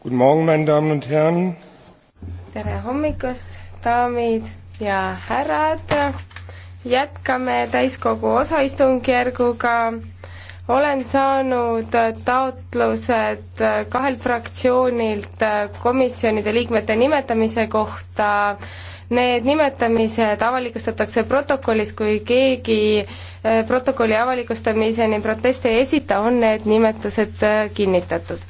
Guten Morgen, meine Damen und Herren. tere hommikust, daamid ja härrad. jätkame täiskogu osaistungjärguga olen saanud taotlused kahelt fraktsioonilt komisjonide liikmete nimetamise kohta. Need nimetamised avalikustatakse protokollis, kui keegi eh, protokolli avalikustamiseni proteste ei esita, on need nimetused eh, kinnitatud.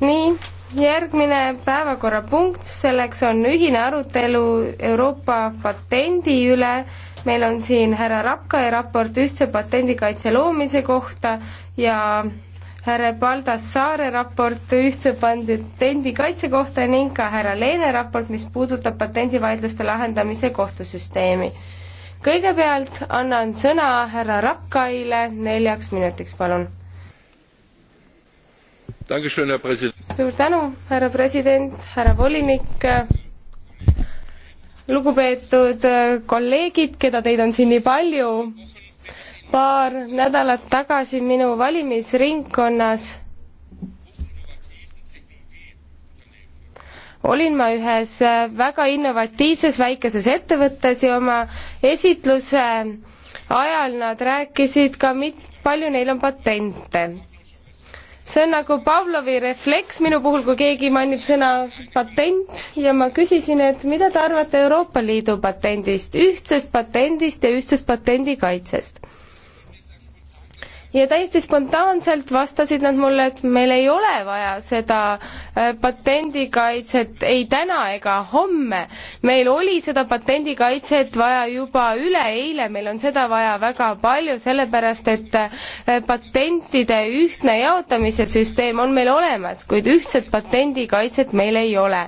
nii järgmine päevakorrapunkt, selleks on ühine arutelu Euroopa patendi üle. meil on siin härra Rapkai raport ühtse patendikaitse loomise kohta ja härra Paldassaare raport ühtse patendikaitse kohta ning ka härra Leene raport, mis puudutab patendivaidluste lahendamise kohtusüsteemi. kõigepealt annan sõna härra Rapkaile neljaks minutiks, palun suur tänu, härra president, härra volinik, lugupeetud kolleegid, keda teid on siin nii palju, paar nädalat tagasi minu valimisringkonnas olin ma ühes väga innovatiivses väikeses ettevõttes ja oma esitluse ajal nad rääkisid ka, mit-, palju neil on patente see on nagu Pavlovi refleks minu puhul, kui keegi mainib sõna patent ja ma küsisin, et mida te arvate Euroopa Liidu patendist, ühtsest patendist ja ühtsest patendikaitsest ja täiesti spontaanselt vastasid nad mulle, et meil ei ole vaja seda äh, patendikaitset ei täna ega homme. meil oli seda patendikaitset vaja juba üleeile, meil on seda vaja väga palju, sellepärast et äh, patentide ühtne jaotamise süsteem on meil olemas, kuid ühtset patendikaitset meil ei ole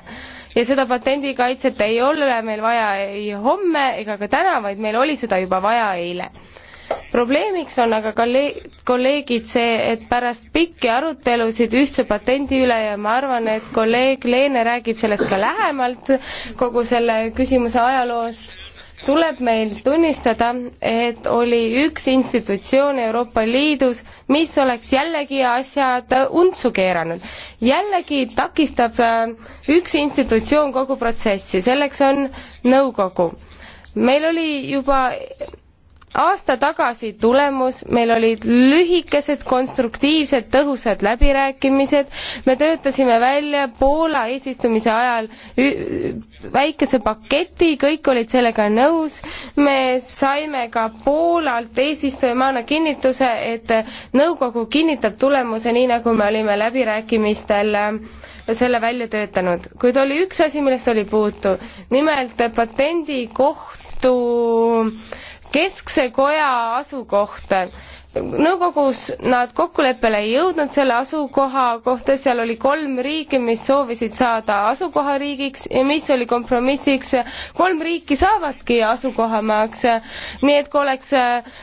ja seda patendikaitset ei ole meil vaja ei homme ega ka täna, vaid meil oli seda juba vaja eile probleemiks on aga kolleegid see, et pärast pikki arutelusid ühtse patendi üle ja ma arvan, et kolleeg Leene räägib sellest ka lähemalt, kogu selle küsimuse ajaloost, tuleb meil tunnistada, et oli üks institutsioon Euroopa Liidus, mis oleks jällegi asjad untsu keeranud. jällegi takistab äh, üks institutsioon kogu protsessi, selleks on nõukogu meil oli juba aasta tagasi tulemus, meil olid lühikesed, konstruktiivsed, tõhusad läbirääkimised, me töötasime välja Poola eesistumise ajal väikese paketi, kõik olid sellega nõus, me saime ka Poolalt eesistujamaana kinnituse, et nõukogu kinnitab tulemuse, nii nagu me olime läbirääkimistel äh, selle välja töötanud. kuid oli üks asi, millest oli puutu, nimelt patendi kohtu keskse koja asukoht nõukogus nad kokkuleppele ei jõudnud selle asukoha kohta, seal oli kolm riiki, mis soovisid saada asukohariigiks ja mis oli kompromissiks, kolm riiki saavadki asukohamaaks. nii et kui oleks,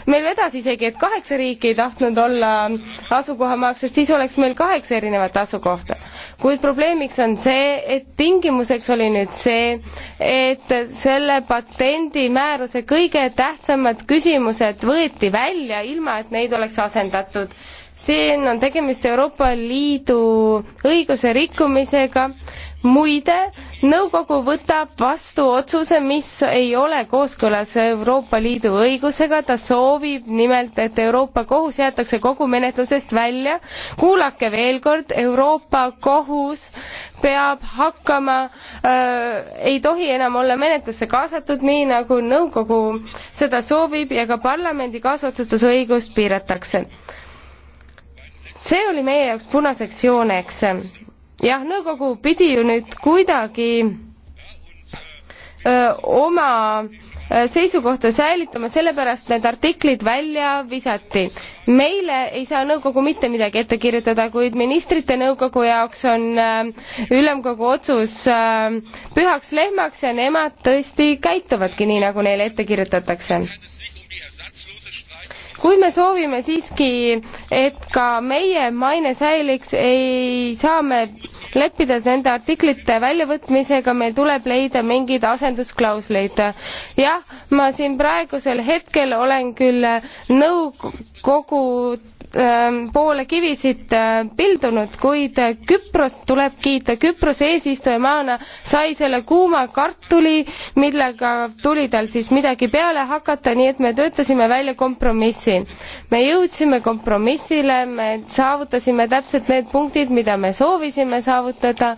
meil vedas isegi, et kaheksa riiki ei tahtnud olla asukohamaaks, sest siis oleks meil kaheksa erinevat asukohta. kuid probleemiks on see, et tingimuseks oli nüüd see, et selle patendimääruse kõige tähtsamad küsimused võeti välja, ilma et neid oleks asendatud siin on tegemist Euroopa Liidu õiguse rikkumisega. muide, nõukogu võtab vastu otsuse, mis ei ole kooskõlas Euroopa Liidu õigusega, ta soovib nimelt, et Euroopa Kohus jäetakse kogu menetlusest välja. kuulake veel kord, Euroopa Kohus peab hakkama äh,, ei tohi enam olla menetlusse kaasatud, nii nagu nõukogu seda soovib ja ka parlamendi kaasotsustusõigust piiratakse see oli meie jaoks punaseks jooneks. jah, nõukogu pidi ju nüüd kuidagi öö, oma seisukohta säilitama, sellepärast need artiklid välja visati. meile ei saa nõukogu mitte midagi ette kirjutada, kuid ministrite nõukogu jaoks on ülemkogu otsus pühaks lehmaks ja nemad tõesti käituvadki nii, nagu neile ette kirjutatakse kui me soovime siiski, et ka meie maine säiliks, ei saa me leppida nende artiklite väljavõtmisega, meil tuleb leida mingeid asendusklausleid. jah, ma siin praegusel hetkel olen küll nõukogu Ähm, poole kivisid äh, pildunud, kuid Küprost tuleb kiita, Küprose eesistujamaana sai selle kuuma kartuli, millega tuli tal siis midagi peale hakata, nii et me töötasime välja kompromissi. me jõudsime kompromissile, me saavutasime täpselt need punktid, mida me soovisime saavutada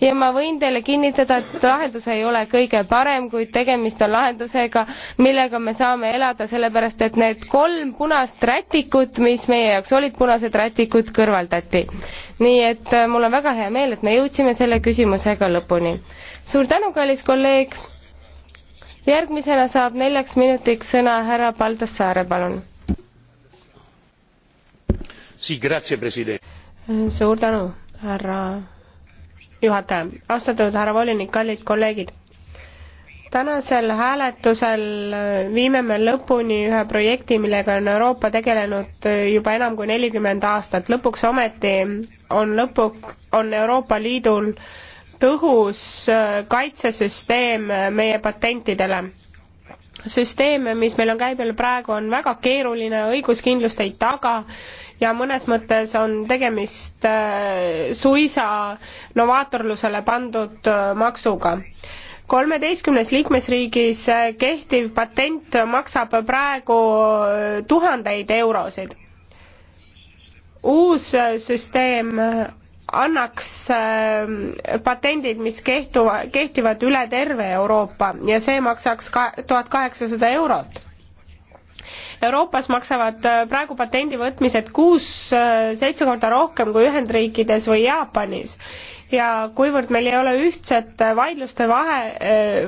ja ma võin teile kinnitada, et lahendus ei ole kõige parem, kuid tegemist on lahendusega, millega me saame elada, sellepärast et need kolm punast rätikut, mis meie meie jaoks olid punased rätikud, kõrvaldati. nii et äh, mul on väga hea meel, et me jõudsime selle küsimusega lõpuni. suur tänu, kallis kolleeg! järgmisena saab neljaks minutiks sõna härra Baldassare, palun. suur tänu, härra juhataja. austatud härra volinik, kallid kolleegid tänasel hääletusel viime me lõpuni ühe projekti, millega on Euroopa tegelenud juba enam kui nelikümmend aastat. lõpuks ometi on lõpuk, on Euroopa Liidul tõhus kaitsesüsteem meie patentidele. süsteem, mis meil on käibel praegu, on väga keeruline, õiguskindlust ei taga ja mõnes mõttes on tegemist suisa novaatorlusele pandud maksuga kolmeteistkümnes liikmesriigis äh, kehtiv patent maksab praegu äh, tuhandeid eurosid. uus äh, süsteem annaks patendid, mis kehtuva, kehtivad üle terve Euroopa ja see maksaks ka tuhat kaheksasada eurot Euroopas maksavad äh, praegu patendi võtmised kuus-seitse äh, korda rohkem kui Ühendriikides või Jaapanis. ja kuivõrd meil ei ole ühtset äh, vaidluste vahe,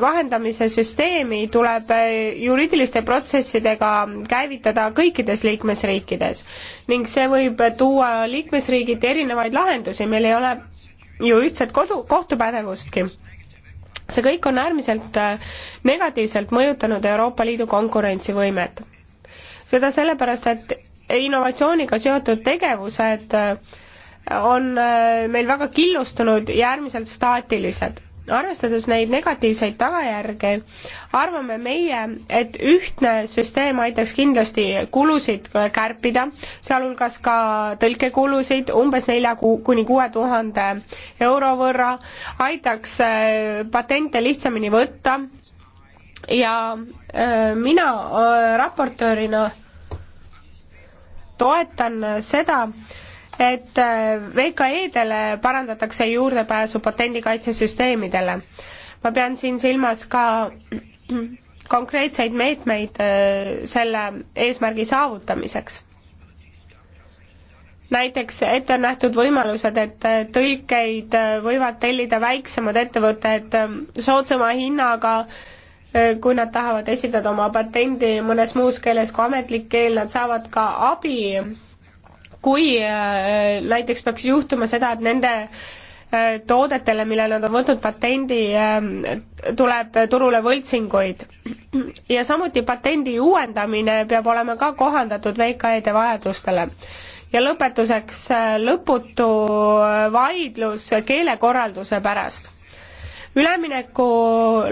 vahendamise süsteemi, tuleb juriidiliste protsessidega käivitada kõikides liikmesriikides. ning see võib tuua liikmesriigiti erinevaid lahendusi, meil ei ole ju ühtset kodu, kohtupädevustki see kõik on äärmiselt negatiivselt mõjutanud Euroopa Liidu konkurentsivõimet seda sellepärast, et innovatsiooniga seotud tegevused äh, on äh, meil väga killustunud ja äärmiselt staatilised. arvestades neid negatiivseid tagajärgi, arvame meie, et ühtne süsteem aitaks kindlasti kulusid kärpida, sealhulgas ka tõlkekulusid umbes nelja kuu, kuni kuue tuhande euro võrra, aitaks äh, patente lihtsamini võtta ja äh, mina äh, raportöörina toetan seda, et äh, VKE-dele parandatakse juurdepääsu patendikaitsesüsteemidele. ma pean siin silmas ka konkreetseid meetmeid selle eesmärgi saavutamiseks. näiteks ette on nähtud võimalused, et tõlkeid võivad tellida väiksemad ettevõtted soodsama hinnaga kui nad tahavad esitada oma patendi mõnes muus keeles kui ametlik keel, nad saavad ka abi, kui äh, näiteks peaks juhtuma seda, et nende äh, toodetele, mille nad on võtnud patendi, äh, tuleb turule võltsinguid. ja samuti patendi uuendamine peab olema ka kohandatud VKE-de vajadustele ja lõpetuseks lõputu vaidlus keelekorralduse pärast ülemineku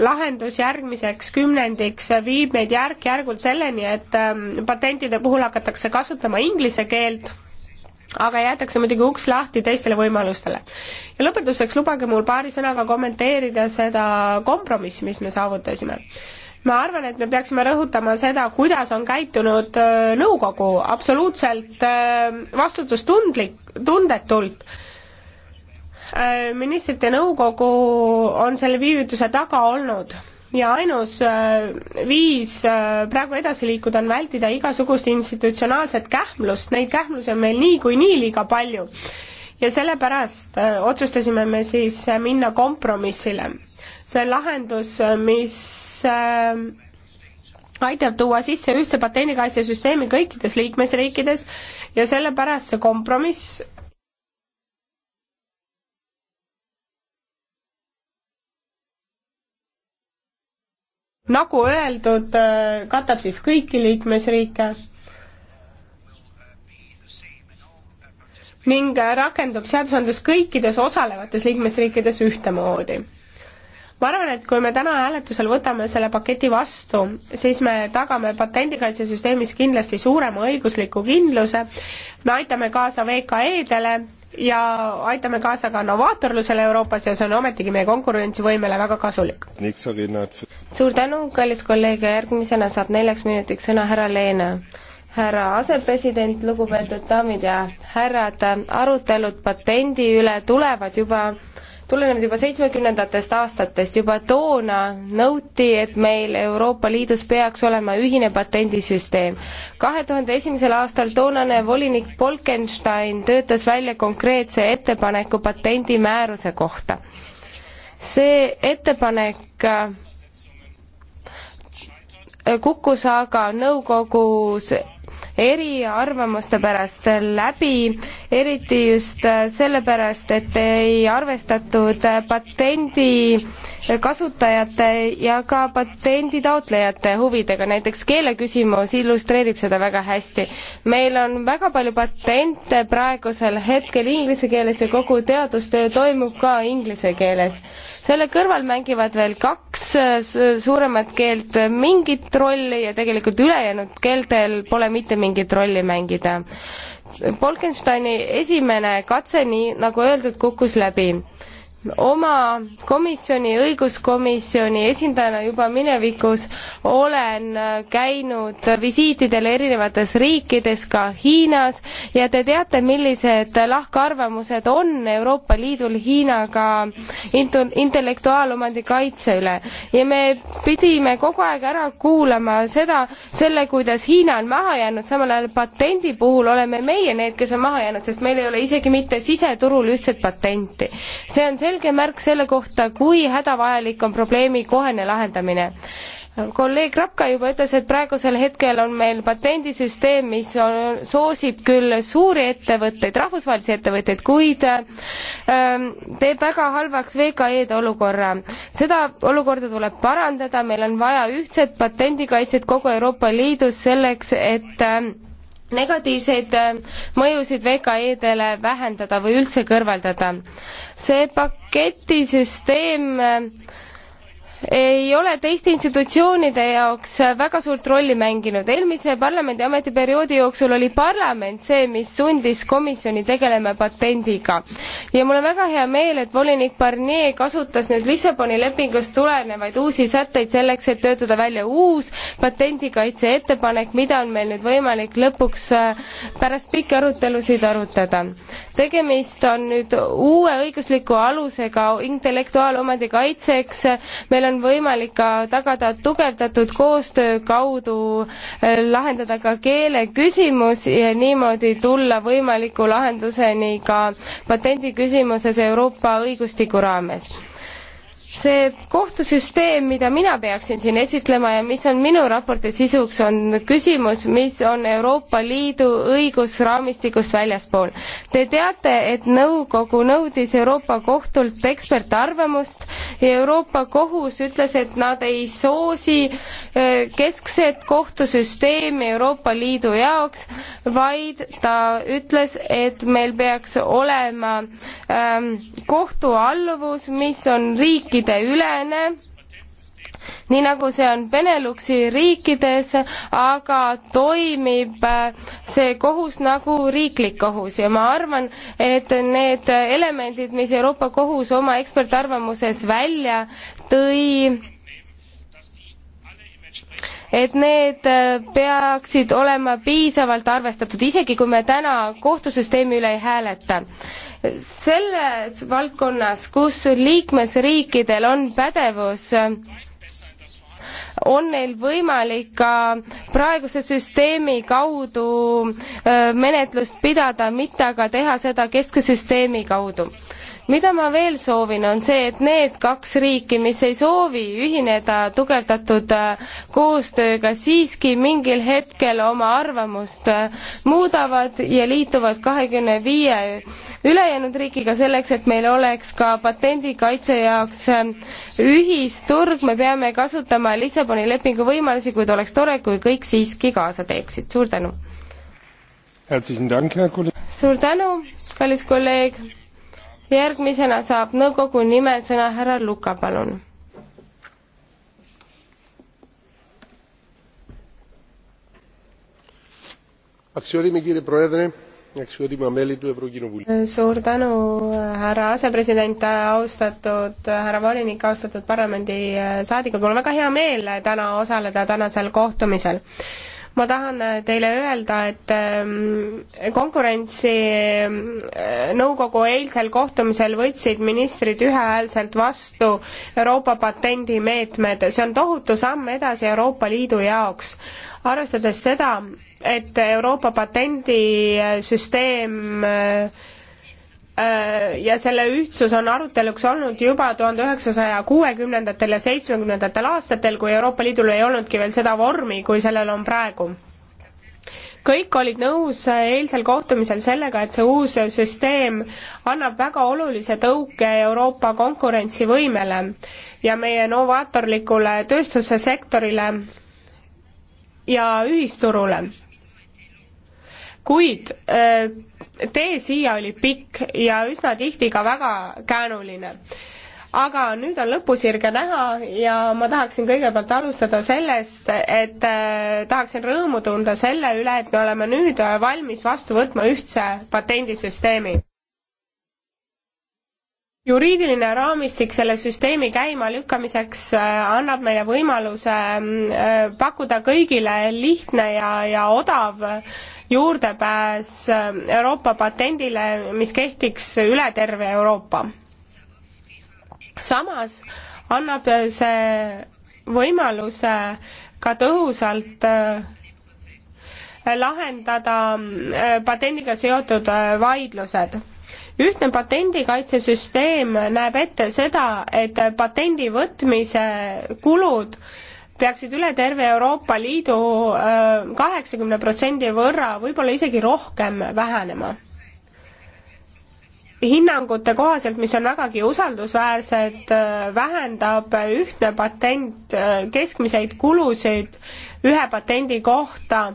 lahendus järgmiseks kümnendiks viib meid järk-järgult selleni, et ähm, patentide puhul hakatakse kasutama inglise keelt, aga jäetakse muidugi uks lahti teistele võimalustele. ja lõpetuseks lubage mul paari sõnaga kommenteerida seda kompromissi, mis me saavutasime ma arvan, et me peaksime rõhutama seda, kuidas on käitunud äh, nõukogu absoluutselt äh, vastutustundlik, tundetult Äh, ministrite nõukogu on selle viivituse taga olnud ja ainus äh, viis äh, praegu edasi liikuda on vältida igasugust institutsionaalset kähmlust, neid kähmlusi on meil niikuinii liiga palju. ja sellepärast otsustasime me siis minna kompromissile. see on lahendus, mis aitab tuua sisse ühtse patendikaitsesüsteemi kõikides liikmesriikides ja sellepärast see kompromiss nagu öeldud, äh, katab siis kõiki liikmesriike ning äh, rakendub seadusandlus kõikides osalevates liikmesriikides ühtemoodi. ma arvan, et kui me täna hääletusel võtame selle paketi vastu, siis me tagame patendikaitsesüsteemis kindlasti suurema õigusliku kindluse, me aitame kaasa VKE-dele, ja aitame kaasa ka novaatorlusele Euroopas ja see on ometigi meie konkurentsivõimele väga kasulik. suur tänu, kallis kolleeg ja järgmisena saab neljaks minutiks sõna härra Leene härra asepresident, lugupeetud daamid ja härrad, arutelud patendi üle tulevad juba tulenenud juba seitsmekümnendatest aastatest. juba toona nõuti, et meil Euroopa Liidus peaks olema ühine patendisüsteem. kahe tuhande esimesel aastal toonane volinik Bolkenstein töötas välja konkreetse ettepaneku patendimääruse kohta. see ettepanek äh, kukkus aga nõukogus eriarvamuste pärast läbi, eriti just sellepärast, et ei arvestatud patendi kasutajate ja ka patenditaotlejate huvidega, näiteks keeleküsimus illustreerib seda väga hästi. meil on väga palju patente praegusel hetkel inglise keeles ja kogu teadustöö toimub ka inglise keeles. selle kõrval mängivad veel kaks äh, suuremat keelt mingit rolli ja tegelikult ülejäänud keeltel pole mitte mingit rolli mängida. Bolkensteini esimene katse, nii nagu öeldud, kukkus läbi oma komisjoni, õiguskomisjoni esindajana juba minevikus olen käinud visiitidel erinevates riikides, ka Hiinas, ja te teate, millised lahkarvamused on Euroopa Liidul Hiinaga intu-, intellektuaalomandi kaitse üle. ja me pidime kogu aeg ära kuulama seda, selle, kuidas Hiina on maha jäänud, samal ajal patendi puhul oleme meie need, kes on maha jäänud, sest meil ei ole isegi mitte siseturul ühtset patenti. see on selge selge märk selle kohta, kui hädavajalik on probleemi kohene lahendamine. kolleeg Rapka juba ütles, et praegusel hetkel on meil patendisüsteem, mis on, soosib küll suuri ettevõtteid, rahvusvahelisi ettevõtteid, kuid ähm, teeb väga halvaks VKE-de olukorra. seda olukorda tuleb parandada, meil on vaja ühtset patendikaitset kogu Euroopa Liidus selleks, et ähm, negatiivseid äh, mõjusid VKE-dele vähendada või üldse kõrvaldada. see paketisüsteem äh, ei ole teiste institutsioonide jaoks väga suurt rolli mänginud. eelmise parlamendi ametiperioodi jooksul oli parlament see, mis sundis komisjoni tegelema patendiga. ja mul on väga hea meel, et volinik Barnier kasutas nüüd Lissaboni lepingust tulenevaid uusi sätteid selleks, et töötada välja uus patendikaitse ettepanek, mida on meil nüüd võimalik lõpuks äh, pärast pikki arutelusid arutada. tegemist on nüüd uue õigusliku alusega intellektuaalomandi kaitseks, meil on on võimalik ka tagada tugevdatud koostöö kaudu eh, lahendada ka keeleküsimus ja niimoodi tulla võimaliku lahenduseni ka patendiküsimuses Euroopa õigustiku raames see kohtusüsteem, mida mina peaksin siin esitlema ja mis on minu raporti sisuks, on küsimus, mis on Euroopa Liidu õigusraamistikust väljaspool. Te teate, et nõukogu nõudis Euroopa Kohtult ekspertarvamust ja Euroopa Kohus ütles, et nad ei soosi äh, keskset kohtusüsteemi Euroopa Liidu jaoks, vaid ta ütles, et meil peaks olema ähm, kohtualluvus, mis on riik, riikide ülene, nii nagu see on Beneluxi riikides, aga toimib äh, see kohus nagu riiklik kohus ja ma arvan, et need elemendid, mis Euroopa Kohus oma ekspertarvamuses välja tõi, et need äh, peaksid olema piisavalt arvestatud, isegi kui me täna kohtusüsteemi üle ei hääleta. selles valdkonnas, kus liikmesriikidel on pädevus on neil võimalik ka praeguse süsteemi kaudu äh, menetlust pidada, mitte aga teha seda kesksüsteemi kaudu mida ma veel soovin, on see, et need kaks riiki, mis ei soovi ühineda tugevdatud äh, koostööga, siiski mingil hetkel oma arvamust äh, muudavad ja liituvad kahekümne viie ülejäänud riikiga selleks, et meil oleks ka patendikaitse jaoks äh, ühisturg, me peame kasutama Lissaboni lepingu võimalusi, kuid oleks tore, kui kõik siiski kaasa teeksid. suur tänu! suur tänu, kallis kolleeg! järgmisena saab nõukogu nimel sõna härra Luka, palun. suur tänu, härra asepresident, austatud härra volinik, austatud parlamendisaadikud, mul on väga hea meel täna osaleda tänasel kohtumisel ma tahan äh, teile öelda, et ähm, konkurentsi äh, nõukogu eilsel kohtumisel võtsid ministrid ühehäälselt vastu Euroopa patendimeetmed. see on tohutu samm edasi Euroopa Liidu jaoks. arvestades seda, et Euroopa patendisüsteem äh, Äh, ja selle ühtsus on aruteluks olnud juba tuhande üheksasaja kuuekümnendatel ja seitsmekümnendatel aastatel, kui Euroopa Liidul ei olnudki veel seda vormi, kui sellel on praegu. kõik olid nõus äh, eilsel kohtumisel sellega, et see uus süsteem annab väga olulise tõuke Euroopa konkurentsivõimele ja meie novaatorlikule tööstussektorile ja ühisturule. kuid öö, äh, tee siia oli pikk ja üsna tihti ka väga käänuline aga nüüd on lõpusirge näha ja ma tahaksin kõigepealt alustada sellest, et äh, tahaksin rõõmu tunda selle üle, et me oleme nüüd äh, valmis vastu võtma ühtse patendisüsteemi juriidiline raamistik selle süsteemi käimalükkamiseks äh, annab meile võimaluse mm, äh, pakkuda kõigile lihtne ja, ja odav juurdepääs äh, Euroopa patendile, mis kehtiks üle terve Euroopa. samas annab see võimaluse ka tõhusalt lahendada patendiga seotud vaidlused ühtne patendikaitsesüsteem näeb ette seda, et patendi võtmise kulud peaksid üle terve Euroopa Liidu äh, kaheksakümne protsendi võrra, võib-olla isegi rohkem vähenema. hinnangute kohaselt, mis on vägagi usaldusväärsed, äh, vähendab ühtne patent äh, keskmiseid kulusid ühe patendi kohta.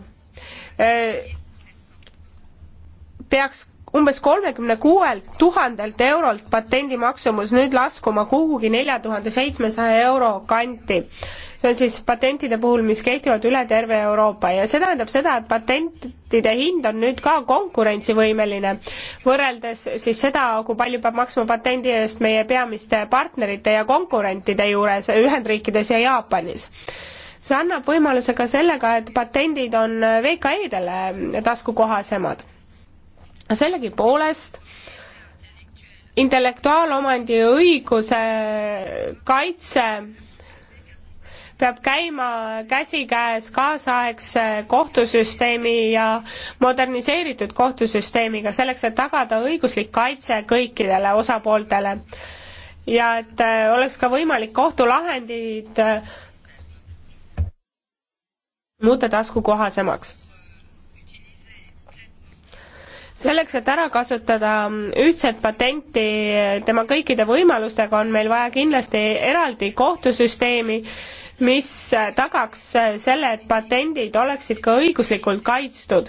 peaks umbes kolmekümne kuuelt tuhandelt eurolt patendi maksumus nüüd laskuma kuhugi nelja tuhande seitsmesaja euro kanti. see on siis patentide puhul, mis kehtivad üle terve Euroopa ja see tähendab seda, et patentide hind on nüüd ka konkurentsivõimeline, võrreldes siis seda, kui palju peab maksma patendi eest meie peamiste partnerite ja konkurentide juures Ühendriikides ja Jaapanis see annab võimaluse ka sellega, et patendid on VKE-dele taskukohasemad sellegipoolest intellektuaalomandi õiguse kaitse peab käima käsikäes kaasaegse kohtusüsteemi ja moderniseeritud kohtusüsteemiga, selleks et tagada õiguslik kaitse kõikidele osapooltele. ja et äh, oleks ka võimalik kohtulahendid äh, muuta taskukohasemaks selleks, et ära kasutada ühtset patenti tema kõikide võimalustega, on meil vaja kindlasti eraldi kohtusüsteemi, mis tagaks selle, et patendid oleksid ka õiguslikult kaitstud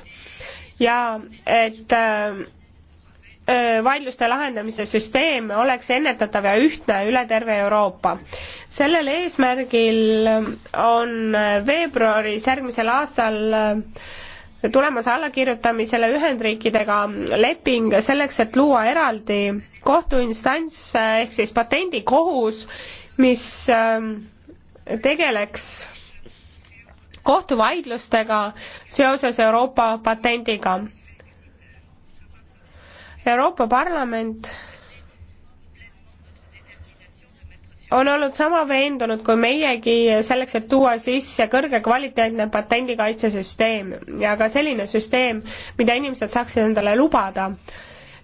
ja et äh, äh, vaidluste lahendamise süsteem oleks ennetatav ja ühtne üle terve Euroopa. sellel eesmärgil on veebruaris järgmisel aastal äh, tulemas allakirjutamisele Ühendriikidega leping selleks, et luua eraldi kohtuinstants ehk siis patendikohus, mis ähm, tegeleks kohtuvaidlustega seoses Euroopa patendiga. Euroopa Parlament on olnud sama veendunud kui meiegi selleks, et tuua sisse kõrgekvaliteetne patendikaitsesüsteem ja ka selline süsteem, mida inimesed saaksid endale lubada.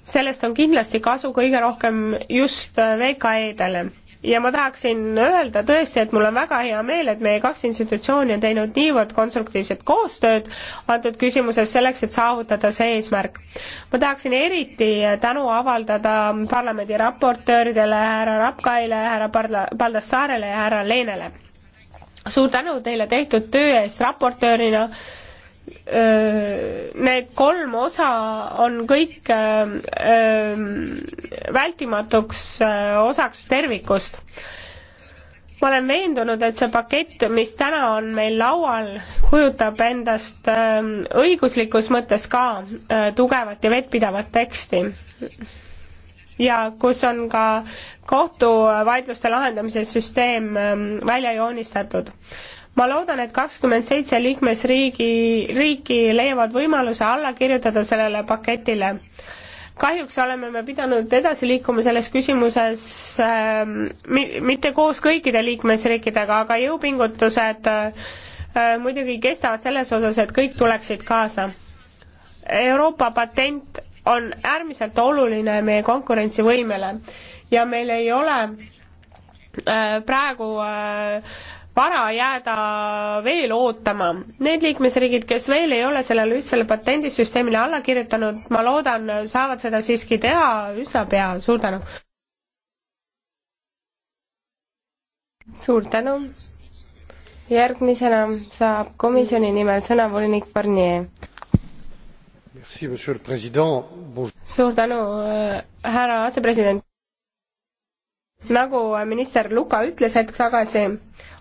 sellest on kindlasti kasu kõige rohkem just VKE-dele ja ma tahaksin öelda tõesti, et mul on väga hea meel, et meie kaks institutsiooni on teinud niivõrd konstruktiivset koostööd antud küsimuses selleks, et saavutada see eesmärk. ma tahaksin eriti tänu avaldada parlamendi raportööridele, härra Rapkaile, härra Parda-, Paldassaarele ja härra Leenele. suur tänu teile tehtud töö eest raportöörina need kolm osa on kõik vältimatuks osaks tervikust. ma olen veendunud, et see pakett, mis täna on meil laual, kujutab endast õiguslikus mõttes ka tugevat ja vettpidavat teksti ja kus on ka kohtuvaidluste lahendamise süsteem välja joonistatud ma loodan, et kakskümmend seitse liikmesriigi, riiki leiavad võimaluse alla kirjutada sellele paketile. kahjuks oleme me pidanud edasi liikuma selles küsimuses äh, mitte koos kõikide liikmesriikidega, aga jõupingutused äh, muidugi kestavad selles osas, et kõik tuleksid kaasa. Euroopa patent on äärmiselt oluline meie konkurentsivõimele ja meil ei ole äh, praegu äh, vara jääda veel ootama. Need liikmesriigid, kes veel ei ole sellele ühtsele patendisüsteemile alla kirjutanud, ma loodan, saavad seda siiski teha üsna pea, suur tänu! suur tänu! järgmisena saab komisjoni nimel sõna volinik Barnier. suur tänu, äh, härra asepresident! nagu minister Luka ütles hetk tagasi,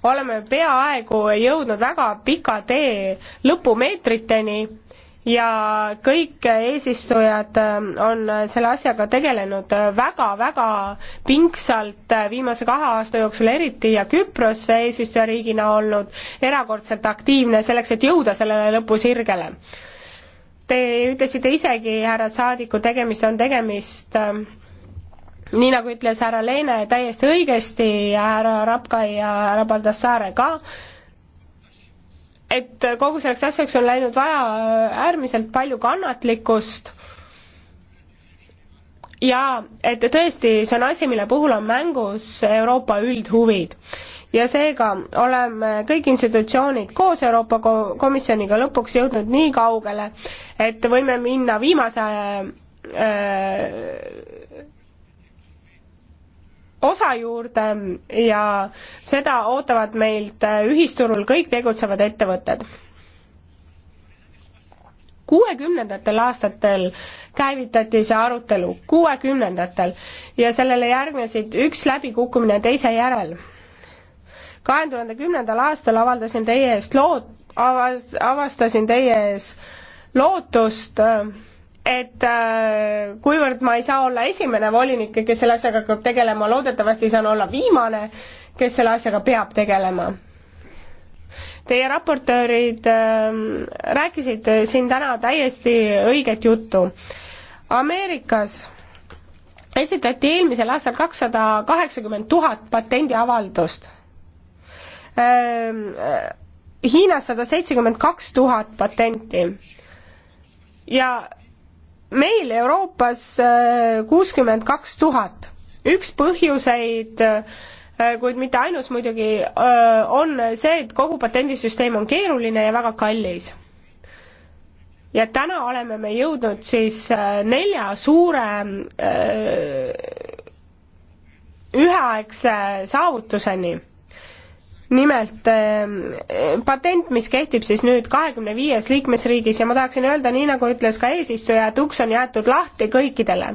oleme peaaegu jõudnud väga pika tee lõpumeetriteni ja kõik eesistujad äh, on selle asjaga tegelenud väga-väga pingsalt viimase kahe aasta jooksul eriti ja Küpros eesistujariigina olnud erakordselt aktiivne selleks, et jõuda sellele lõpusirgele. Te ütlesite isegi, härra saadiku, tegemist on tegemist äh, nii nagu ütles härra Leene täiesti õigesti ja härra Rapkai ja härra Baldassare ka, et kogu selleks asjaks on läinud vaja äärmiselt palju kannatlikkust jaa, et tõesti, see on asi, mille puhul on mängus Euroopa üldhuvid. ja seega oleme kõik institutsioonid koos Euroopa Komisjoniga lõpuks jõudnud nii kaugele, et võime minna viimase äh, osa juurde ja seda ootavad meilt äh, ühisturul kõik tegutsevad ettevõtted kuuekümnendatel aastatel käivitati see arutelu, kuuekümnendatel, ja sellele järgnesid üks läbikukkumine teise järel. kahe tuhande kümnendal aastal avaldasin teie eest lood, avastasin teie ees lootust äh, et äh, kuivõrd ma ei saa olla esimene volinik, kes selle asjaga hakkab tegelema, loodetavasti saan olla viimane, kes selle asjaga peab tegelema. Teie raportöörid äh, rääkisid siin täna täiesti õiget juttu. Ameerikas esitati eelmisel aastal kakssada kaheksakümmend tuhat patendiavaldust ähm, äh,. Hiinas sada seitsekümmend kaks tuhat patenti ja meil Euroopas äh, kuuskümmend kaks tuhat. üks põhjuseid, äh, kuid mitte ainus muidugi, äh, on see, et kogu patendisüsteem on keeruline ja väga kallis ja täna oleme me jõudnud siis nelja suure öö, üheaegse saavutuseni nimelt ähm, patent, mis kehtib siis nüüd kahekümne viies liikmesriigis ja ma tahaksin öelda, nii nagu ütles ka eesistuja, et uks on jäetud lahti kõikidele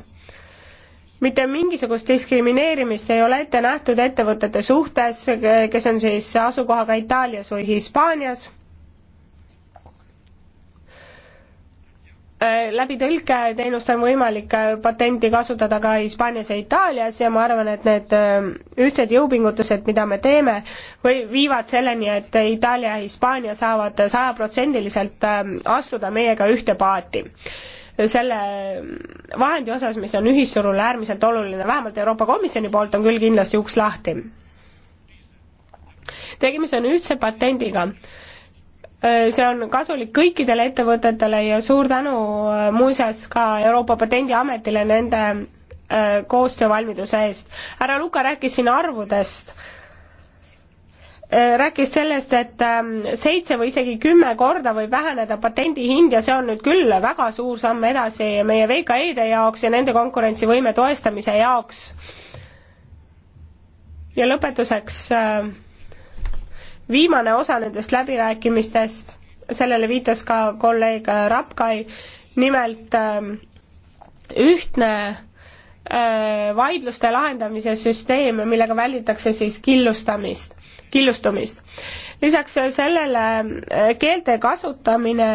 mitte mingisugust diskrimineerimist ei ole ette nähtud ettevõtete suhtes, kes on siis asukohaga Itaalias või Hispaanias Äh, läbi tõlketeenuste on võimalik äh, patenti kasutada ka Hispaanias ja Itaalias ja ma arvan, et need äh, ühtsed jõupingutused, mida me teeme, või viivad selleni, et Itaalia ja Hispaania saavad sajaprotsendiliselt astuda meiega ühte paati. selle vahendi osas, mis on ühisturul äärmiselt oluline, vähemalt Euroopa Komisjoni poolt on küll kindlasti uks lahti. tegemist on ühtse patendiga Äh, see on kasulik kõikidele ettevõtetele ja suur tänu äh, muuseas ka Euroopa Patendiametile nende äh, koostöövalmiduse eest. härra Luka rääkis siin arvudest, rääkis sellest, et ähm, seitse või isegi kümme korda võib väheneda patendi hind ja see on nüüd küll väga suur samm edasi meie VKE-de jaoks ja nende konkurentsivõime toestamise jaoks. ja lõpetuseks äh, viimane osa nendest läbirääkimistest, sellele viitas ka kolleeg Rapkai, nimelt ähm, ühtne äh, vaidluste lahendamise süsteem, millega välditakse siis killustamist, killustumist. lisaks sellele äh, keelte kasutamine,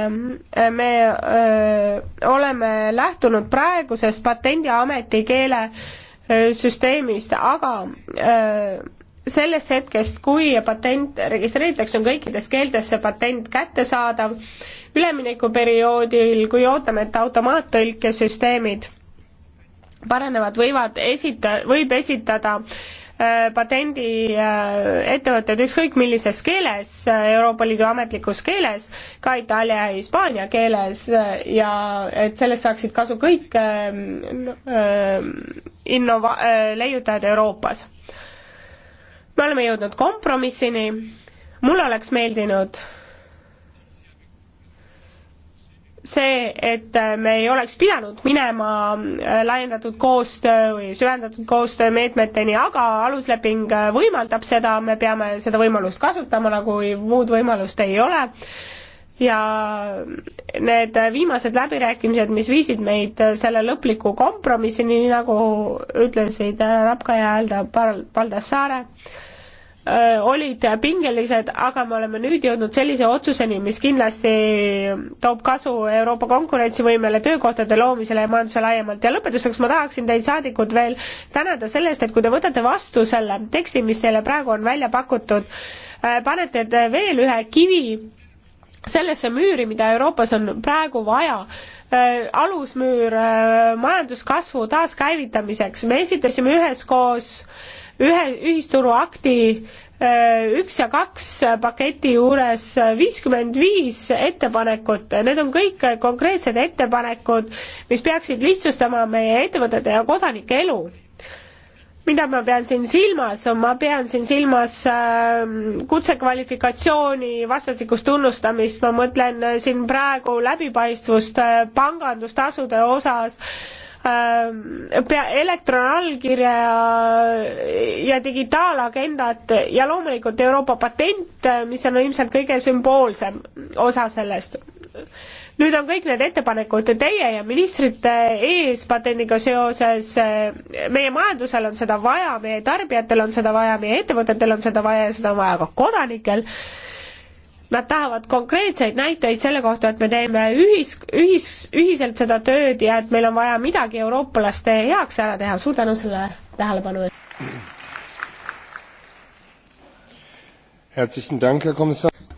äh, me öö, oleme lähtunud praegusest Patendiameti keelesüsteemist, aga öö, sellest hetkest, kui patent registreeritakse, on kõikides keeltes see patent kättesaadav, üleminekuperioodil, kui ootame, et automaattõlkesüsteemid paranevad, võivad esita-, võib esitada äh, patendi äh, ettevõtted ükskõik millises keeles äh,, Euroopa Liidu ametlikus keeles, ka itaalia ja hispaania keeles äh, ja et sellest saaksid kasu kõik ähm, äh, innova-, äh, leiutajad Euroopas me oleme jõudnud kompromissini, mul oleks meeldinud see, et me ei oleks pidanud minema äh, laiendatud koostöö või süvendatud koostöö meetmeteni, aga alusleping äh, võimaldab seda, me peame seda võimalust kasutama, nagu muud võimalust ei ole ja need viimased läbirääkimised, mis viisid meid selle lõpliku kompromissini, nii nagu ütlesid Rapka ja Aldo Paldassaare, olid pingelised, aga me oleme nüüd jõudnud sellise otsuseni, mis kindlasti toob kasu Euroopa konkurentsivõimele, töökohtade loomisele ja majanduse laiemalt. ja lõpetuseks ma tahaksin teid, saadikud, veel tänada selle eest, et kui te võtate vastu selle teksti, mis teile praegu on välja pakutud, panete te veel ühe kivi sellesse müüri, mida Euroopas on praegu vaja, äh, alusmüür äh, majanduskasvu taaskäivitamiseks, me esitasime üheskoos ühe ühisturuakti äh, üks ja kaks paketi juures viiskümmend viis ettepanekut, need on kõik konkreetsed ettepanekud, mis peaksid lihtsustama meie ettevõtete ja kodanike elu mida ma pean siin silmas, ma pean siin silmas ähm, kutsekvalifikatsiooni vastastikust tunnustamist, ma mõtlen äh, siin praegu läbipaistvust äh, pangandustasude osas, ähm, pea, elektronallkirja ja digitaalagendat ja loomulikult Euroopa patent, äh, mis on ilmselt kõige sümboolsem osa sellest nüüd on kõik need ettepanekud teie ja ministrite ees patendiga seoses, meie majandusel on seda vaja, meie tarbijatel on seda vaja, meie ettevõtetel on seda vaja ja seda on vaja ka kodanikel. Nad tahavad konkreetseid näiteid selle kohta, et me teeme ühis, ühis, ühiselt seda tööd ja et meil on vaja midagi eurooplaste heaks ära teha, suur tänu selle tähelepanu eest.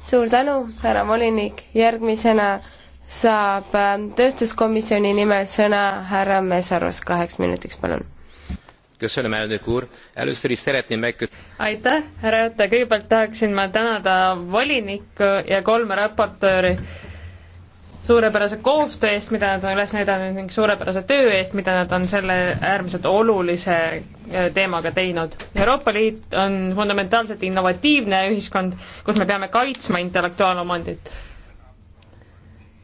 suur tänu, härra volinik, järgmisena saab äh, tööstuskomisjoni nimel sõna härra Mesarus, kaheks minutiks, palun. aitäh, härra juhataja, kõigepealt tahaksin ma tänada volinikku ja kolme raportööri suurepärase koostöö eest, mida nad on üles näidanud ning suurepärase töö eest, mida nad on selle äärmiselt olulise äh, teemaga teinud. Euroopa Liit on fundamentaalselt innovatiivne ühiskond, kus me peame kaitsma intellektuaalomandit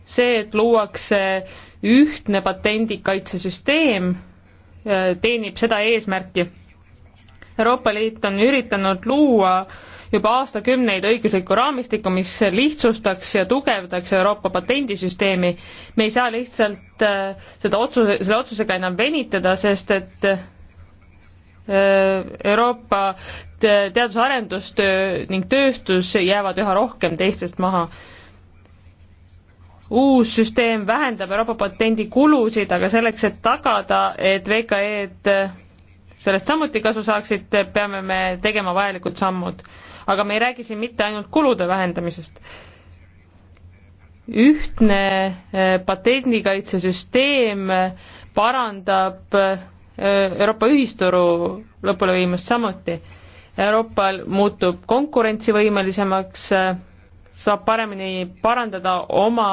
see, et luuakse ühtne patendikaitsesüsteem, äh, teenib seda eesmärki. Euroopa Liit on üritanud luua juba aastakümneid õiguslikku raamistikku, mis lihtsustaks ja tugevdaks Euroopa patendisüsteemi. me ei saa lihtsalt äh, seda otsuse, selle otsusega enam venitada, sest et äh, Euroopa teadus-arendustöö ning tööstus jäävad üha rohkem teistest maha uus süsteem vähendab Euroopa patendi kulusid, aga selleks, et tagada, et VKE-d sellest samuti kasu saaksid, peame me tegema vajalikud sammud. aga me ei räägi siin mitte ainult kulude vähendamisest. ühtne eh, patendikaitsesüsteem parandab eh, Euroopa ühisturu lõpuleviimist samuti. Euroopal muutub konkurentsivõimelisemaks eh, saab paremini parandada oma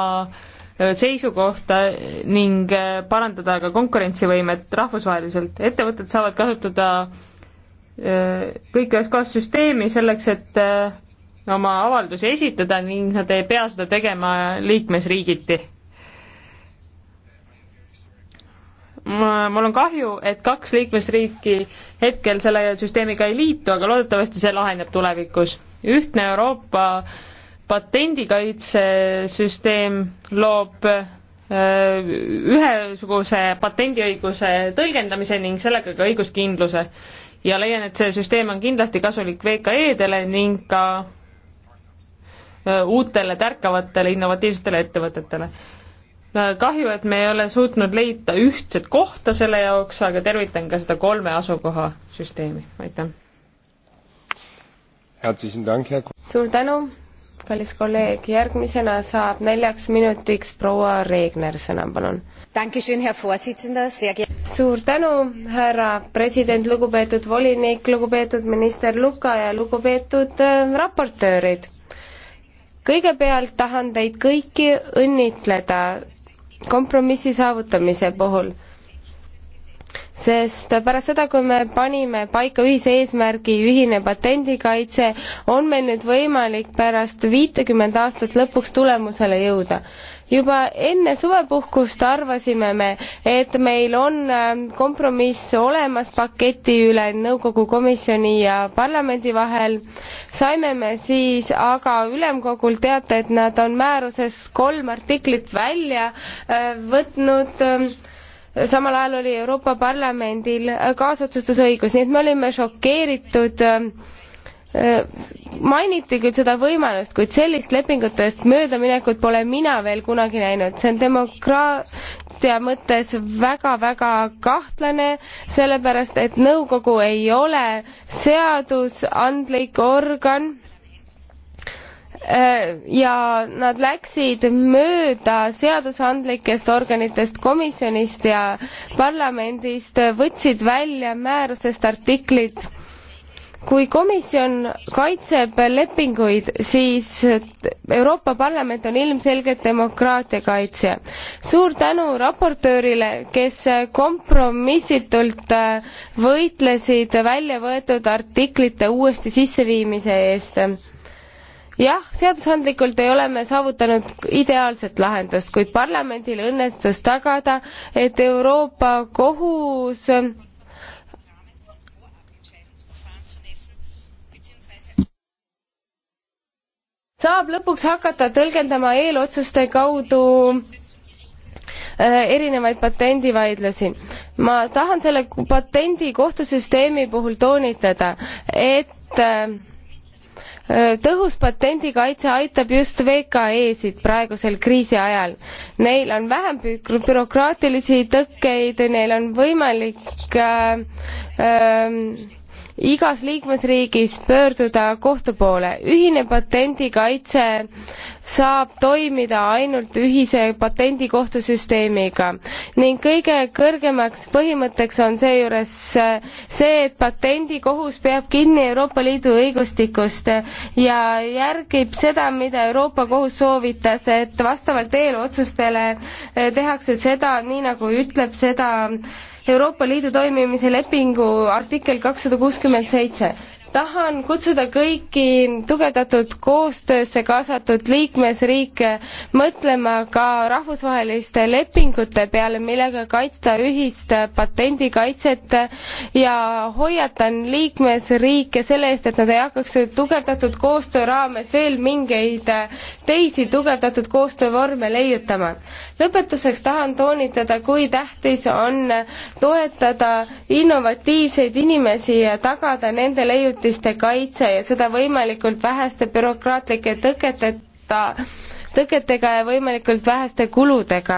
seisukohta ning parandada ka konkurentsivõimet rahvusvaheliselt. ettevõtted saavad kasutada kõike ühes kohas süsteemi selleks, et oma avaldusi esitada ning nad ei pea seda tegema liikmesriigiti. mul on kahju, et kaks liikmesriiki hetkel selle süsteemiga ei liitu, aga loodetavasti see laheneb tulevikus. ühtne Euroopa äh, patendikaitsesüsteem loob äh, ühesuguse patendiõiguse tõlgendamise ning sellega ka õiguskindluse. ja leian, et see süsteem on kindlasti kasulik VKE-dele ning ka äh, uutele tärkavatele innovatiivsetele ettevõtetele. Äh, kahju, et me ei ole suutnud leida ühtset kohta selle jaoks, aga tervitan ka seda kolme asukoha süsteemi, aitäh! suur tänu, kallis kolleeg, järgmisena saab neljaks minutiks proua Reegner sõna, palun. suur tänu, härra president, lugupeetud volinik, lugupeetud minister Luka ja lugupeetud äh, raportöörid. kõigepealt tahan teid kõiki õnnitleda kompromissi saavutamise puhul sest pärast seda, kui me panime paika ühise eesmärgi ühine patendikaitse, on meil nüüd võimalik pärast viitekümmet aastat lõpuks tulemusele jõuda. juba enne suvepuhkust arvasime me, et meil on ähm, kompromiss olemas paketi üle nõukogu komisjoni ja parlamendi vahel. saime me siis aga ülemkogul teate, et nad on määruses kolm artiklit välja äh, võtnud ähm, samal ajal oli Euroopa Parlamendil kaasotsustusõigus, nii et me olime šokeeritud mainiti küll seda võimalust, kuid sellist lepingutest möödaminekut pole mina veel kunagi näinud, see on demokraatia mõttes väga-väga kahtlane, sellepärast et nõukogu ei ole seadusandlik organ Äh, ja nad läksid mööda seadusandlikest organitest, komisjonist ja parlamendist, võtsid välja määrusest artiklid kui komisjon kaitseb lepinguid, siis Euroopa Parlament on ilmselgelt demokraatia kaitsja. suur tänu raportöörile, kes kompromissitult võitlesid välja võetud artiklite uuesti sisseviimise eest jah, seadusandlikult ei ole me saavutanud ideaalset lahendust, kuid parlamendil õnnestus tagada, et Euroopa Kohus saab lõpuks hakata tõlgendama eelotsuste kaudu äh, erinevaid patendivaidlusi. ma tahan selle patendi kohtusüsteemi puhul toonitada, et äh, Äh, tõhus patendikaitse aitab just VKE-sid praegusel kriisi ajal. Neil on vähem bürokraatilisi tõkkeid, neil on võimalik äh, äh, igas liikmesriigis pöörduda kohtu poole. ühine patendikaitse saab toimida ainult ühise patendikohtusüsteemiga ning kõige kõrgemaks põhimõtteks on seejuures see, et patendikohus peab kinni Euroopa Liidu õigustikust ja järgib seda, mida Euroopa Kohus soovitas, et vastavalt eelotsustele eh, tehakse seda nii, nagu ütleb seda Euroopa Liidu toimimise lepingu artikkel kakssada kuuskümmend seitse tahan kutsuda kõiki tugevdatud koostöösse kaasatud liikmesriike mõtlema ka rahvusvaheliste lepingute peale, millega kaitsta ühist patendikaitset ja hoiatan liikmesriike selle eest, et nad ei hakkaks tugevdatud koostöö raames veel mingeid teisi tugevdatud koostöövorme leiutama. lõpetuseks tahan toonitada, kui tähtis on toetada innovatiivseid inimesi ja tagada nende leiutamine hüvitiste kaitse ja seda võimalikult väheste bürokraatlike tõketeta tõketega ja võimalikult väheste kuludega.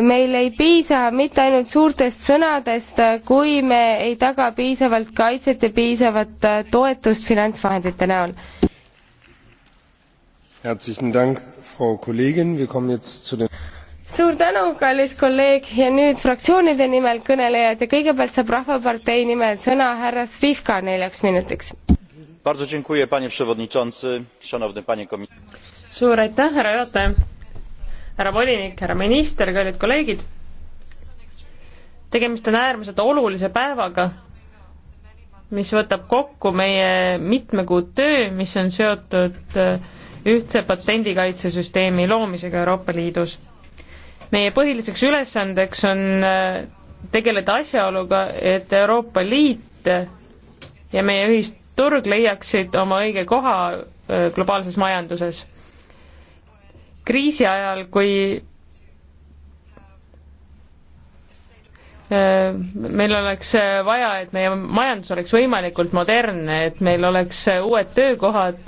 meil ei piisa mitte ainult suurtest sõnadest, kui me ei taga piisavalt kaitset ja piisavat äh, toetust finantsvahendite näol. Herzlichen Dank, Frau Kollegin, wir kommen jetzt zu den suur tänu, kallis kolleeg ja nüüd fraktsioonide nimel kõnelejad ja kõigepealt saab Rahvapartei nimel sõna härra Strivka neljaks minutiks. suur aitäh, härra juhataja, härra volinik, härra minister, kallid kolleegid. tegemist on äärmiselt olulise päevaga, mis võtab kokku meie mitme kuu töö, mis on seotud ühtse patendikaitsesüsteemi loomisega Euroopa Liidus meie põhiliseks ülesandeks on äh, tegeleda asjaoluga, et Euroopa Liit ja meie ühisturg leiaksid oma õige koha äh, globaalses majanduses. kriisi ajal, kui äh, meil oleks vaja, et meie majandus oleks võimalikult modernne, et meil oleks uued töökohad,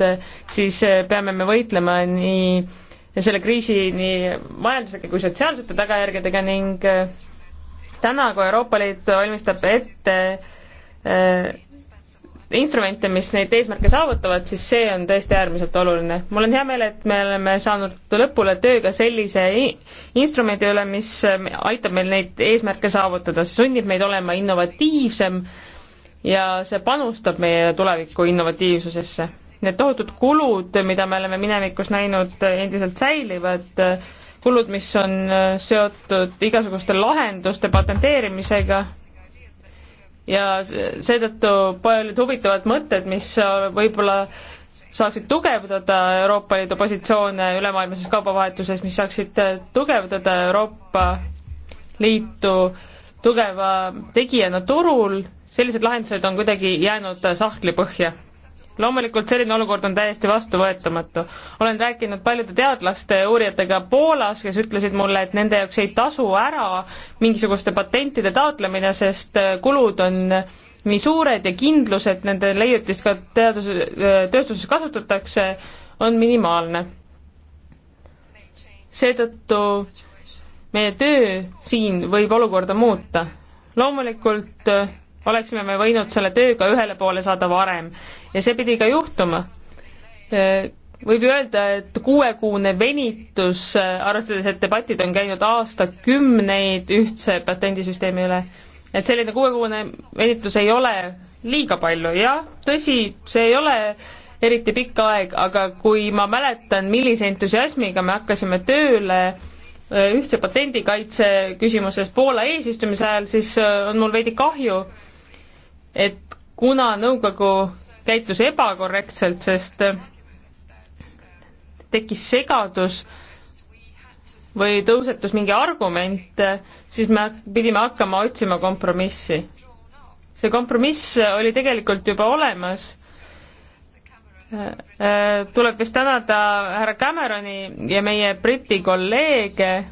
siis peame me võitlema nii ja selle kriisi nii majanduslike kui sotsiaalsete tagajärgedega ning äh, täna, kui Euroopa Liit valmistab ette äh, instrumente, mis neid eesmärke saavutavad, siis see on tõesti äärmiselt oluline. mul on hea meel, et me oleme saanud lõpule tööga sellise instrumendi üle, mis äh, aitab meil neid eesmärke saavutada, see sunnib meid olema innovatiivsem ja see panustab meie tuleviku innovatiivsusesse need tohutud kulud, mida me oleme minevikus näinud, endiselt säilivad, kulud, mis on äh, seotud igasuguste lahenduste patenteerimisega ja seetõttu paljud huvitavad mõtted, mis äh, võib-olla saaksid tugevdada Euroopa Liidu positsioone ülemaailmses kaubavahetuses, mis saaksid äh, tugevdada Euroopa Liitu tugeva tegijana turul, sellised lahendused on kuidagi jäänud sahtlipõhja loomulikult selline olukord on täiesti vastuvõetamatu. olen rääkinud paljude teadlaste ja uurijatega Poolas, kes ütlesid mulle, et nende jaoks ei tasu ära mingisuguste patentide taotlemine, sest äh, kulud on äh, nii suured ja kindlus, et nende leiutist ka teadus, äh, tööstuses kasutatakse, on minimaalne. seetõttu meie töö siin võib olukorda muuta. loomulikult oleksime me võinud selle tööga ühele poole saada varem ja see pidi ka juhtuma. võib ju öelda, et kuuekuune venitus, arvestades, et debatid on käinud aastakümneid ühtse patendisüsteemi üle, et selline kuuekuune venitus ei ole liiga palju, jah, tõsi, see ei ole eriti pikk aeg, aga kui ma mäletan, millise entusiasmiga me hakkasime tööle e, ühtse patendikaitse küsimuses Poola eesistumise ajal, siis e, on mul veidi kahju, et kuna nõukogu käitus ebakorrektselt, sest äh, tekkis segadus või tõusetus mingi argument, siis me pidime hakkama otsima kompromissi. see kompromiss oli tegelikult juba olemas. Äh, äh, tuleb vist tänada härra Cameroni ja meie Briti kolleege,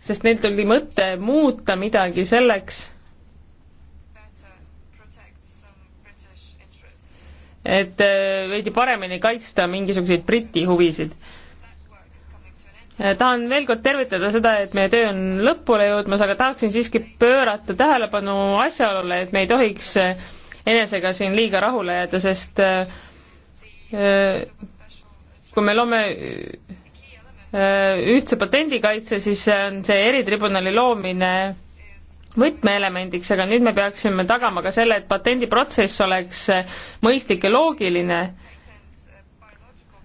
sest neil tuli mõte muuta midagi selleks et äh, veidi paremini kaitsta mingisuguseid Briti huvisid. tahan veel kord tervitada seda, et meie töö on lõpule jõudmas, aga tahaksin siiski pöörata tähelepanu asjaolule, et me ei tohiks äh, enesega siin liiga rahule jääda, sest äh, kui me loome ühtse patendikaitse, siis on see eritribunali loomine võtmeelemendiks, aga nüüd me peaksime tagama ka selle, et patendiprotsess oleks mõistlik ja loogiline.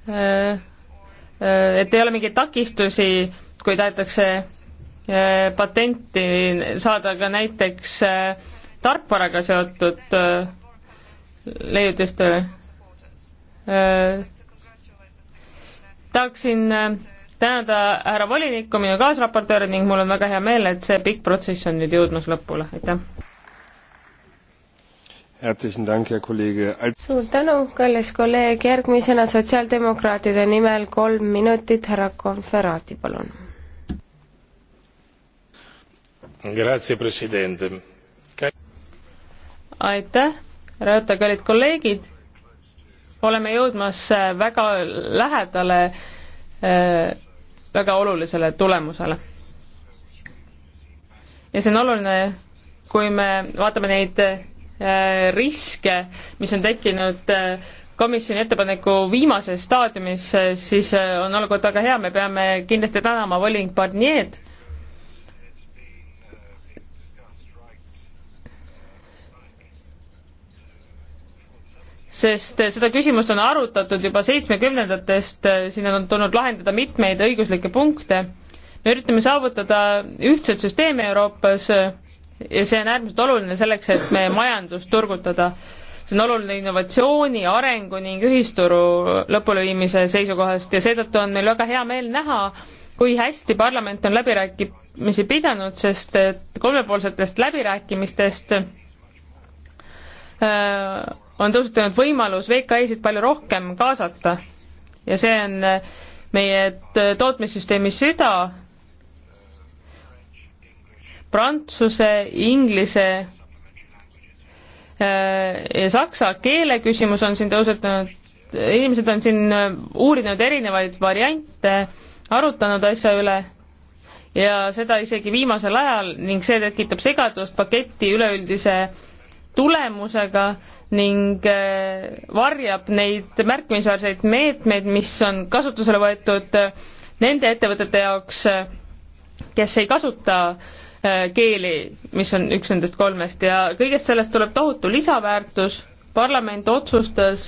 Äh, äh, et ei ole mingeid takistusi, kui tahetakse äh, patenti saada ka näiteks tarkvaraga seotud leiutistele tahaksin tänada härra volinikku, minu kaasraportööri ning mul on väga hea meel, et see pikk protsess on nüüd jõudmas lõpule, aitäh. suur tänu, kallis kolleeg, järgmisena sotsiaaldemokraatide nimel kolm minutit, härra Konverati, palun. aitäh, Rõõta, kallid kolleegid, oleme jõudmas äh, väga lähedale äh, väga olulisele tulemusele. ja see on oluline, kui me vaatame neid äh, riske, mis on tekkinud äh, komisjoni ettepaneku viimases staadiumis, äh, siis on olukord väga hea, me peame kindlasti tänama volinik Barnier'd sest seda küsimust on arutatud juba seitsmekümnendatest, siin on tulnud lahendada mitmeid õiguslikke punkte. me üritame saavutada ühtset süsteemi Euroopas ja see on äärmiselt oluline selleks, et meie majandust turgutada. see on oluline innovatsiooni, arengu ning ühisturu lõpuleviimise seisukohast ja seetõttu on meil väga hea meel näha, kui hästi parlament on läbirääkimisi pidanud, sest et kolmepoolsetest läbirääkimistest äh, on tõusetunud võimalus VKI-sid palju rohkem kaasata ja see on äh, meie tootmissüsteemi süda. Prantsuse, inglise äh, ja saksa keele küsimus on siin tõusetunud, inimesed on siin äh, uurinud erinevaid variante, arutanud asja üle ja seda isegi viimasel ajal ning see tekitab segadust paketi üleüldise tulemusega ning äh, varjab neid märkimisväärseid meetmeid, mis on kasutusele võetud äh, nende ettevõtete jaoks, äh, kes ei kasuta keeli, mis on üks nendest kolmest ja kõigest sellest tuleb tohutu lisaväärtus, parlament otsustas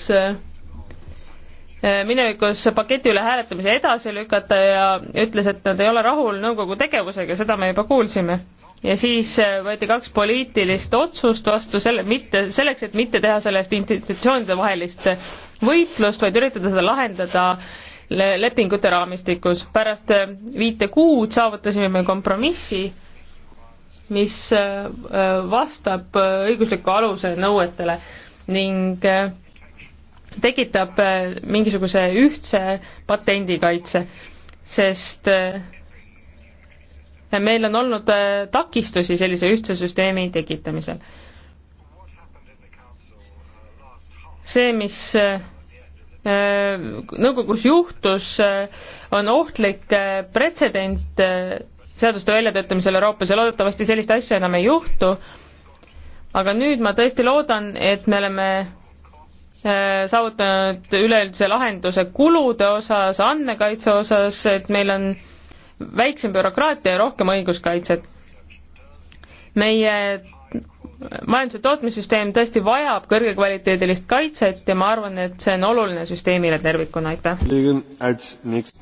minevikus paketi üle hääletamise edasi lükata ja ütles, et nad ei ole rahul nõukogu tegevusega, seda me juba kuulsime ja siis äh, võeti kaks poliitilist otsust vastu selle, mitte, selleks, et mitte teha sellest institutsioonide vahelist võitlust, vaid üritada seda lahendada lepingute raamistikus. pärast äh, viite kuud saavutasime me kompromissi, mis äh, vastab õigusliku aluse nõuetele ning tekitab mingisuguse ühtse patendikaitse, sest äh, meil on olnud äh, takistusi sellise ühtse süsteemi tekitamisel. see, mis äh, äh, nõukogus juhtus, on ohtlik pretsedent seaduste väljatöötamisel Euroopas ja loodetavasti sellist asja enam ei juhtu. aga nüüd ma tõesti loodan, et me oleme saavutanud üleüldise lahenduse kulude osas, andmekaitse osas, et meil on äh, väiksem bürokraatia ja rohkem õiguskaitset. meie majanduse tootmissüsteem tõesti vajab kõrgekvaliteedilist kaitset ja ma arvan, et see on oluline süsteemile tervikuna, aitäh!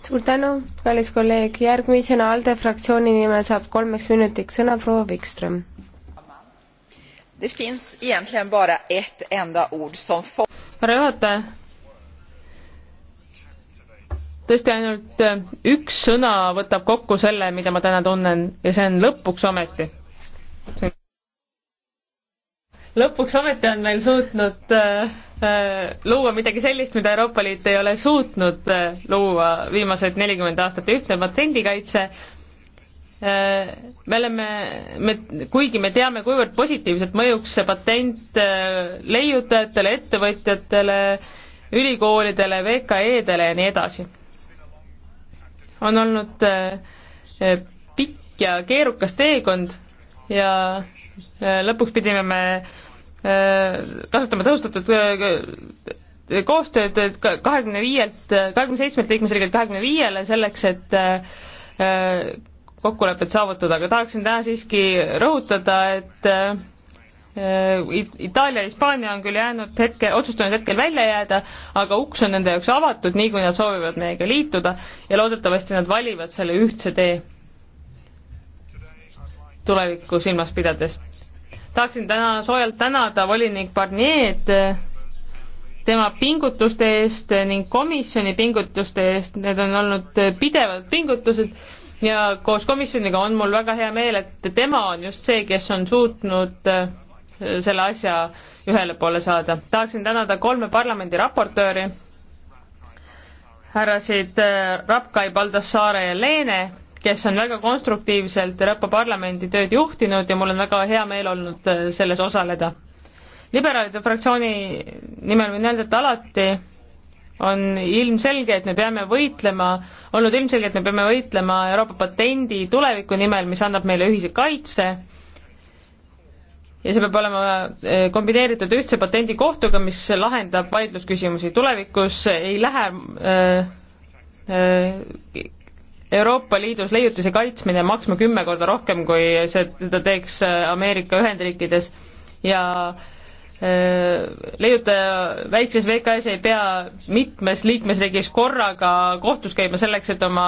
suur tänu, kallis kolleeg, järgmisena ALDE fraktsiooni nimel saab kolmeks minutiks sõna proua Wikström. härra juhataja, tõesti ainult äh, üks sõna võtab kokku selle, mida ma täna tunnen ja see on lõpuks ometi. lõpuks ometi on meil suutnud äh, äh, luua midagi sellist, mida Euroopa Liit ei ole suutnud äh, luua viimased nelikümmend aastat, ühtne patsiendikaitse äh,. me oleme, me, kuigi me teame, kuivõrd positiivselt mõjuks see patent äh, leiutajatele, ettevõtjatele, ülikoolidele, VKE-dele ja nii edasi on olnud eh, eh, pikk ja keerukas teekond ja eh, lõpuks pidime me kasutama tõhustatud koostööd kahekümne viielt, kahekümne seitsmelt liikmesriigilt kahekümne viiele selleks, et kokkulepet saavutada, aga tahaksin täna siiski rõhutada, et Äh, Itaalia ja Hispaania on küll jäänud hetkel, otsustanud hetkel välja jääda, aga uks on nende jaoks avatud, nii kui nad soovivad meiega liituda ja loodetavasti nad valivad selle ühtse tee tulevikku silmas pidades. tahaksin täna soojalt tänada volinik Barnier'd äh, tema pingutuste eest ning komisjoni pingutuste eest, need on olnud äh, pidevad pingutused ja koos komisjoniga on mul väga hea meel, et tema on just see, kes on suutnud äh, selle asja ühele poole saada. tahaksin tänada kolme parlamendi raportööri, härrasid äh, Rapkai, Baldassare ja Leene, kes on väga konstruktiivselt Euroopa Parlamendi tööd juhtinud ja mul on väga hea meel olnud äh, selles osaleda. liberaalide fraktsiooni nimel võin öelda, et alati on ilmselge, et me peame võitlema, olnud ilmselge, et me peame võitlema Euroopa patendi tuleviku nimel, mis annab meile ühise kaitse ja see peab olema eh, kombineeritud ühtse patendikohtuga, mis lahendab vaidlusküsimusi. tulevikus ei lähe eh, eh, Euroopa Liidus leiutise kaitsmine maksma kümme korda rohkem, kui seda teeks Ameerika Ühendriikides ja leiutaja väikses VKS ei pea mitmes liikmesriigis korraga kohtus käima selleks, et oma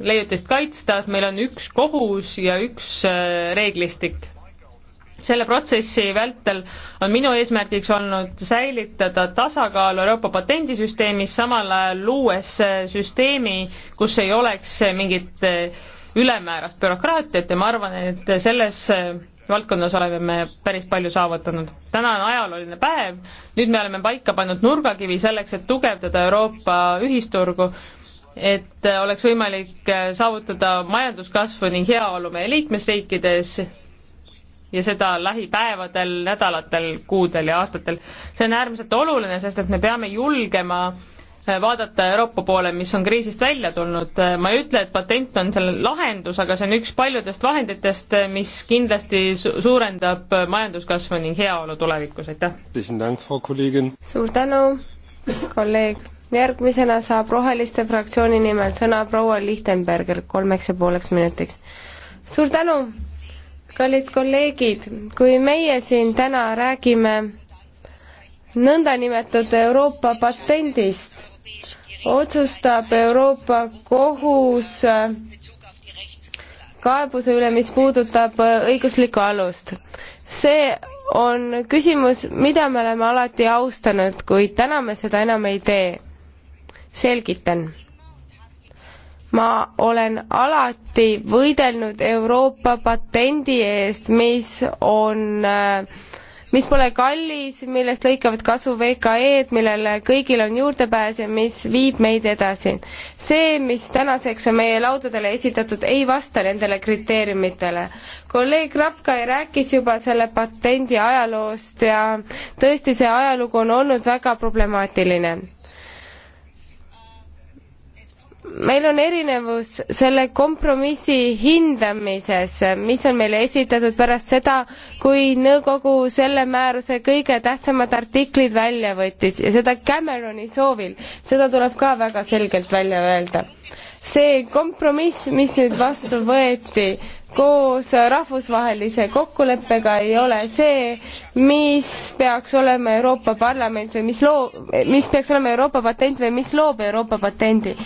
leiutist kaitsta, et meil on üks kohus ja üks äh, reeglistik. selle protsessi vältel on minu eesmärgiks olnud säilitada tasakaal Euroopa patendisüsteemis, samal ajal luues äh, süsteemi, kus ei oleks äh, mingit ülemäärast bürokraatiat ja ma arvan, et selles valdkonnas oleme me päris palju saavutanud. täna on ajalooline päev, nüüd me oleme paika pannud nurgakivi selleks, et tugevdada Euroopa ühisturgu et oleks võimalik äh, saavutada majanduskasvu ning heaolu meie liikmesriikides ja seda lähipäevadel, nädalatel, kuudel ja aastatel. see on äärmiselt oluline, sest et me peame julgema äh, vaadata Euroopa poole, mis on kriisist välja tulnud. Äh, ma ei ütle, et patent on selle lahendus, aga see on üks paljudest vahenditest, mis kindlasti su suurendab majanduskasvu ning heaolu tulevikus, aitäh! suur tänu, kolleeg! järgmisena saab Roheliste fraktsiooni nimel sõna proua Lichtenberger kolmeks ja pooleks minutiks. suur tänu, kallid kolleegid, kui meie siin täna räägime nõndanimetatud Euroopa patendist, otsustab Euroopa Kohus kaebuse üle, mis puudutab äh, õiguslikku alust. see on küsimus, mida me oleme alati austanud, kuid täna me seda enam ei tee selgitan. ma olen alati võidelnud Euroopa patendi eest, mis on äh, mis pole kallis, millest lõikavad kasu VKE-d, millele kõigil on juurdepääs ja mis viib meid edasi. see, mis tänaseks on meie laudadele esitatud, ei vasta nendele kriteeriumitele kolleeg Rapkai rääkis juba selle patendi ajaloost ja tõesti, see ajalugu on olnud väga problemaatiline meil on erinevus selle kompromissi hindamises, mis on meile esitatud pärast seda, kui nõukogu selle määruse kõige tähtsamad artiklid välja võttis ja seda Cameroni soovil, seda tuleb ka väga selgelt välja öelda. see kompromiss, mis nüüd vastu võeti, koos rahvusvahelise kokkuleppega ei ole see, mis peaks olema Euroopa Parlament või mis loob, mis peaks olema Euroopa patent või mis loob Euroopa patendi.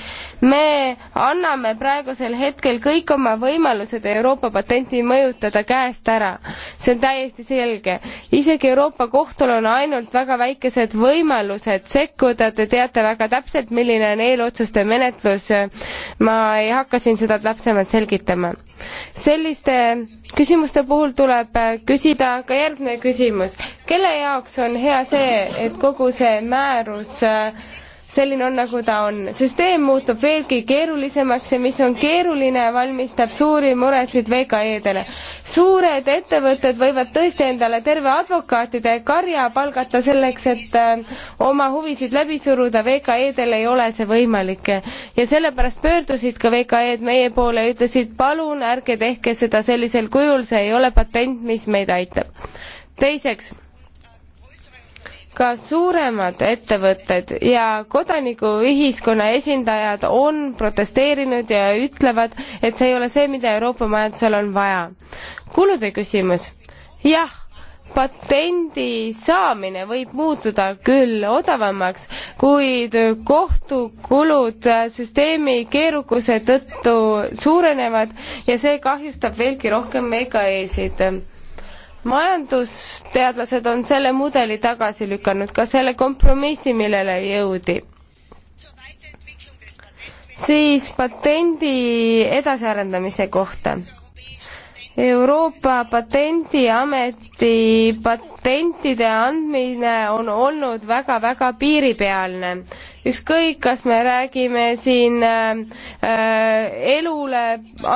me anname praegusel hetkel kõik oma võimalused Euroopa patenti mõjutada käest ära. see on täiesti selge. isegi Euroopa Kohtul on ainult väga väikesed võimalused sekkuda, te teate väga täpselt, milline on eelotsuste menetlus. ma ei hakka siin seda täpsemalt selgitama. see selliste küsimuste puhul tuleb küsida ka järgmine küsimus. kelle jaoks on hea see, et kogu see määrus äh, selline on, nagu ta on. süsteem muutub veelgi keerulisemaks ja mis on keeruline, valmistab suuri muresid VKE-dele. suured ettevõtted võivad tõesti endale terve advokaatide karja palgata selleks, et äh, oma huvisid läbi suruda, VKE-del ei ole see võimalik. ja sellepärast pöördusid ka VKE-d meie poole ja ütlesid, palun ärge tehke seda sellisel kujul, see ei ole patent, mis meid aitab. teiseks ka suuremad ettevõtted ja kodanikuühiskonna esindajad on protesteerinud ja ütlevad, et see ei ole see, mida Euroopa majandusel on vaja. kulude küsimus. jah, patendi saamine võib muutuda küll odavamaks, kuid kohtukulud süsteemi keerukuse tõttu suurenevad ja see kahjustab veelgi rohkem VKE-sid majandusteadlased on selle mudeli tagasi lükanud, ka selle kompromissi, millele jõudi. siis patendi edasiarendamise kohta. Euroopa Patendiameti pat-, patentide andmine on olnud väga-väga piiripealne. ükskõik, kas me räägime siin äh, äh, elule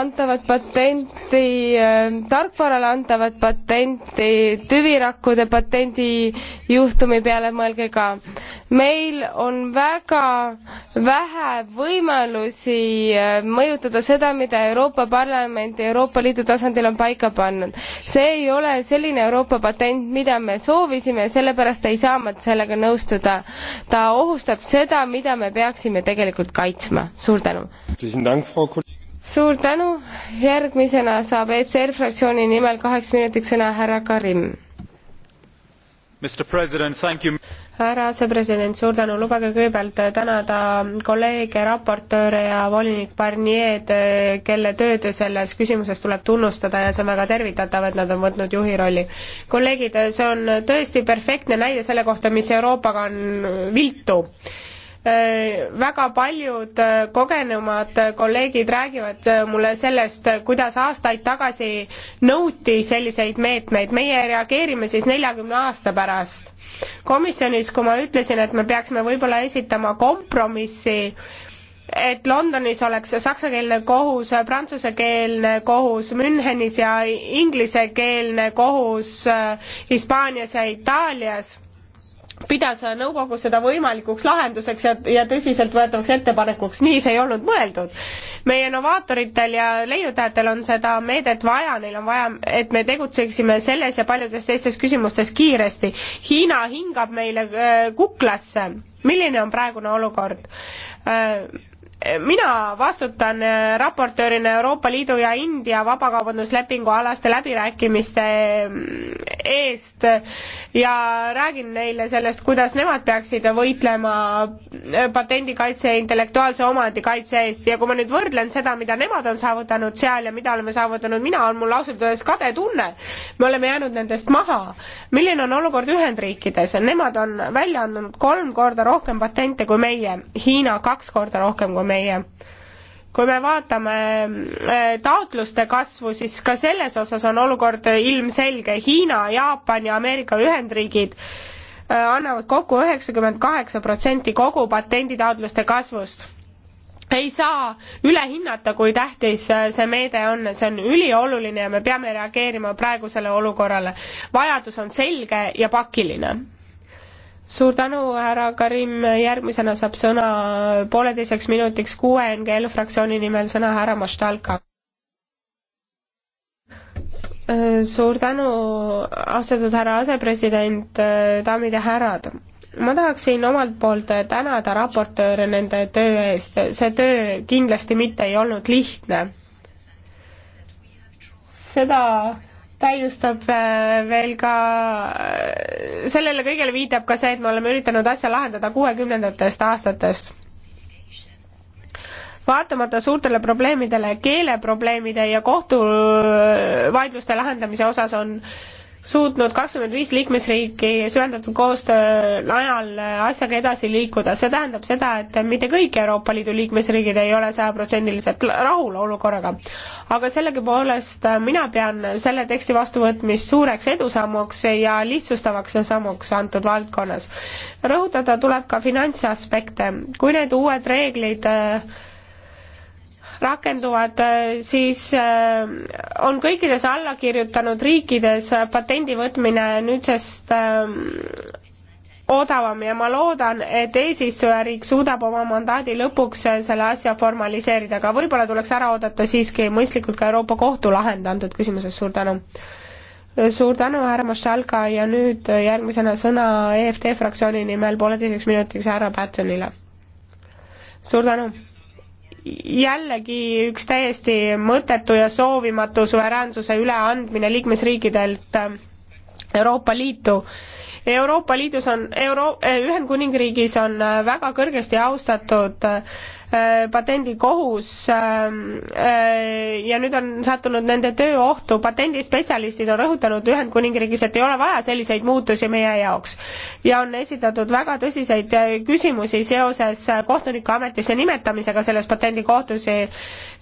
antavat patenti äh,, tarkvarale antavat patenti, tüvirakkude patendi juhtumi peale mõelge ka. meil on väga vähe võimalusi äh, mõjutada seda, mida Euroopa Parlament ja Euroopa Liidu tasandil on paika pannud. see ei ole selline Euroopa patent, mida mida me soovisime, sellepärast ei saa ma sellega nõustuda. ta ohustab seda, mida me peaksime tegelikult kaitsma. suur tänu! suur tänu, järgmisena saab ECR fraktsiooni nimel kaheks minutiks sõna härra Karim. Mr President, thank you härra asepresident, suur tänu, lubage kõigepealt tänada kolleege, raportööre ja volinik Barnier'd, kelle tööd selles küsimuses tuleb tunnustada ja see on väga tervitatav, et nad on võtnud juhi rolli. kolleegid, see on tõesti perfektne näide selle kohta, mis Euroopaga on viltu Äh, väga paljud äh, kogenumad äh, kolleegid räägivad mulle sellest, kuidas aastaid tagasi nõuti selliseid meetmeid, meie reageerime siis neljakümne aasta pärast. komisjonis, kui ma ütlesin, et me peaksime võib-olla esitama kompromissi, et Londonis oleks saksakeelne kohus, prantsusekeelne kohus, Münchenis ja inglisekeelne kohus Hispaanias ja Itaalias pidas nõukogu seda võimalikuks lahenduseks ja, ja tõsiseltvõetavaks ettepanekuks, nii see ei olnud mõeldud. meie innovaatoritel ja leiutajatel on seda meedet vaja, neil on vaja, et me tegutseksime selles ja paljudes teistes küsimustes kiiresti. Hiina hingab meile äh, kuklasse, milline on praegune olukord? Äh, mina vastutan äh, raportöörina Euroopa Liidu ja India vabakaubanduslepingu alaste läbirääkimiste mm, eest ja räägin neile sellest, kuidas nemad peaksid võitlema äh, patendikaitse ja intellektuaalse omandi kaitse eest ja kui ma nüüd võrdlen seda, mida nemad on saavutanud seal ja mida oleme saavutanud mina, on mul ausalt öeldes kade tunne. me oleme jäänud nendest maha. milline on olukord Ühendriikides? Nemad on välja andnud kolm korda rohkem patente kui meie, Hiina kaks korda rohkem kui meie kui me vaatame äh, taotluste kasvu, siis ka selles osas on olukord ilmselge, Hiina, Jaapan ja Ameerika Ühendriigid äh, annavad kokku üheksakümmend kaheksa protsenti kogu patenditaotluste kasvust ei saa üle hinnata, kui tähtis äh, see meede on, see on ülioluline ja me peame reageerima praegusele olukorrale. vajadus on selge ja pakiline suur tänu, härra Karim, järgmisena saab sõna pooleteiseks minutiks kuue NGL fraktsiooni nimel sõna härra Maštalka. suur tänu, austatud härra asepresident, daamid ja härrad. ma tahaksin omalt poolt tänada raportööre nende töö eest, see töö kindlasti mitte ei olnud lihtne. seda täiustab äh, veel ka, äh, sellele kõigele viitab ka see, et me oleme üritanud asja lahendada kuuekümnendatest aastatest. vaatamata suurtele probleemidele keeleprobleemide ja kohtuvaidluste lahendamise osas on äh, suutnud kakskümmend viis liikmesriiki süvendatud koostöö najal asjaga edasi liikuda, see tähendab seda, et mitte kõik Euroopa Liidu liikmesriigid ei ole sajaprotsendiliselt rahul olukorraga. aga sellegipoolest mina pean selle teksti vastuvõtmist suureks edusammuks ja lihtsustavaks sammuks antud valdkonnas. rõhutada tuleb ka finantsaspekte, kui need uued reeglid äh, rakenduvad, äh, siis äh, on kõikides alla kirjutanud riikides patendi võtmine nüüdsest äh, odavam ja ma loodan, et eesistujariik suudab oma mandaadi lõpuks selle asja formaliseerida, aga võib-olla tuleks ära oodata siiski mõistlikult ka Euroopa Kohtu lahend antud küsimuses, suur tänu. suur tänu, härra Maštalka ja nüüd järgmisena sõna EFT fraktsiooni nimel pooleteiseks minutiks härra Pattonile. suur tänu jällegi üks täiesti mõttetu ja soovimatu suveräänsuse üleandmine liikmesriikidelt äh, Euroopa Liitu. Euroopa Liidus on, Euro-, Ühendkuningriigis on äh, väga kõrgesti austatud äh, Äh, patendikohus äh, äh, ja nüüd on sattunud nende töö ohtu. patendispetsialistid on rõhutanud Ühendkuningriigis, et ei ole vaja selliseid muutusi meie jaoks ja on esitatud väga tõsiseid küsimusi seoses kohtuniku ametisse nimetamisega selles patendikohtus.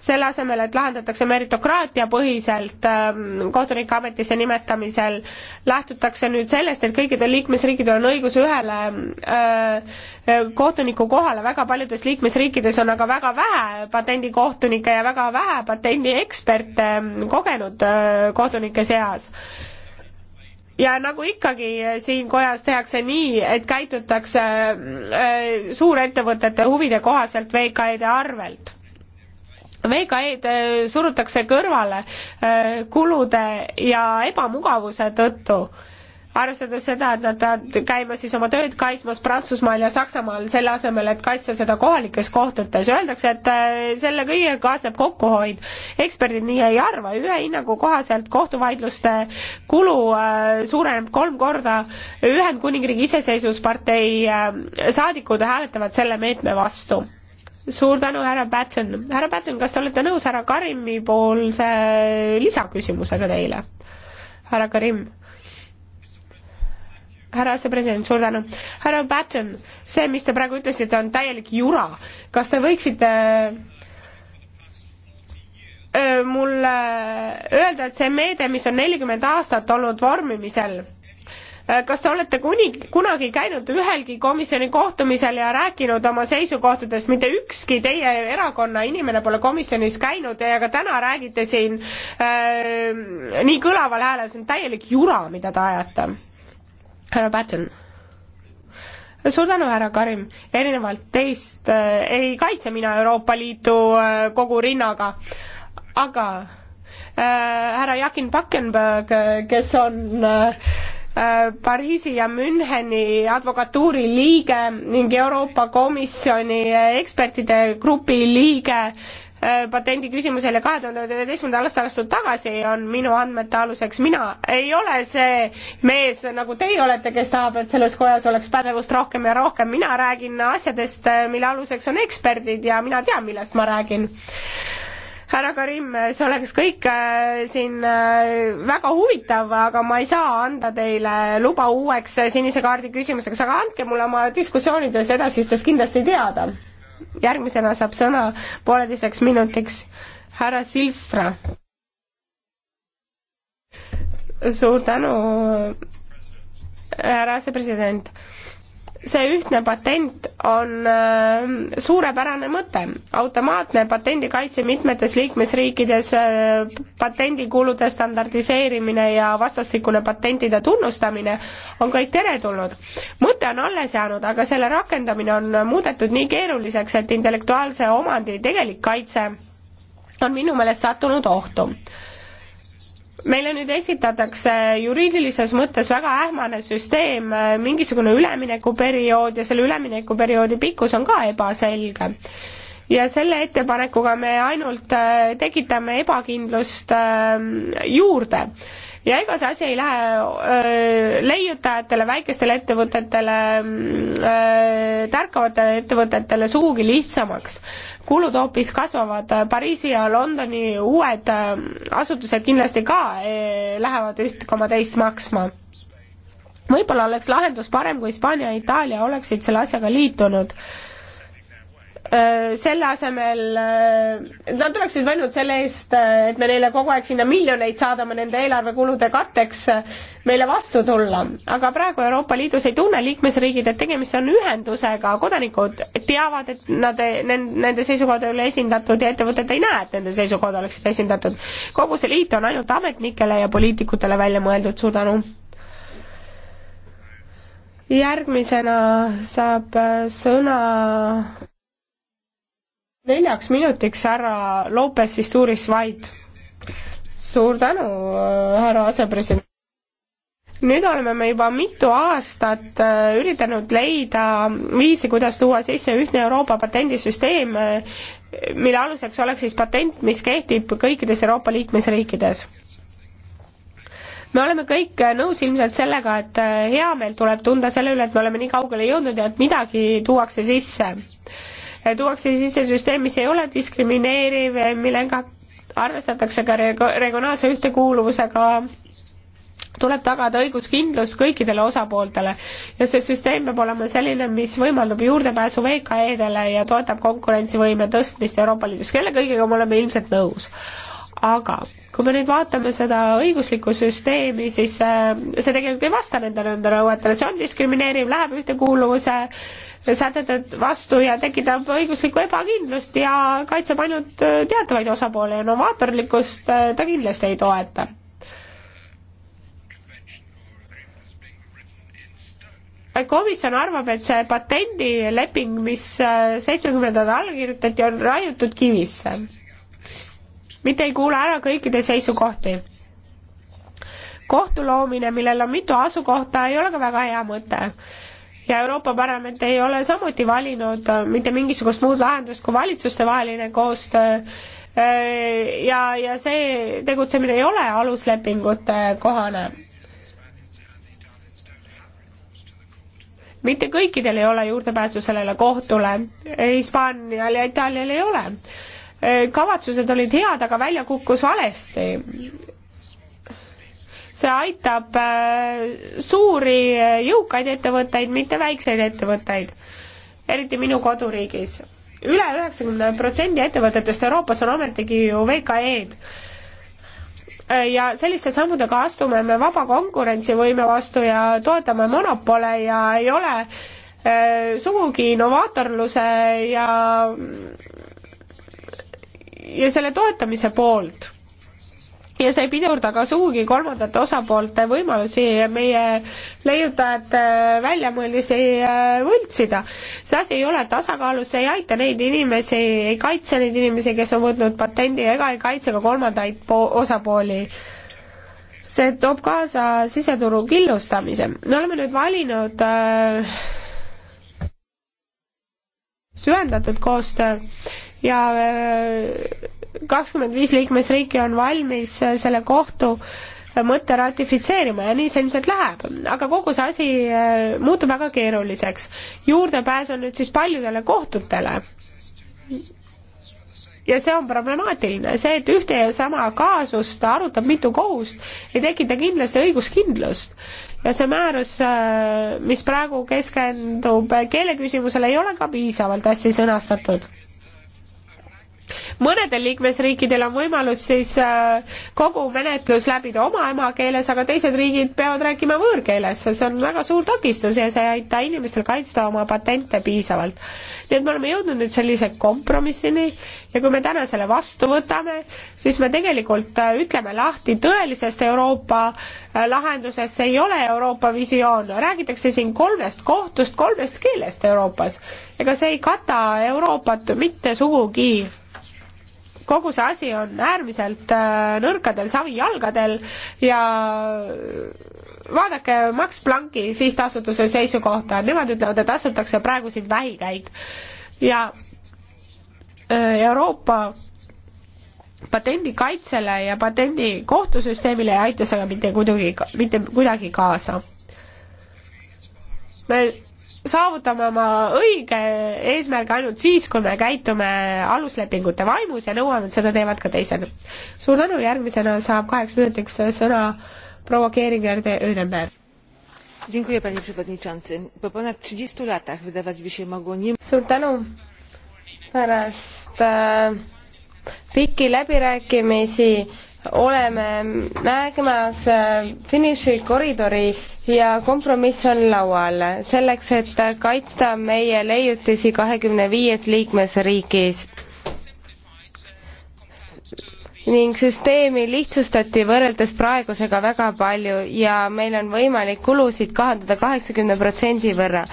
selle asemel, et lahendatakse meritokraatia põhiselt ähm, kohtunike ametisse nimetamisel, lähtutakse nüüd sellest, et kõikidel liikmesriikidel on õigus ühele öö, kohtuniku kohale, väga paljudes liikmesriikides on aga väga vähe patendikohtunikke ja väga vähe patendieksperte ähm, kogenud äh, kohtunike seas ja nagu ikkagi äh, siin kojas tehakse nii, et käitutakse äh, suurettevõtete huvide kohaselt VKE-de arvelt. VKE-d surutakse kõrvale kulude ja ebamugavuse tõttu arvestades seda, et nad käima siis oma tööd kaitsmas Prantsusmaal ja Saksamaal, selle asemel, et kaitsta seda kohalikes kohtutes, öeldakse, et äh, selle kõigega kaasneb kokkuhoid. eksperdid nii ei arva, ühe hinnangu kohaselt kohtuvaidluste kulu äh, suureneb kolm korda, Ühendkuningriigi iseseisvuspartei äh, saadikud hääletavad selle meetme vastu suur tänu, härra Pätson. härra Pätson, kas te olete nõus härra Karimi poolse lisaküsimusega teile? härra Karim härra asepresident, suur tänu. härra Patten, see, mis te praegu ütlesite, on täielik jura. kas te võiksite mulle öelda, et see meede, mis on nelikümmend aastat olnud vormimisel, kas te olete kuni, kunagi käinud ühelgi komisjoni kohtumisel ja rääkinud oma seisukohtadest, mitte ükski teie erakonna inimene pole komisjonis käinud ja ka täna räägite siin äh, nii kõlaval häälel, see on täielik jura, mida te ajate härra Patten suur tänu, härra Karim. erinevalt teist äh, ei kaitse mina Euroopa Liitu äh, kogu rinnaga, aga äh, härra Jakin Pakenberg, kes on äh, Pariisi ja Müncheni advokatuuri liige ning Euroopa Komisjoni ekspertide grupi liige äh, Äh, patendi küsimusele kahe tuhande üheteistkümnendal aastal astud tagasi, on minu andmete aluseks mina. ei ole see mees, nagu teie olete, kes tahab, et selles kojas oleks pädevust rohkem ja rohkem, mina räägin asjadest, äh, mille aluseks on eksperdid ja mina tean, millest ma räägin härra Karim, see oleks kõik äh, siin väga huvitav, aga ma ei saa anda teile luba uueks sinise kaardi küsimuseks, aga andke mulle oma diskussioonidest edasistest kindlasti teada järgmisena saab sõna pooleteiseks minutiks härra Silstra. suur tänu, härra asepresident see ühtne patent on ähm, suurepärane mõte. automaatne patendikaitse mitmetes liikmesriikides, äh, patendikulude standardiseerimine ja vastastikune patentide tunnustamine on kõik teretulnud. mõte on alles jäänud, aga selle rakendamine on muudetud nii keeruliseks, et intellektuaalse omandi tegelik kaitse on minu meelest sattunud ohtu meile nüüd esitatakse juriidilises mõttes väga ähmane süsteem, mingisugune üleminekuperiood ja selle üleminekuperioodi pikkus on ka ebaselge ja selle ettepanekuga me ainult äh, tekitame ebakindlust ähm, juurde. ja ega see asi ei lähe äh, leiutajatele, väikestele ettevõtetele, äh, tärkavatele ettevõtetele sugugi lihtsamaks. kulud hoopis kasvavad, Pariisi ja Londoni uued asutused kindlasti ka lähevad üht koma teist maksma võib-olla oleks lahendus parem, kui Hispaania ja Itaalia oleksid selle asjaga liitunud Äh, selle asemel, äh, nad oleksid võinud selle eest, äh, et me neile kogu aeg sinna miljoneid saadame nende eelarvekulude katteks, meile vastu tulla. aga praegu Euroopa Liidus ei tunne liikmesriigid, et tegemist on ühendusega, kodanikud teavad, et nad, nende seisukohad ei ole esindatud ja ettevõtted ei näe, et nende seisukohad oleksid esindatud. kogu see liit on ainult ametnikele ja poliitikutele välja mõeldud, suur tänu! järgmisena saab sõna neljaks minutiks härra Lopez Isturis vaid. suur tänu, härra asepresident. nüüd oleme me juba mitu aastat äh, üritanud leida viisi, kuidas tuua sisse ühtne Euroopa patendisüsteem, äh, mille aluseks oleks siis patent, mis kehtib kõikides Euroopa liikmesriikides me oleme kõik äh, nõus ilmselt sellega, et heameelt tuleb tunda selle üle, et me oleme nii kaugele jõudnud ja et midagi tuuakse sisse tuuakse sisse süsteem, mis ei ole diskrimineeriv, millega arvestatakse ka rego-, regionaalse ühtekuuluvusega, tuleb tagada õiguskindlus kõikidele osapooltele ja see süsteem peab olema selline, mis võimaldab juurdepääsu VKE-dele ja toetab konkurentsivõime tõstmist Euroopa Liidus, kelle kõigega me oleme ilmselt nõus aga kui me nüüd vaatame seda õiguslikku süsteemi, siis äh, see tegelikult ei vasta nendele enda nõuetele, see on diskrimineeriv, läheb ühtekuuluvuse säteted vastu ja tekitab õiguslikku ebakindlust ja kaitseb ainult äh, teatavaid osapooli ja novaatorlikkust äh, ta kindlasti ei toeta. komisjon arvab, et see patendileping, mis seitsmekümnendal allkirjutati, on raiutud kivisse mitte ei kuula ära kõikide seisukohti. kohtu loomine, millel on mitu asukohta, ei ole ka väga hea mõte. ja Euroopa Parlament ei ole samuti valinud äh, mitte mingisugust muud lahendust kui valitsustevaheline koostöö äh, ja, ja see tegutsemine ei ole aluslepingute kohane mitte kõikidel ei ole juurdepääsu sellele kohtule, äh, Hispaanial ja Itaalial ei ole. Äh, kavatsused olid head, aga välja kukkus valesti. see aitab äh, suuri äh, jõukaid ettevõtteid, mitte väikseid ettevõtteid, eriti minu koduriigis üle. üle üheksakümne protsendi ettevõtetest Euroopas on ometigi ju VKE-d ja selliste sammudega astume me vaba konkurentsivõime vastu ja toetame monopole ja ei ole sugugi innovaatorluse ja ja selle toetamise poolt ja see ei pidurda ka sugugi kolmandate osapoolte võimalusi meie leiutajate väljamõeldisi äh, võltsida. see asi ei ole tasakaalus, see ei aita neid inimesi, ei kaitse neid inimesi, kes on võtnud patendi ega ei kaitse ka kolmandaid po-, osapooli. see toob kaasa siseturu killustamise. me oleme nüüd valinud äh, süvendatud koostöö äh, ja äh, kakskümmend viis liikmesriiki on valmis äh, selle kohtu äh, mõtte ratifitseerima ja nii see ilmselt läheb. aga kogu see asi muutub väga keeruliseks. juurdepääs on nüüd siis paljudele kohtutele. ja see on problemaatiline, see, et ühte ja sama kaasust arutab mitu kohust, ei tekita kindlasti õiguskindlust ja see määrus, mis praegu keskendub keeleküsimusele, ei ole ka piisavalt hästi sõnastatud mõnedel liikmesriikidel on võimalus siis äh, kogu menetlus läbida oma emakeeles, aga teised riigid peavad rääkima võõrkeeles, see on väga suur takistus ja see ei aita inimestel kaitsta oma patente piisavalt. nii et me oleme jõudnud nüüd sellise kompromissini ja kui me täna selle vastu võtame, siis me tegelikult äh, ütleme lahti tõelisest Euroopa äh, lahendusest, see ei ole Euroopa visioon, räägitakse siin kolmest kohtust, kolmest keelest Euroopas. ega see ei kata Euroopat mitte sugugi kogu see asi on äärmiselt äh, nõrkadel savijalgadel ja vaadake Max Plancki sihtasutuse seisukohta, nemad ütlevad, et astutakse praegu siin vähikäik ja äh, Euroopa patendikaitsele ja patendi kohtusüsteemile ei aita see aga mitte kuidagi, mitte kuidagi kaasa. me saavutame oma õige eesmärgi ainult siis, kui me käitume aluslepingute vaimus ja nõuame, et seda teevad ka teised. suur tänu, järgmisena saab kaheks minutiks sõna proua Keeringer de Ödenberg. Dziękuję panie przewodniczący. Po ponad 30 latach wydawać by się mogło nie... Suur tänu. Pärast äh, pikki läbirääkimisi oleme nägemas äh, finišikoridori ja kompromiss on laual selleks, et kaitsta meie leiutisi kahekümne viies liikmesriigis ning süsteemi lihtsustati võrreldes praegusega väga palju ja meil on võimalik kulusid kahandada kaheksakümne protsendi võrra.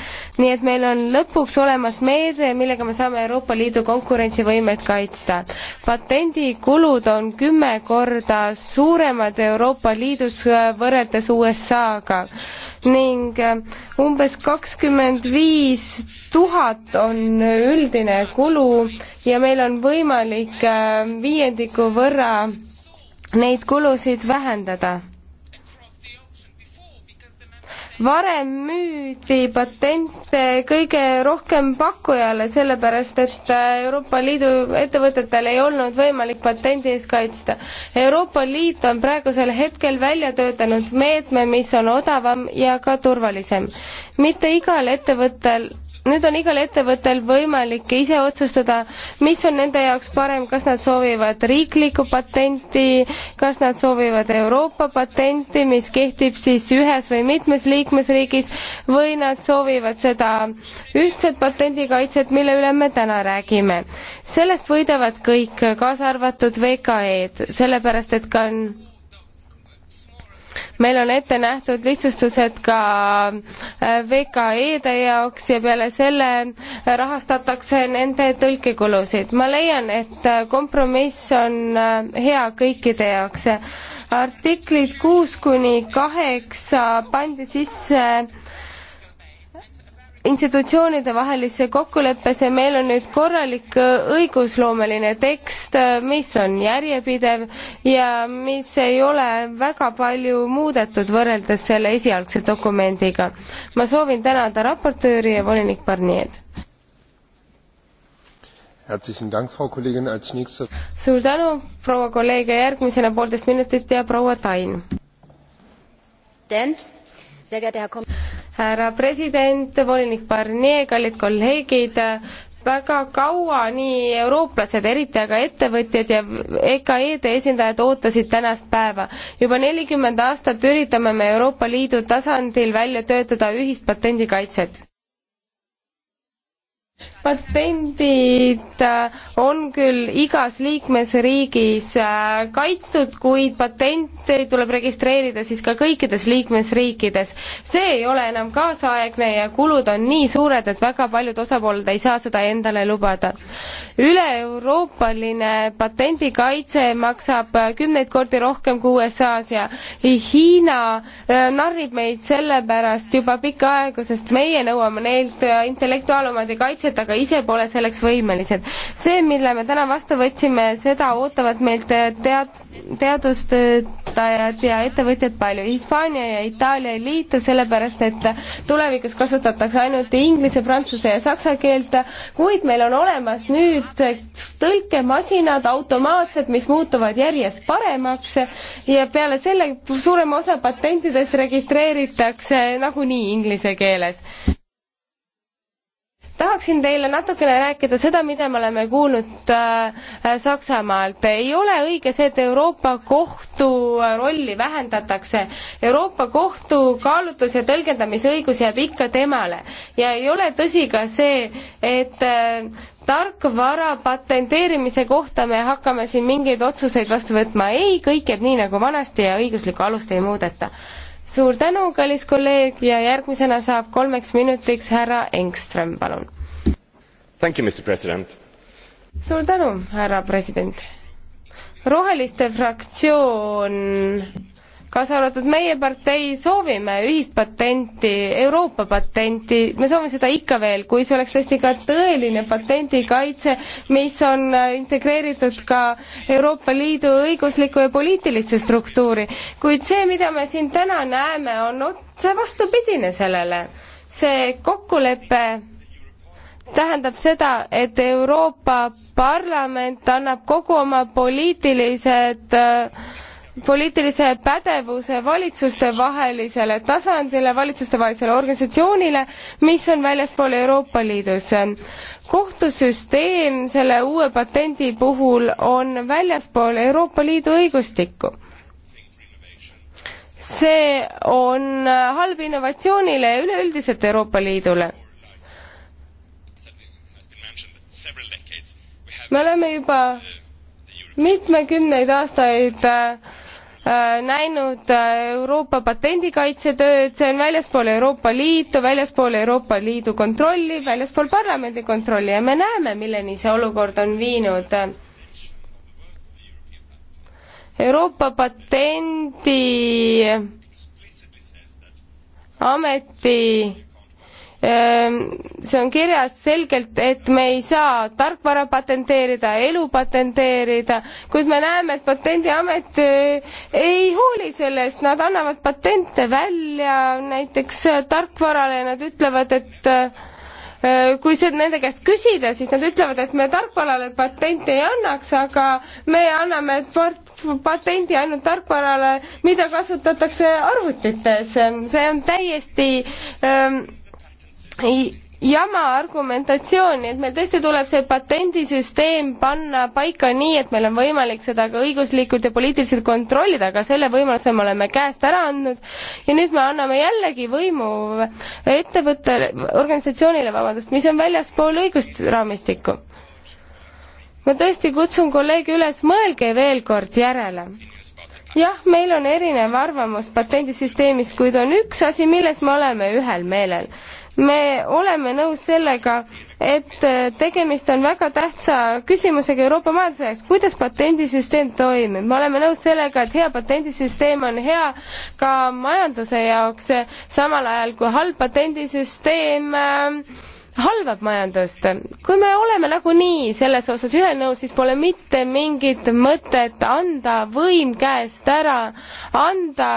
nii et meil on lõpuks olemas meede, millega me saame Euroopa Liidu konkurentsivõimet kaitsta. patendikulud on kümme korda suuremad Euroopa Liidus äh, võrreldes USA-ga ning äh, umbes kakskümmend viis tuhat on üldine kulu ja meil on võimalik äh, viiendiku võrra neid kulusid vähendada varem müüdi patente kõige rohkem pakkujale, sellepärast et äh, Euroopa Liidu ettevõtetel ei olnud võimalik patendi eest kaitsta. Euroopa Liit on praegusel hetkel välja töötanud meetme, mis on odavam ja ka turvalisem. mitte igal ettevõttel nüüd on igal ettevõttel võimalik ise otsustada, mis on nende jaoks parem, kas nad soovivad riiklikku patenti, kas nad soovivad Euroopa patenti, mis kehtib siis ühes või mitmes liikmesriigis, või nad soovivad seda ühtset patendikaitset, mille üle me täna räägime. sellest võidavad kõik, kaasa arvatud VKE-d, sellepärast et ka on meil on ette nähtud lihtsustused ka äh, VKE-de jaoks ja peale selle rahastatakse nende tõlkekulusid. ma leian, et äh, kompromiss on äh, hea kõikide jaoks. artiklid kuus kuni kaheksa pandi sisse institutsioonide vahelisse kokkuleppesse, meil on nüüd korralik äh, õigusloomeline tekst, äh, mis on järjepidev ja mis ei ole väga palju muudetud võrreldes selle esialgse dokumendiga. ma soovin tänada raportööri ja volinik Barnier'd. suur tänu, proua kolleeg ja järgmisena poolteist minutit ja proua Tain härra president, volinik Barnier, kallid kolleegid, väga kaua nii eurooplased, eriti aga ettevõtjad ja EKE-de esindajad ootasid tänast päeva. juba nelikümmend aastat üritame me Euroopa Liidu tasandil välja töötada ühist patendikaitset patendid äh, on küll igas liikmesriigis äh, kaitstud, kuid patente tuleb registreerida siis ka kõikides liikmesriikides. see ei ole enam kaasaegne ja kulud on nii suured, et väga paljud osapooled ei saa seda endale lubada. üle-euroopaline patendikaitse maksab äh, kümneid kordi rohkem kui USA-s ja Hiina narrib meid selle pärast juba pikka aega, sest meie nõuame neilt intellektuaalomandi kaitset kaitset, aga ise pole selleks võimelised. see, mille me täna vastu võtsime, seda ootavad meilt tead-, teadustöötajad ja ettevõtjad palju. Hispaania ja Itaalia ei liitu sellepärast, et tulevikus kasutatakse ainult inglise, prantsuse ja saksa keelt, kuid meil on olemas nüüd tõlkemasinad, automaatsed, mis muutuvad järjest paremaks ja peale selle suurema osa patentidest registreeritakse nagunii inglise keeles tahaksin teile natukene rääkida seda, mida me oleme kuulnud äh, Saksamaalt. ei ole õige see, et Euroopa Kohtu äh, rolli vähendatakse. Euroopa Kohtu kaalutlus- ja tõlgendamisõigus jääb ikka temale ja ei ole tõsi ka see, et äh, tarkvara patenteerimise kohta me hakkame siin mingeid otsuseid vastu võtma. ei, kõik jääb nii nagu vanasti ja õiguslikku alust ei muudeta suur tänu, kallis kolleeg ja järgmisena saab kolmeks minutiks härra Engström, palun. suur tänu, härra president. roheliste fraktsioon kaasa arvatud meie partei, soovime ühist patenti, Euroopa patenti, me soovime seda ikka veel, kui see oleks tõesti ka tõeline patendikaitse, mis on integreeritud ka Euroopa Liidu õiguslikku ja poliitilisse struktuuri. kuid see, mida me siin täna näeme, on otse vastupidine sellele. see kokkulepe tähendab seda, et Euroopa Parlament annab kogu oma poliitilised äh, poliitilise pädevuse valitsustevahelisele tasandile, valitsustevahelisele organisatsioonile, mis on väljaspool Euroopa Liidus. kohtusüsteem selle uue patendi puhul on väljaspool Euroopa Liidu õigustikku see on halb innovatsioonile ja üleüldiselt Euroopa Liidule. me oleme juba mitmekümneid aastaid äh, Äh, näinud äh, Euroopa patendikaitsetööd, see on väljaspool Euroopa Liitu, väljaspool Euroopa Liidu kontrolli, väljaspool parlamendi kontrolli ja me näeme, milleni see olukord on viinud. Euroopa patendi ameti see on kirjas selgelt, et me ei saa tarkvara patenteerida, elu patenteerida, kuid me näeme, et Patendiamet ei hooli sellest, nad annavad patente välja näiteks tarkvarale ja nad ütlevad, et kui see nende käest küsida, siis nad ütlevad, et me tarkvarale patenti ei annaks, aga me anname patendi ainult tarkvarale, mida kasutatakse arvutites. see on täiesti ähm, jama argumentatsiooni, et meil tõesti tuleb see patendisüsteem panna paika nii, et meil on võimalik seda ka õiguslikult ja poliitiliselt kontrollida, aga selle võimaluse me oleme käest ära andnud ja nüüd me anname jällegi võimu ettevõttele, organisatsioonile, vabandust, mis on väljaspool õigusraamistikku. ma tõesti kutsun kolleege üles, mõelge veel kord järele jah, meil on erinev arvamus patendisüsteemist, kuid on üks asi, milles me oleme ühel meelel me oleme nõus sellega, et äh, tegemist on väga tähtsa küsimusega Euroopa majanduse jaoks, kuidas patendisüsteem toimib. me oleme nõus sellega, et hea patendisüsteem on hea ka majanduse jaoks, samal ajal kui halb patendisüsteem äh, halvab majandust. kui me oleme nagunii selles osas ühel nõul, siis pole mitte mingit mõtet anda võim käest ära, anda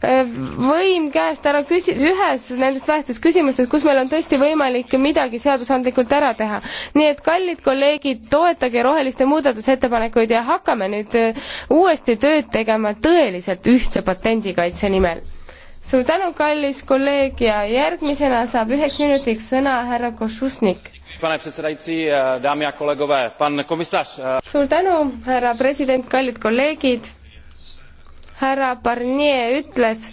äh, võim käest ära küsi-, ühes nendest vähestest küsimustest, kus meil on tõesti võimalik midagi seadusandlikult ära teha. nii et kallid kolleegid, toetage roheliste muudatusettepanekuid ja hakkame nüüd äh, uuesti tööd tegema tõeliselt ühtse patendikaitse nimel suur tänu, kallis kolleeg ja järgmisena saab üheks minutiks sõna härra Košusnik. pane predsedaitsi, eh, daami ja kolleegove, pan komissar. Eh. suur tänu, härra president, kallid kolleegid. härra Barnier ütles,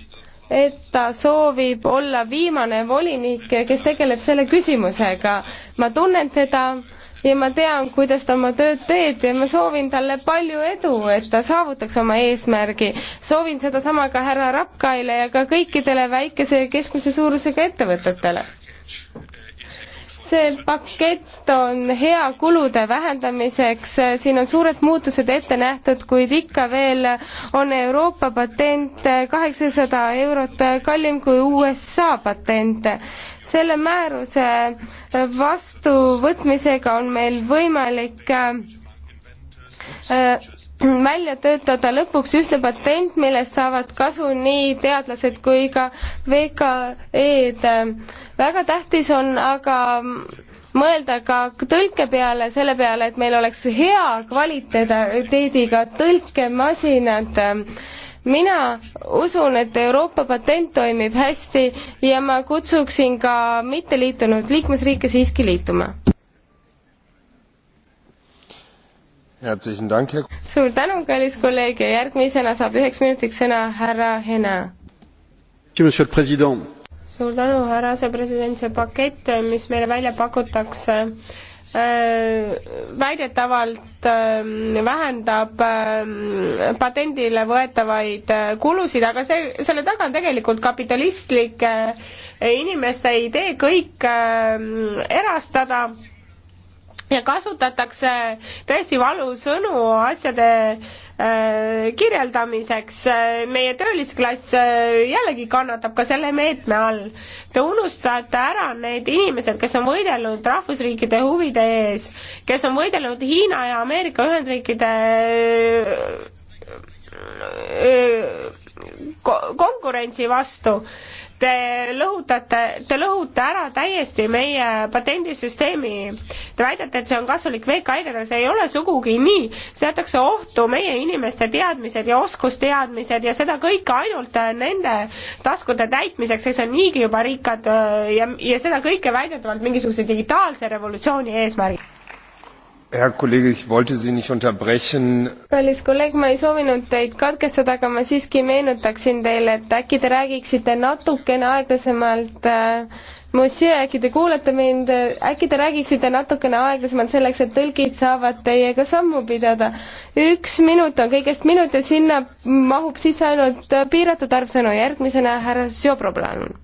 et ta soovib olla viimane volinik, kes tegeleb selle küsimusega. ma tunnen teda ja ma tean, kuidas ta oma tööd teeb ja ma soovin talle palju edu, et ta saavutaks oma eesmärgi. soovin sedasama ka härra Rapkaile ja ka kõikidele väikese ja keskmise suurusega ettevõtetele see pakett on hea kulude vähendamiseks, siin on suured muutused ette nähtud, kuid ikka veel on Euroopa patent kaheksasada eurot kallim kui USA patent selle määruse vastuvõtmisega on meil võimalik äh, äh, välja töötada lõpuks ühtne patent, millest saavad kasu nii teadlased kui ka VKE-d. väga tähtis on aga mõelda ka tõlke peale, selle peale, et meil oleks hea kvaliteediga tõlkemasinad mina usun, et Euroopa patent toimib hästi ja ma kutsuksin ka mitteliitunud liikmesriike siiski liituma. suur tänu, kallis kolleeg ja järgmisena saab üheks minutiks sõna härra Hena. suur tänu, härra asepresident, see pakett, mis meile välja pakutakse, Äh, väidetavalt ähm, vähendab ähm, patendile võetavaid äh, kulusid, aga see, selle taga on tegelikult kapitalistlike äh, inimeste idee kõik ähm, erastada ja kasutatakse tõesti valusõnu asjade äh, kirjeldamiseks. meie töölisklass äh, jällegi kannatab ka selle meetme all. Te unustate ära need inimesed, kes on võidelnud rahvusriikide huvide ees, kes on võidelnud Hiina ja Ameerika Ühendriikide äh, ko konkurentsi vastu. Te lõhutate, te lõhute ära täiesti meie patendisüsteemi. Te väidate, et see on kasulik VKI-dele, see ei ole sugugi nii. seatakse ohtu meie inimeste teadmised ja oskusteadmised ja seda kõike ainult äh, nende taskute täitmiseks, kes on niigi juba rikkad äh, ja, ja seda kõike väidetavalt mingisuguse digitaalse revolutsiooni eesmärgil Herr Kollege, ich wollte Sie nicht unterbrechen. kallis kolleeg, ma ei soovinud teid katkestada, aga ma siiski meenutaksin teile, et äkki te räägiksite natukene aeglasemalt äh, Monsieur, äkki te kuulete mind, äkki te räägiksite natukene aeglasemalt selleks, et tõlgid saavad teiega sammu pidada. üks minut on kõigest minut ja sinna mahub sisse ainult piiratud arv sõnu. järgmisena härra Sjobro, palun.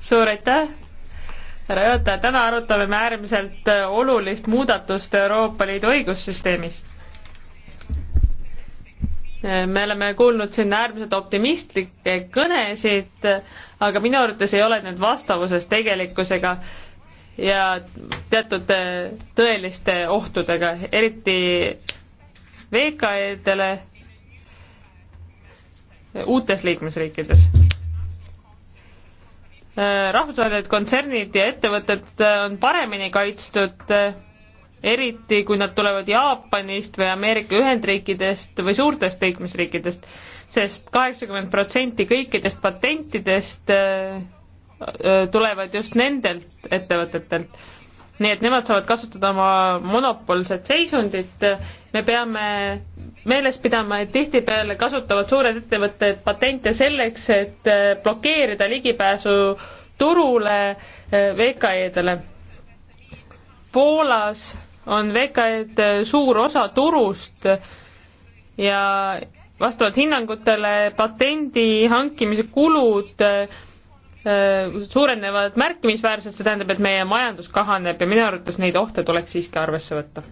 suur aitäh härra juhataja, täna arutame me äärmiselt e, olulist muudatust Euroopa Liidu õigussüsteemis. E, me oleme kuulnud siin äärmiselt optimistlikke kõnesid, aga minu arvates ei ole need vastavuses tegelikkusega ja teatud e, tõeliste ohtudega, eriti VKE-dele uutes liikmesriikides rahvusvahelised kontsernid ja ettevõtted äh, on paremini kaitstud, äh, eriti kui nad tulevad Jaapanist või Ameerika Ühendriikidest või suurtest liikmesriikidest sest, sest kaheksakümmend protsenti kõikidest patentidest äh, tulevad just nendelt ettevõtetelt. nii et nemad saavad kasutada oma monopoolset seisundit, me peame meeles pidama, et tihtipeale kasutavad suured ettevõtted patente selleks, et äh, blokeerida ligipääsu turule äh, VKE-dele. Poolas on VKE-d äh, suur osa turust ja vastavalt hinnangutele patendi hankimise kulud Äh, suurenevad märkimisväärselt, see tähendab, et meie majandus kahaneb ja minu arvates neid ohte tuleks siiski arvesse võtta.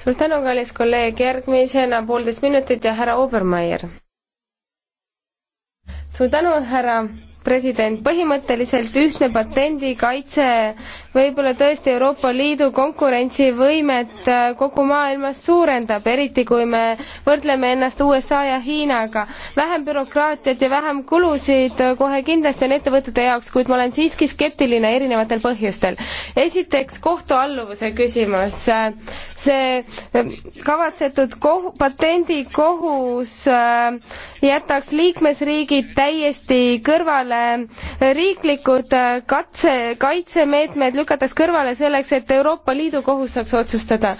suur tänu, kallis kolleeg, järgmisena poolteist minutit ja härra Obermeier. suur tänu, härra president, põhimõtteliselt ühtne patendikaitse võib-olla tõesti Euroopa Liidu konkurentsivõimet äh, kogu maailmas suurendab, eriti kui me võrdleme ennast USA ja Hiinaga. vähem bürokraatiat ja vähem kulusid äh, kohe kindlasti on ettevõtete jaoks, kuid ma olen siiski skeptiline erinevatel põhjustel. esiteks kohtualluvuse küsimus. see äh, kavatsetud kohu, patendikohus jätaks liikmesriigid täiesti kõrvale Äh, riiklikud äh, katse, kaitsemeetmed lükataks kõrvale selleks, et Euroopa Liidu kohus saaks otsustada.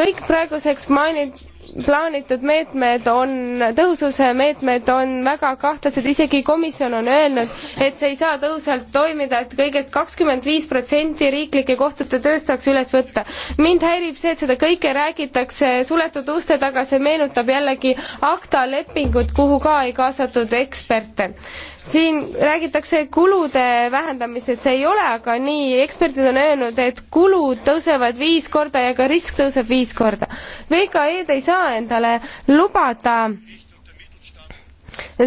kõik praeguseks mainitud plaanitud meetmed on, tõhususe meetmed on väga kahtlased, isegi komisjon on öelnud, et see ei saa tõhusalt toimida, et kõigest kakskümmend viis protsenti riiklike kohtute tööst saaks üles võtta. mind häirib see, et seda kõike räägitakse suletud uste taga, see meenutab jällegi ACTA lepingut, kuhu ka ei kaasatud eksperte siin räägitakse kulude vähendamisest, see ei ole aga nii, eksperdid on öelnud, et kulud tõusevad viis korda ja ka risk tõuseb viis korda. VKE-d ei saa saa endale lubada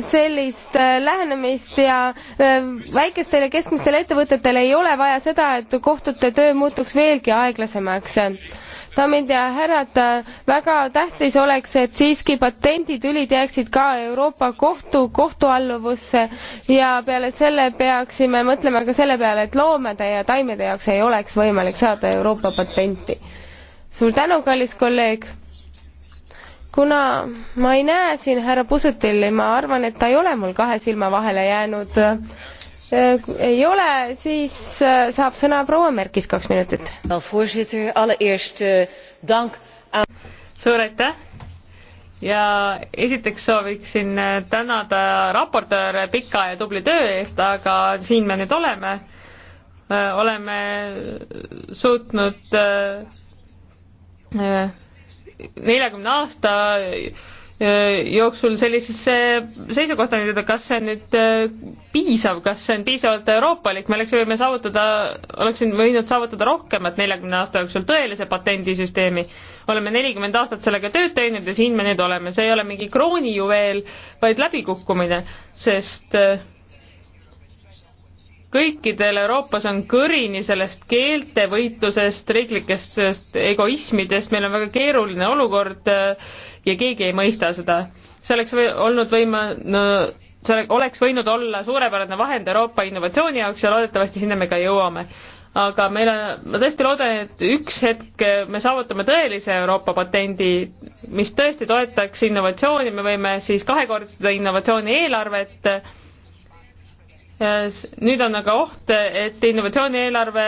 sellist äh, lähenemist ja äh, väikestele keskmistele ettevõtetele ei ole vaja seda, et kohtute töö muutuks veelgi aeglasemaks. daamid ja härrad, väga tähtis oleks, et siiski patenditülid jääksid ka Euroopa Kohtu kohtualluvusse ja peale selle peaksime mõtlema ka selle peale, et loomade ja taimede jaoks ei oleks võimalik saada Euroopa patenti. suur tänu, kallis kolleeg! kuna ma ei näe siin härra Pusutilli, ma arvan, et ta ei ole mul kahe silma vahele jäänud, äh, ei ole, siis äh, saab sõna proua Merkis kaks minutit. Eh, suur aitäh ja esiteks sooviksin äh, tänada raportööre pika ja tubli töö eest, aga siin me nüüd oleme, oleme suutnud äh, neljakümne aasta jooksul sellisesse seisukohta nüüd, kas see on nüüd piisav, kas see on piisavalt euroopalik, me oleksime võime saavutada, oleksin võinud saavutada rohkemat neljakümne aasta jooksul, tõelise patendisüsteemi. oleme nelikümmend aastat sellega tööd teinud ja siin me nüüd oleme, see ei ole mingi kroonijuveel, vaid läbikukkumine, sest äh, kõikidel Euroopas on kõrini sellest keeltevõitlusest, riiklikest egoismidest, meil on väga keeruline olukord äh, ja keegi ei mõista seda. see oleks või, olnud võima- no,, see oleks võinud olla suurepärane vahend Euroopa innovatsiooni jaoks ja loodetavasti sinna me ka jõuame. aga meil on, ma tõesti loodan, et üks hetk me saavutame tõelise Euroopa patendi, mis tõesti toetaks innovatsiooni, me võime siis kahekordistada innovatsiooni eelarvet nüüd on aga oht, et innovatsioonieelarve,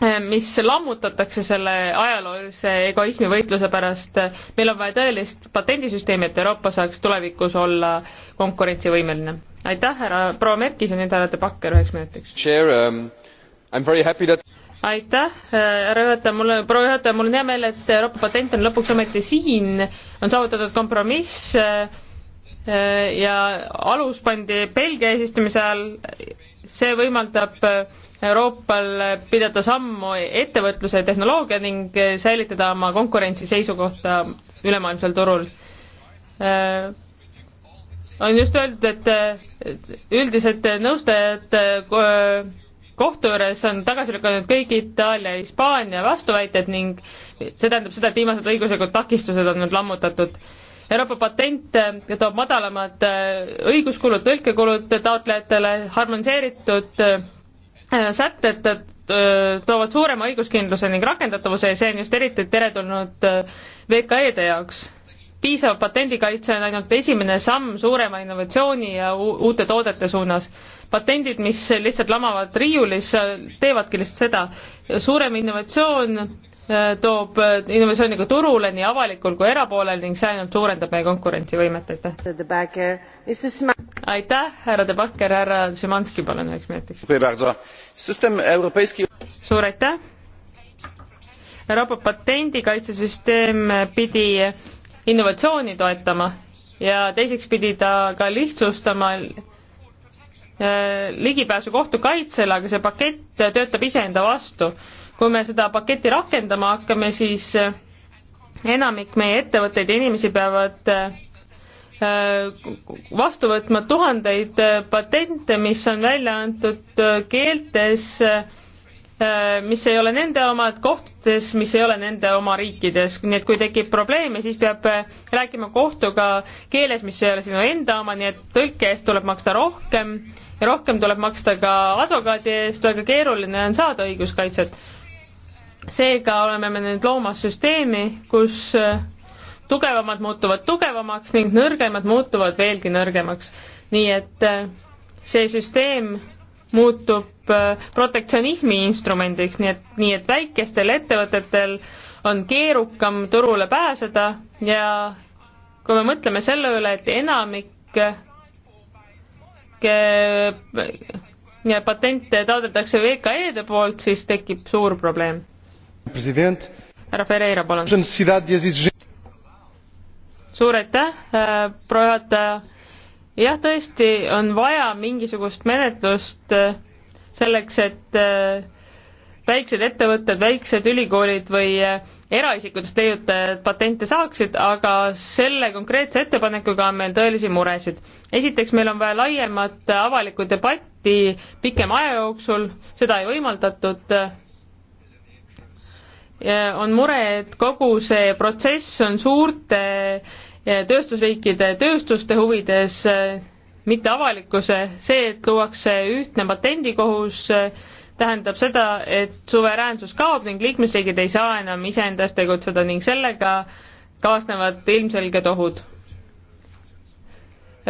eh, mis lammutatakse selle ajaloolise egoismi võitluse pärast, meil on vaja tõelist patendisüsteemi, et Euroopa saaks tulevikus olla konkurentsivõimeline. aitäh, härra proua Merkis ja nüüd härra De Backer üheks minutiks. Um, that... aitäh, äh, härra juhataja, mul, proua juhataja, mul on hea meel, et Euroopa patent on lõpuks ometi siin, on saavutatud kompromiss äh, Äh, ja alus pandi Belgia eesistumise ajal, see võimaldab äh, Euroopal pidada sammu ettevõtluse ja tehnoloogia ning äh, säilitada oma konkurentsi seisukohta ülemaailmsel turul. on just öeldud, et üldised nõustajad kohtu juures on tagasi lükanud kõik Itaalia ja Hispaania vastuväited ning see tähendab seda, et viimased õiguslikud takistused on nüüd lammutatud Euroopa patent äh, toob madalamad äh, õiguskulud, tõlkekulud taotlejatele, harmoniseeritud äh, sätted toovad suurema õiguskindluse ning rakendatavuse ja see on just eriti teretulnud VKE-de jaoks. piisav patendikaitse on ainult esimene samm suurema innovatsiooni ja uute toodete suunas. patendid, mis lihtsalt lamavad riiulis, teevadki lihtsalt seda. suurem innovatsioon Äh, toob äh, innovatsiooniga turule nii avalikul kui erapoolel ning see ainult suurendab meie konkurentsivõimet, aitäh. aitäh, härra De Backer, härra Šimanski, palun üheks minutiks. suur aitäh. Euroopa patendikaitsesüsteem pidi innovatsiooni toetama ja teiseks pidi ta ka lihtsustama äh, ligipääsu kohtukaitsele, aga see pakett töötab iseenda vastu kui me seda paketti rakendama hakkame, siis eh, enamik meie ettevõtteid ja inimesi peavad eh, vastu võtma tuhandeid eh, patente, mis on välja antud keeltes, mis ei ole nende omad, kohtades, mis ei ole nende oma riikides. nii et kui tekib probleeme, siis peab rääkima kohtuga keeles, mis ei ole sinu enda oma, nii et tõlke eest tuleb maksta rohkem ja rohkem tuleb maksta ka advokaadi eest, väga keeruline on saada õiguskaitset seega oleme me nüüd loomas süsteemi, kus äh, tugevamad muutuvad tugevamaks ning nõrgemad muutuvad veelgi nõrgemaks. nii et äh, see süsteem muutub äh, protektsionismi instrumendiks, nii et, nii et väikestel ettevõtetel on keerukam turule pääseda ja kui me mõtleme selle üle, et enamik patente taotletakse VKE-de poolt, siis tekib suur probleem härra Pereira, palun. suur aitäh, äh, proua juhataja. jah, tõesti on vaja mingisugust menetlust äh, selleks, et äh, väiksed ettevõtted, väiksed ülikoolid või eraisikutest leiutajad patente saaksid, aga selle konkreetse ettepanekuga on meil tõelisi muresid. esiteks, meil on vaja laiemat avalikku debatti pikema aja jooksul, seda ei võimaldatud on mure, et kogu see protsess on suurte tööstusriikide tööstuste huvides, mitte avalikkuse, see, et luuakse ühtne patendikohus, tähendab seda, et suveräänsus kaob ning liikmesriigid ei saa enam iseendast tegutseda ning sellega kaasnevad ilmselged ohud.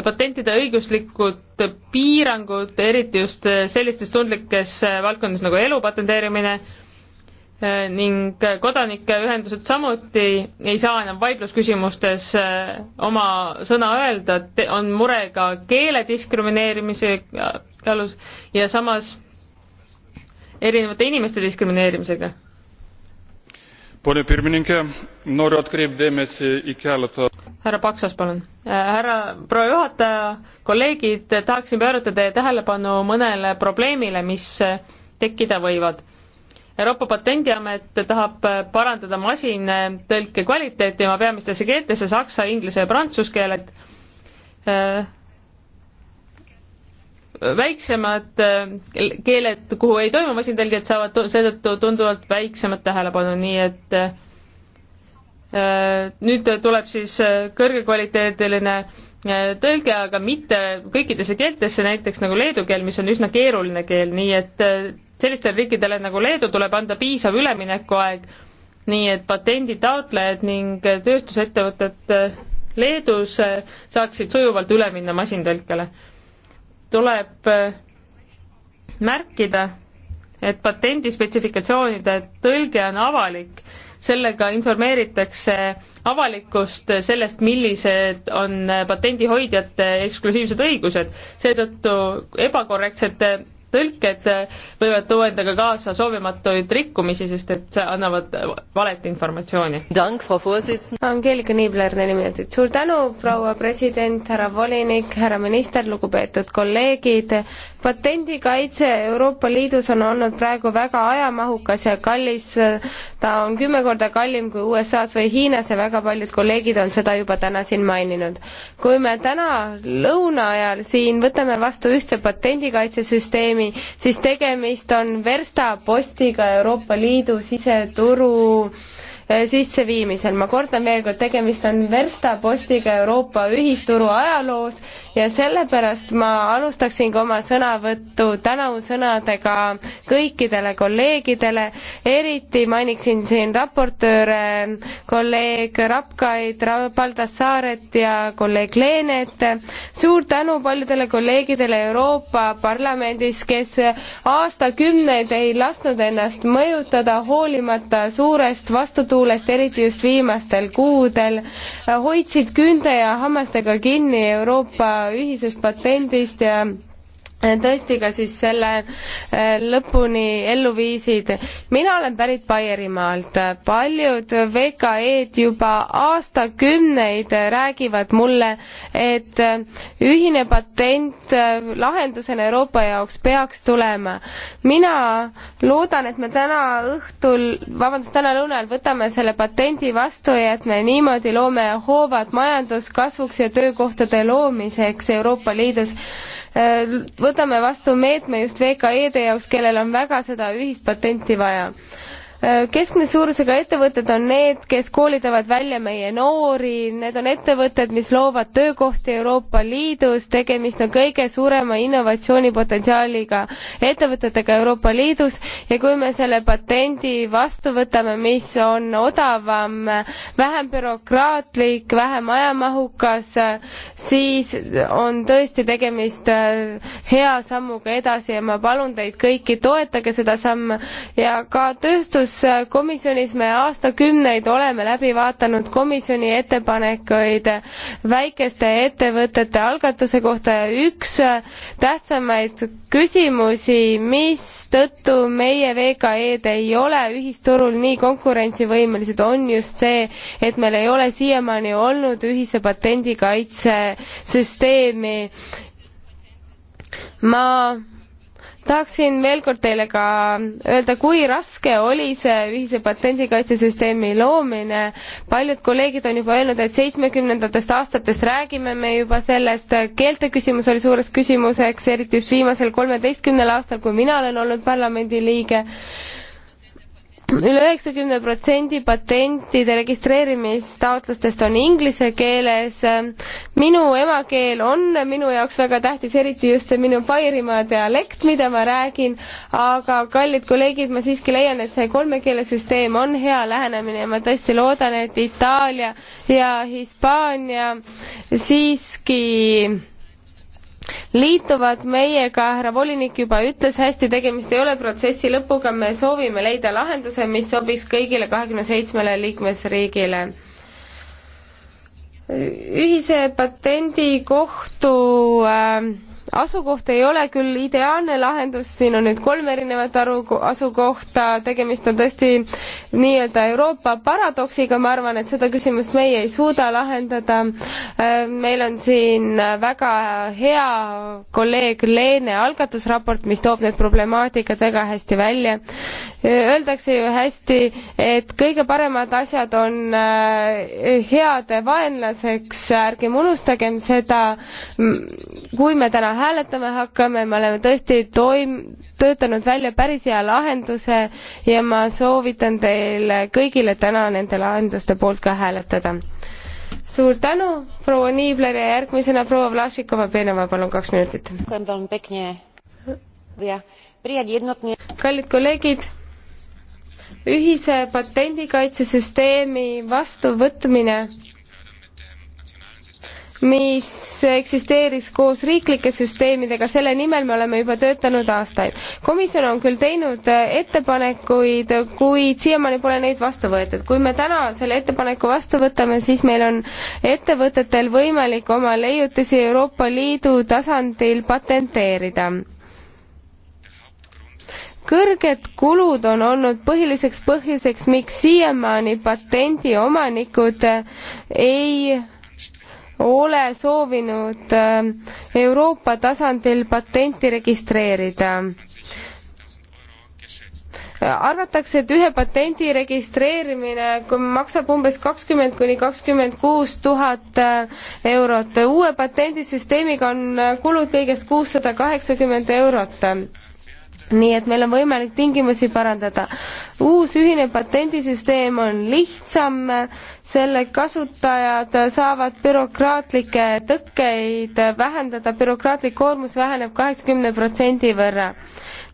patentide õiguslikud piirangud, eriti just sellistes tundlikes valdkondades nagu elu patenteerimine, ning kodanikeühendused samuti ei saa enam vaidlusküsimustes äh, oma sõna öelda, et on mure ka keele diskrimineerimise alus ja samas erinevate inimeste diskrimineerimisega. Pone pirmininke, noriu atkreipdėmėsi į keletą härra Paksas, palun. Äh, härra proua juhataja, kolleegid, tahaksin pöörata teie tähelepanu mõnele probleemile, mis tekkida võivad. Euroopa Patendiamet tahab parandada masintõlke kvaliteeti oma peamistesse keeltesse saksa, inglise ja prantsuse keeled. Äh, väiksemad äh, keeled, kuhu ei toimu masintõlget, saavad seetõttu tunduvalt väiksemat tähelepanu, nii et äh, nüüd tuleb siis kõrgekvaliteediline tõlge, aga mitte kõikidesse keeltesse, näiteks nagu leedu keel, mis on üsna keeruline keel, nii et sellistele riikidele nagu Leedu tuleb anda piisav üleminekuaeg, nii et patenditaotlejad ning tööstusettevõtted äh, Leedus äh, saaksid sujuvalt üle minna masintõlkele. tuleb äh, märkida, et patendi spetsifikatsioonide tõlge on avalik, sellega informeeritakse avalikkust sellest, millised on patendihoidjate eksklusiivsed õigused. seetõttu ebakorrektsete tõlked võivad tuua endaga kaasa soovimatuid rikkumisi, sest et annavad valet informatsiooni. Angeelika Niibler, neli minutit. suur tänu, proua president, härra volinik, härra minister, lugupeetud kolleegid. patendikaitse Euroopa Liidus on olnud praegu väga ajamahukas ja kallis. ta on kümme korda kallim kui USA-s või Hiinas ja väga paljud kolleegid on seda juba täna siin maininud. kui me täna lõuna ajal siin võtame vastu ühtse patendikaitsesüsteemi, süsteemi, siis tegemist on verstapostiga Euroopa Liidu siseturu äh, Äh, sisseviimisel. ma kordan veel kord, tegemist on verstapostiga Euroopa ühisturu ajaloos ja sellepärast ma alustaksin ka oma sõnavõttu tänusõnadega kõikidele kolleegidele, eriti mainiksin siin raportööre, kolleeg Rapkaid, Baldassaaret ja kolleeg Leenet. suur tänu paljudele kolleegidele Euroopa Parlamendis, kes aastakümneid ei lasknud ennast mõjutada hoolimata suurest vastutulest pealetuulest, eriti just viimastel kuudel, hoidsid küünte ja hammastega kinni Euroopa ühisest patendist ja tõesti ka siis selle äh, lõpuni ellu viisid. mina olen pärit Baierimaalt, paljud VKE-d juba aastakümneid räägivad mulle, et äh, ühine patent äh, lahendusena Euroopa jaoks peaks tulema. mina loodan, et me täna õhtul, vabandust, täna lõunal võtame selle patendi vastu ja et me niimoodi loome hoovad majanduskasvuks ja töökohtade loomiseks Euroopa Liidus Äh, võtame vastu meetme just VKE-de jaoks, kellel on väga seda ühist patenti vaja keskmise suurusega ettevõtted on need, kes koolitavad välja meie noori, need on ettevõtted, mis loovad töökohti Euroopa Liidus, tegemist on kõige suurema innovatsioonipotentsiaaliga ettevõtetega Euroopa Liidus ja kui me selle patendi vastu võtame, mis on odavam, vähem bürokraatlik, vähem ajamahukas, siis on tõesti tegemist äh, hea sammuga edasi ja ma palun teid kõiki, toetage seda sammu ja ka tööstus kus äh, komisjonis me aastakümneid oleme läbi vaadanud komisjoni ettepanekuid väikeste ettevõtete algatuse kohta ja üks äh, tähtsamaid küsimusi, mistõttu meie VKE-d ei ole ühisturul nii konkurentsivõimelised, on just see, et meil ei ole siiamaani olnud ühise patendikaitse süsteemi. ma tahaksin veel kord teile ka öelda, kui raske oli see ühise patendikaitsesüsteemi loomine. paljud kolleegid on juba öelnud, et seitsmekümnendatest aastatest räägime me juba sellest, keelte küsimus oli suureks küsimuseks, eriti just viimasel kolmeteistkümnel aastal, kui mina olen olnud parlamendi liige üle üheksakümne protsendi patentide registreerimistaotlustest on inglise keeles. minu emakeel on minu jaoks väga tähtis, eriti just see minu Baierimaa dialekt, mida ma räägin, aga kallid kolleegid, ma siiski leian, et see kolme keele süsteem on hea lähenemine ja ma tõesti loodan, et Itaalia ja Hispaania siiski liituvad meiega, härra volinik juba ütles hästi, tegemist ei ole protsessi lõpuga, me soovime leida lahenduse, mis sobiks kõigile kahekümne seitsmele liikmesriigile. ühise patendikohtu äh, asukoht ei ole küll ideaalne lahendus, siin on nüüd kolm erinevat aru, asukohta, tegemist on tõesti nii-öelda Euroopa paradoksiga, ma arvan, et seda küsimust meie ei suuda lahendada. Äh, meil on siin väga hea kolleeg Leene algatusraport, mis toob need problemaatikad väga hästi välja. Öeldakse ju hästi, et kõige paremad asjad on äh, heade vaenlaseks, ärgem unustagem seda, kui me täna hääletama hakkame, me oleme tõesti toim-, töötanud välja päris hea lahenduse ja ma soovitan teile kõigile täna nende lahenduste poolt ka hääletada. suur tänu, proua Niibler ja järgmisena proua Vlašikova-Penova, palun kaks minutit. kallid kolleegid, ühise patendikaitsesüsteemi vastuvõtmine mis eksisteeris koos riiklike süsteemidega, selle nimel me oleme juba töötanud aastaid. komisjon on küll teinud äh, ettepanekuid, kuid siiamaani pole neid vastu võetud. kui me täna selle ettepaneku vastu võtame, siis meil on ettevõtetel võimalik oma leiutisi Euroopa Liidu tasandil patenteerida kõrged kulud on olnud põhiliseks põhjuseks, miks siiamaani patendi omanikud äh, ei ole soovinud äh, Euroopa tasandil patenti registreerida arvatakse, et ühe patendi registreerimine maksab umbes kakskümmend kuni kakskümmend kuus tuhat äh, eurot. uue patendisüsteemiga on äh, kulud kõigest kuussada kaheksakümmend eurot nii et meil on võimalik tingimusi parandada. uus ühine patendisüsteem on lihtsam, selle kasutajad saavad bürokraatlikke tõkkeid vähendada, bürokraatlik koormus väheneb kaheksakümne protsendi võrra.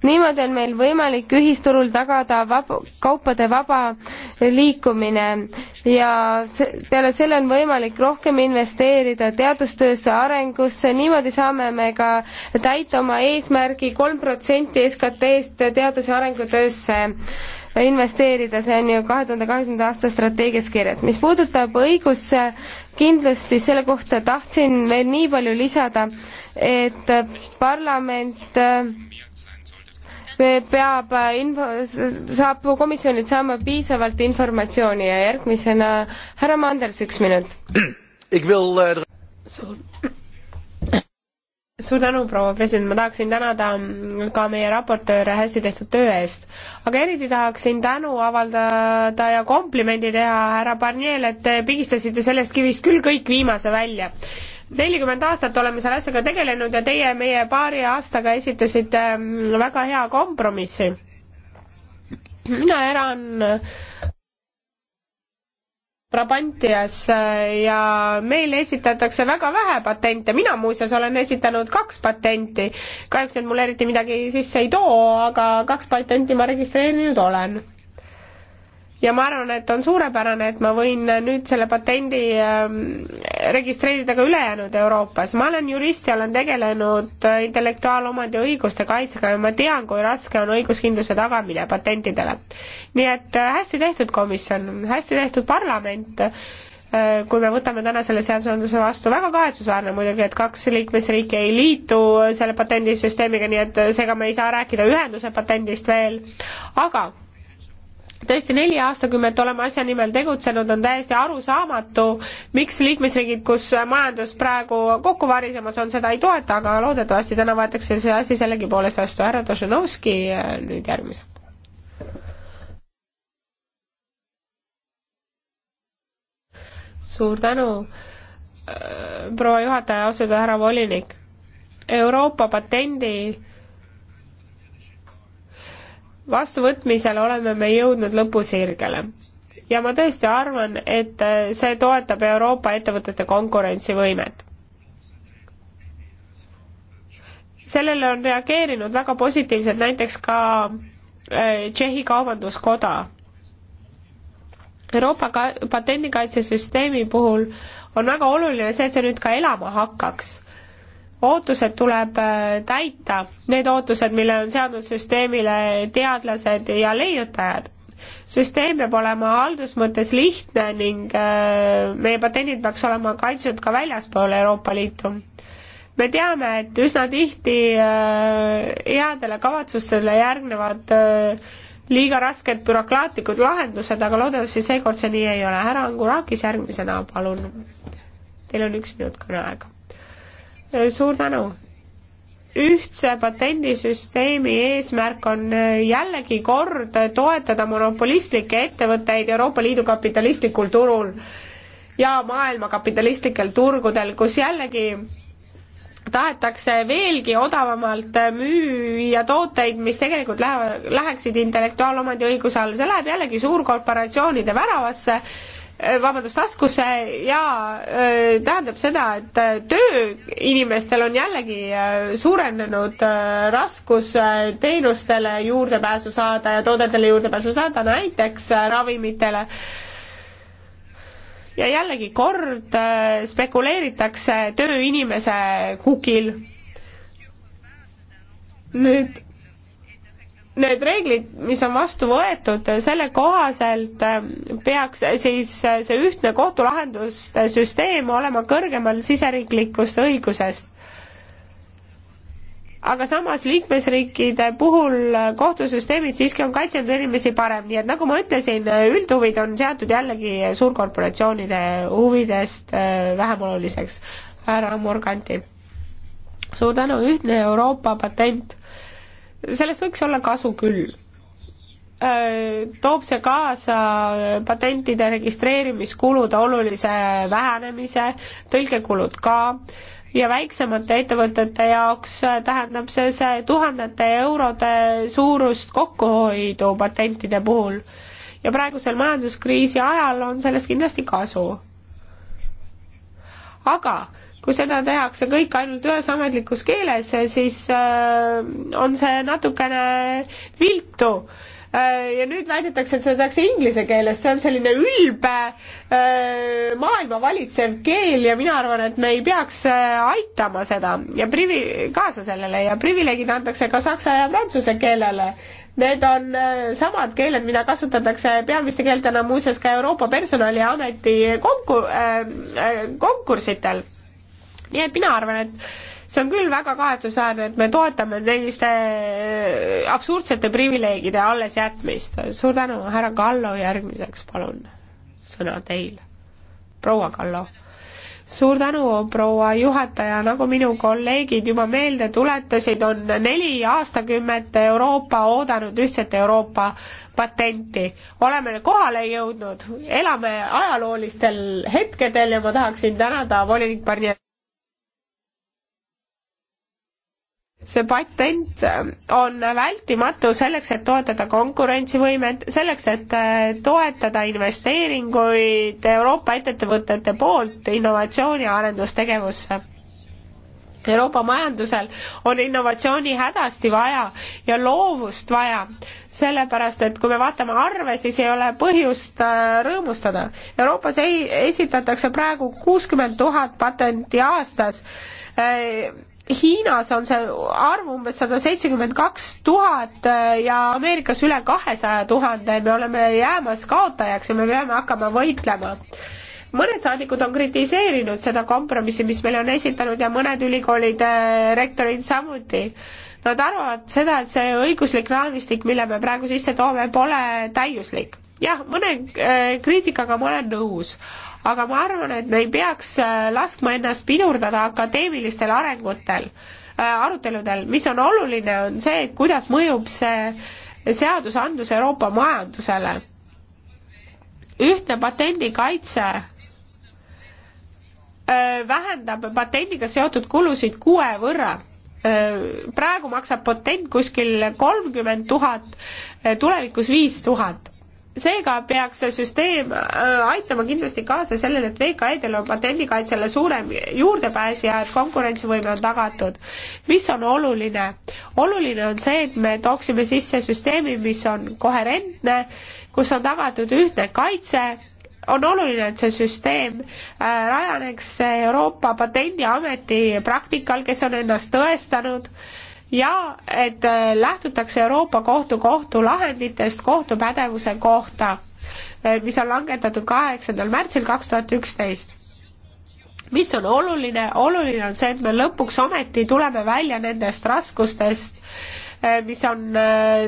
niimoodi on meil võimalik ühisturul tagada vab-, kaupade vaba liikumine ja se-, peale selle on võimalik rohkem investeerida teadustöösse, arengusse, niimoodi saame me ka täita oma eesmärgi kolm protsenti SKT-st teadus- ja arengutöösse investeerida, see on ju kahe tuhande kahekümnenda aasta strateegias kirjas. mis puudutab õiguskindlust, siis selle kohta tahtsin veel nii palju lisada, et parlament äh, peab äh, info, saab komisjonilt saama piisavalt informatsiooni ja järgmisena härra Manders, üks minut. suur suur tänu, proua president, ma tahaksin tänada mm, ka meie raportööre hästi tehtud töö eest. aga eriti tahaksin tänu avaldada ja komplimendi teha härra Barniel, et te pigistasite sellest kivist küll kõik viimase välja nelikümmend aastat oleme selle asjaga tegelenud ja teie meie paari aastaga esitasite mm, väga hea kompromissi. mina elan Brabantias äh, ja meil esitatakse väga vähe patente, mina muuseas olen esitanud kaks patenti. kahjuks need mul eriti midagi sisse ei too, aga kaks patenti ma registreerinud olen ja ma arvan, et on suurepärane, et ma võin nüüd selle patendi ähm, registreerida ka ülejäänud Euroopas. ma olen jurist ja olen tegelenud äh, intellektuaalomandi õiguste kaitsega ja ma tean, kui raske on õiguskindluse tagamine patentidele. nii et äh, hästi tehtud komisjon, hästi tehtud parlament, äh, kui me võtame täna selle seadusandluse vastu, väga kahetsusväärne muidugi, et kaks liikmesriiki ei liitu selle patendisüsteemiga, nii et seega me ei saa rääkida ühenduse patendist veel, aga tõesti neli aastakümmet oleme asja nimel tegutsenud, on täiesti arusaamatu, miks liikmesriigid, kus majandus praegu kokku varisemas on, seda ei toeta, aga loodetavasti täna võetakse see asi sellegipoolest vastu. härra Tošenovski nüüd järgmisena. suur tänu, äh, proua juhataja, austatud härra volinik. Euroopa patendi vastuvõtmisel oleme me jõudnud lõpusirgele. ja ma tõesti arvan, et äh, see toetab Euroopa ettevõtete konkurentsivõimet. sellele on reageerinud väga positiivselt näiteks ka äh, Tšehhi Kaubanduskoda. Euroopa ka-, patendikaitsesüsteemi puhul on väga oluline see, et see nüüd ka elama hakkaks ootused tuleb äh, täita, need ootused, mille on seadnud süsteemile teadlased ja leiutajad. süsteem peab olema haldusmõttes lihtne ning äh, meie patendid peaks olema kaitstud ka väljaspool Euroopa Liitu me teame, et üsna tihti äh, headele kavatsustele järgnevad liiga rasked bürokraatlikud lahendused, aga loodetavasti seekord see nii ei ole. härra Angurakis järgmisena, palun. Teil on üks minut kõneaega suur tänu! ühtse patendisüsteemi eesmärk on äh, jällegi kord toetada monopolistlikke ettevõtteid Euroopa Liidu kapitalistlikul turul ja maailma kapitalistlikel turgudel, kus jällegi tahetakse veelgi odavamalt müüa tooteid, mis tegelikult lähevad, läheksid intellektuaalomandi õiguse alla, see läheb jällegi suurkorporatsioonide väravasse Äh, vabandust, taskusse ja äh, tähendab seda, et äh, tööinimestel on jällegi suurenenud raskus teenustele juurdepääsu saada ja toodetele juurdepääsu saada, näiteks ravimitele. ja jällegi kord spekuleeritakse tööinimese kukil. nüüd need reeglid, mis on vastu võetud, selle kohaselt äh, peaks siis äh, see ühtne kohtulahenduste süsteem olema kõrgemal siseriiklikust õigusest. aga samas liikmesriikide puhul äh, kohtusüsteemid siiski on kaitsenud inimesi parem, nii et nagu ma ütlesin, üldhuvid on seatud jällegi suurkorporatsioonide huvidest vähem oluliseks. härra Morganti. suur tänu, ühtne Euroopa patent sellest võiks olla kasu küll. Toob see kaasa patentide registreerimiskulude olulise vähenemise, tõlgekulud ka, ja väiksemate ettevõtete jaoks tähendab see, see tuhandete eurode suurust kokkuhoidu patentide puhul. ja praegusel majanduskriisi ajal on sellest kindlasti kasu. aga kui seda tehakse kõik ainult ühes ametlikus keeles, siis äh, on see natukene viltu. Äh, ja nüüd väidetakse, et seda tehakse inglise keeles, see on selline ülbe äh, maailma valitsev keel ja mina arvan, et me ei peaks aitama seda ja privi-, kaasa sellele ja privileegid antakse ka saksa ja prantsuse keelele need on samad keeled, mida kasutatakse peamiste keeltena muuseas ka Euroopa Personaliameti konku- äh,, konkursitel nii et mina arvan, et see on küll väga kahetsusväärne, et me toetame selliste äh, absurdsete privileegide allesjätmist. suur tänu, härra Kallo, järgmiseks palun sõna teil, proua Kallo suur tänu, proua juhataja, nagu minu kolleegid juba meelde tuletasid, on neli aastakümmet Euroopa oodanud ühtset Euroopa patenti. oleme kohale jõudnud, elame ajaloolistel hetkedel ja ma tahaksin tänada volinik Barnier see patent ähm, on vältimatu selleks, et toetada konkurentsivõimet, selleks, et äh, toetada investeeringuid Euroopa ettevõtete poolt innovatsiooni ja arendustegevusse. Euroopa majandusel on innovatsiooni hädasti vaja ja loovust vaja, sellepärast et kui me vaatame arve, siis ei ole põhjust äh, rõõmustada. Euroopas ei, esitatakse praegu kuuskümmend tuhat patenti aastas äh, Hiinas on see arv umbes sada seitsekümmend kaks tuhat ja Ameerikas üle kahesaja tuhande, me oleme jäämas kaotajaks ja me peame hakkama võitlema. mõned saadikud on kritiseerinud seda kompromissi, mis meile on esitanud ja mõned ülikoolide äh, rektorid samuti. Nad arvavad seda, et see õiguslik raamistik, mille me praegu sisse toome, pole täiuslik. jah, mõne äh, kriitikaga ma olen nõus aga ma arvan, et me ei peaks äh, laskma ennast pidurdada akadeemilistel arengutel, äh, aruteludel, mis on oluline, on see, et kuidas mõjub see seadusandlus Euroopa majandusele. ühtne patendikaitse äh, vähendab patendiga seotud kulusid kuue võrra. praegu maksab patent kuskil kolmkümmend tuhat, tulevikus viis tuhat seega peaks see süsteem äh, aitama kindlasti kaasa sellele, et VKE-del on patendikaitsele suurem juurdepääs ja et konkurentsivõime on tagatud. mis on oluline? oluline on see, et me tooksime sisse süsteemi, mis on koherentne, kus on tagatud ühtne kaitse, on oluline, et see süsteem äh, rajaneks Euroopa Patendiameti praktikal, kes on ennast tõestanud ja et äh, lähtutakse Euroopa Kohtu kohtulahenditest kohtupädevuse kohta, äh, mis on langetatud kaheksandal märtsil kaks tuhat üksteist. mis on oluline, oluline on see, et me lõpuks ometi tuleme välja nendest raskustest, äh, mis on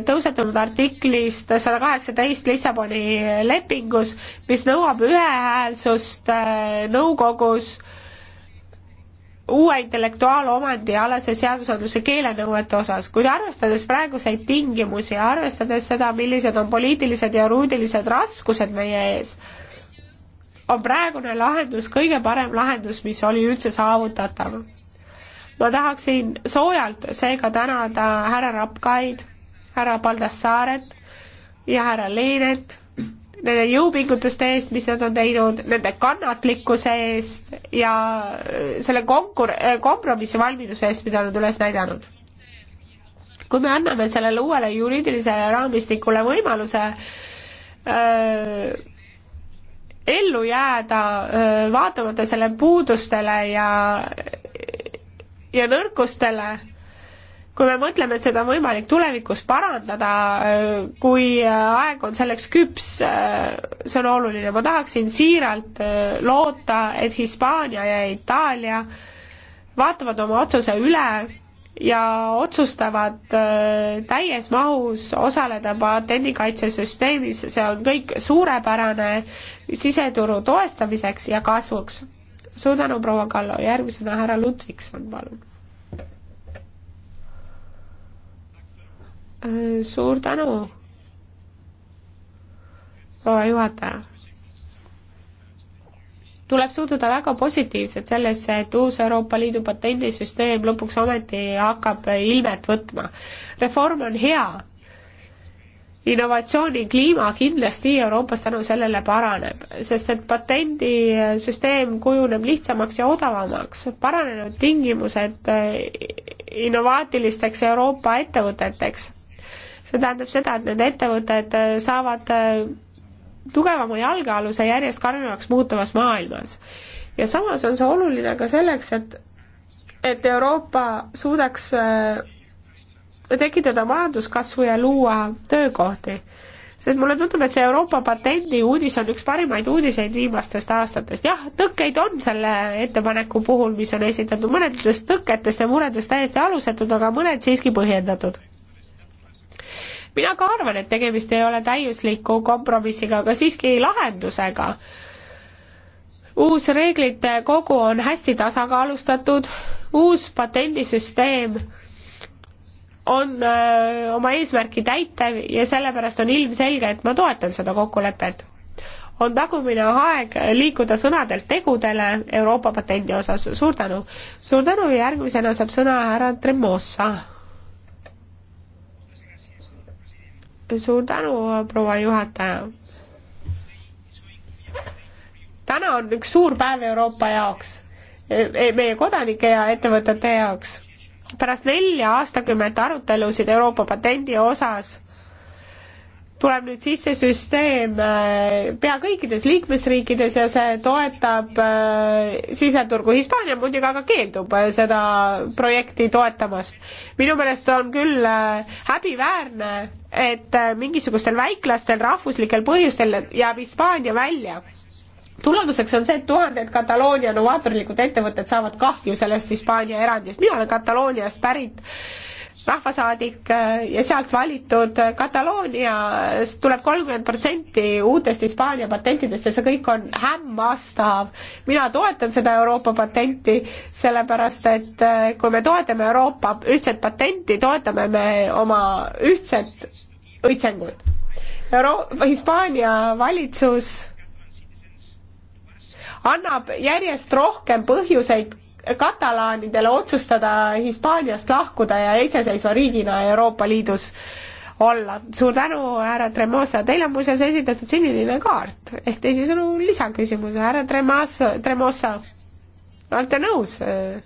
tõusetunud artiklist sada kaheksateist Lissaboni lepingus, mis nõuab ühehäälsust nõukogus uue intellektuaalomandi alase seadusandluse keelenõuete osas, kuid arvestades praeguseid tingimusi ja arvestades seda, millised on poliitilised ja juriidilised raskused meie ees, on praegune lahendus kõige parem lahendus, mis oli üldse saavutatav. ma tahaksin soojalt seega tänada härra Rapkaid, härra Paldassaret ja härra Leenet nende jõupingutuste eest, mis nad on teinud, nende kannatlikkuse eest ja äh, selle konkur-, äh, kompromissivalmiduse eest, mida nad üles näidanud. kui me anname sellele uuele juriidilisele raamistikule võimaluse öö, äh, ellu jääda, vaatamata selle puudustele ja, ja nõrkustele, kui me mõtleme, et seda on võimalik tulevikus parandada, kui aeg on selleks küps, see on oluline. ma tahaksin siiralt loota, et Hispaania ja Itaalia vaatavad oma otsuse üle ja otsustavad täies mahus osaleda patendikaitsesüsteemis, see on kõik suurepärane siseturu toestamiseks ja kasvuks. suur tänu, proua Kallo, järgmisena härra Ludvikson, palun suur tänu, proua juhataja. tuleb suhtuda väga positiivselt sellesse, et uus Euroopa Liidu patendisüsteem lõpuks ometi hakkab ilmet võtma. reform on hea, innovatsioonikliima kindlasti Euroopas tänu sellele paraneb, sest et patendisüsteem kujuneb lihtsamaks ja odavamaks, paranenud tingimused innovaatilisteks Euroopa ettevõteteks see tähendab seda, et need ettevõtted äh, saavad äh, tugevama jalgealuse järjest karmimaks muutuvas maailmas. ja samas on see oluline ka selleks, et et Euroopa suudaks äh, tekitada majanduskasvu ja luua töökohti. sest mulle tundub, et see Euroopa patendi uudis on üks parimaid uudiseid viimastest aastatest. jah, tõkkeid on selle ettepaneku puhul, mis on esitatud, mõnedest tõketest ja muredest täiesti alusetud, aga mõned siiski põhjendatud mina ka arvan, et tegemist ei ole täiusliku kompromissiga, aga siiski lahendusega. uus reeglite kogu on hästi tasakaalustatud, uus patendisüsteem on öö, oma eesmärki täitev ja sellepärast on ilmselge, et ma toetan seda kokkulepet. on tagumine aeg liikuda sõnadelt tegudele Euroopa patendi osas, suur tänu! suur tänu ja järgmisena saab sõna härra Tremosa suur tänu, proua juhataja. täna on üks suur päev Euroopa jaoks, e, e, meie kodanike ja ettevõtete jaoks. pärast nelja aastakümmet arutelusid Euroopa patendi osas tuleb nüüd sisse süsteem äh, pea kõikides liikmesriikides ja see toetab äh, siseturgu. Hispaania muidugi aga keeldub äh, seda projekti toetamast. minu meelest on küll häbiväärne, et mingisugustel väiklastel rahvuslikel põhjustel jääb Hispaania välja tulemuseks on see, et tuhanded Kataloonia novaatorlikud ettevõtted saavad kahju sellest Hispaania erandist. mina olen Katalooniast pärit rahvasaadik äh, ja sealt valitud Kataloonias tuleb kolmkümmend protsenti uutest Hispaania patentidest ja see kõik on hämmastav. mina toetan seda Euroopa patenti, sellepärast et äh, kui me toetame Euroopa ühtset patenti, toetame me oma ühtset õitsengut. Euro-, Hispaania valitsus annab järjest rohkem põhjuseid katalaanidele otsustada Hispaaniast lahkuda ja iseseisva riigina Euroopa Liidus olla. suur tänu, härra Tremosa, teil on muuseas esitatud sinine kaart, ehk teisisõnu lisaküsimuse, härra Tremas, Tremosa, olete nõus äh,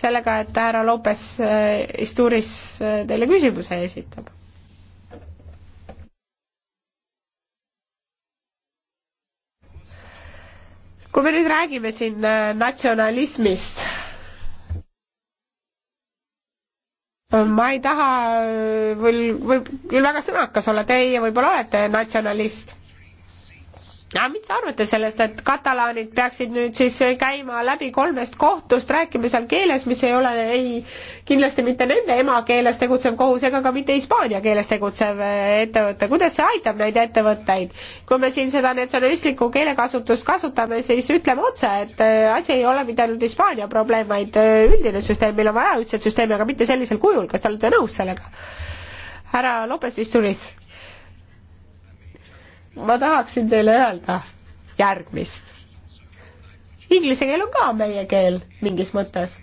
sellega, et härra Lopes äh, Isturis äh, teile küsimuse esitab? kui me nüüd räägime siin äh, natsionalismist, ma ei taha äh, või, või küll väga sõnakas olla, teie võib-olla olete natsionalist aga ah, mis te arvate sellest, et katalaanid peaksid nüüd siis käima läbi kolmest kohtust, rääkima seal keeles, mis ei ole ei, kindlasti mitte nende emakeeles tegutsev kohus ega ka mitte hispaania keeles tegutsev eh, ettevõte, kuidas see aitab neid ettevõtteid? kui me siin seda natsionalistlikku keelekasutust kasutame, siis ütleme otse, et eh, asi ei ole mitte ainult Hispaania probleem, vaid eh, üldine süsteem, meil on vaja ühtset süsteemi, aga mitte sellisel kujul, kas te olete nõus sellega? härra Lopez Isturiz ma tahaksin teile öelda järgmist. Inglise keel on ka meie keel mingis mõttes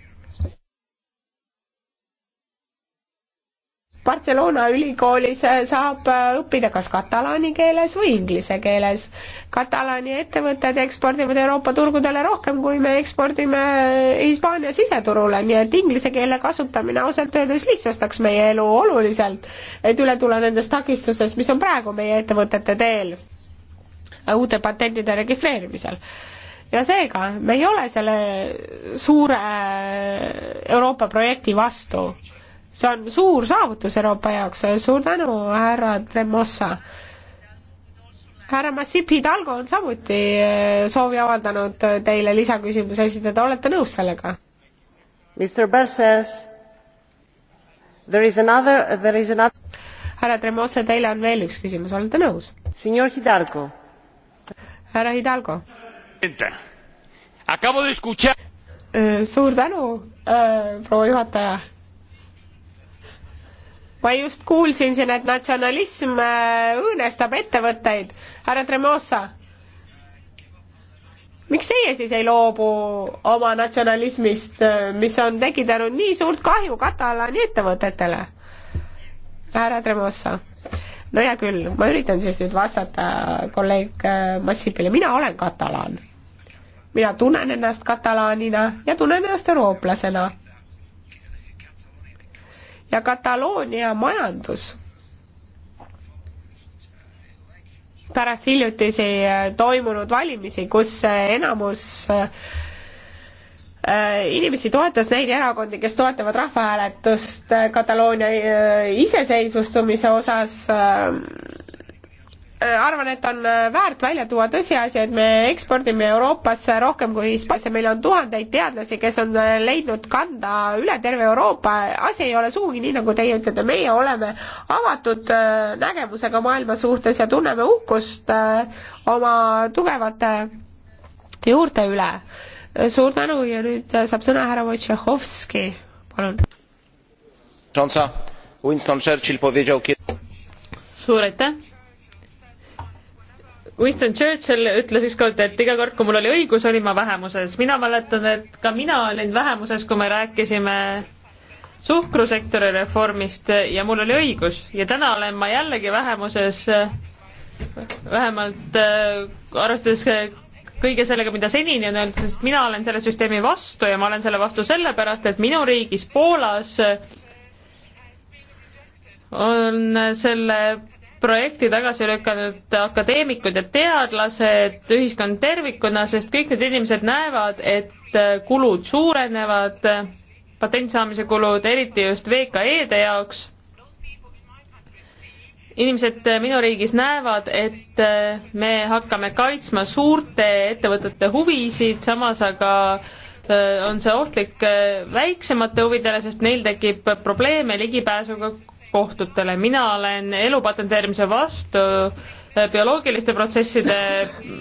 Barcelona ülikoolis äh, saab äh, õppida kas katalaani keeles või inglise keeles. Katalaani ettevõtted ekspordivad Euroopa turgudele rohkem, kui me ekspordime äh, Hispaania siseturule, nii et inglise keele kasutamine ausalt öeldes lihtsustaks meie elu oluliselt, et üle tulla nendest takistusest, mis on praegu meie ettevõtete teel uute patentide registreerimisel ja seega me ei ole selle suure Euroopa projekti vastu see on suur saavutus Euroopa jaoks, suur tänu, härra Tremossa. härra Massip Hidalgo on samuti eh, soovi avaldanud teile lisaküsimuse esitada, olete nõus sellega? Mr Berses, there is another, there is another härra Tremossa, teile on veel üks küsimus, olete nõus? Signor Hidalgo. härra Hidalgo. Eh, suur tänu, eh, proua juhataja ma just kuulsin siin, et natsionalism äh, õõnestab ettevõtteid. härra Tremosa, miks teie siis ei loobu oma natsionalismist, äh, mis on tekitanud nii suurt kahju Katalaani ettevõtetele? härra Tremosa, no hea küll, ma üritan siis nüüd vastata kolleeg äh, Massipile, mina olen katalaan. mina tunnen ennast katalaanina ja tunnen ennast eurooplasena ja Kataloonia majandus pärast hiljutisi äh, toimunud valimisi, kus äh, enamus äh, inimesi toetas neid erakondi, kes toetavad rahvahääletust Kataloonia iseseisvustumise osas Äh, arvan, et on äh, väärt välja tuua tõsiasi, et me ekspordime Euroopasse rohkem kui Hispaaniasse, meil on tuhandeid teadlasi, kes on äh, leidnud kanda üle terve Euroopa, asi ei ole sugugi nii, nagu teie ütlete, meie oleme avatud nägemusega maailma suhtes ja tunneme uhkust oma tugevate juurte üle. suur tänu ja nüüd saab sõna härra Wojciechowski, palun. Winston Churchill powiedział suur aitäh! Winston Churchill ütles ükskord, et iga kord, kui mul oli õigus, olin ma vähemuses. mina mäletan, et ka mina olin vähemuses, kui me rääkisime suhkrusektori reformist ja mul oli õigus ja täna olen ma jällegi vähemuses, vähemalt äh, arvestades kõige sellega, mida senini on öeldud, sest mina olen selle süsteemi vastu ja ma olen selle vastu sellepärast, et minu riigis Poolas on selle projekti tagasi lükanud akadeemikud ja teadlased, ühiskond tervikuna, sest kõik need inimesed näevad, et kulud suurenevad, patendi saamise kulud, eriti just VKE-de jaoks. inimesed minu riigis näevad, et me hakkame kaitsma suurte ettevõtete huvisid, samas aga äh, on see ohtlik äh, väiksemate huvidele, sest neil tekib probleeme ligipääsuga kohtutele, mina olen elu patenteerimise vastu, äh, bioloogiliste protsesside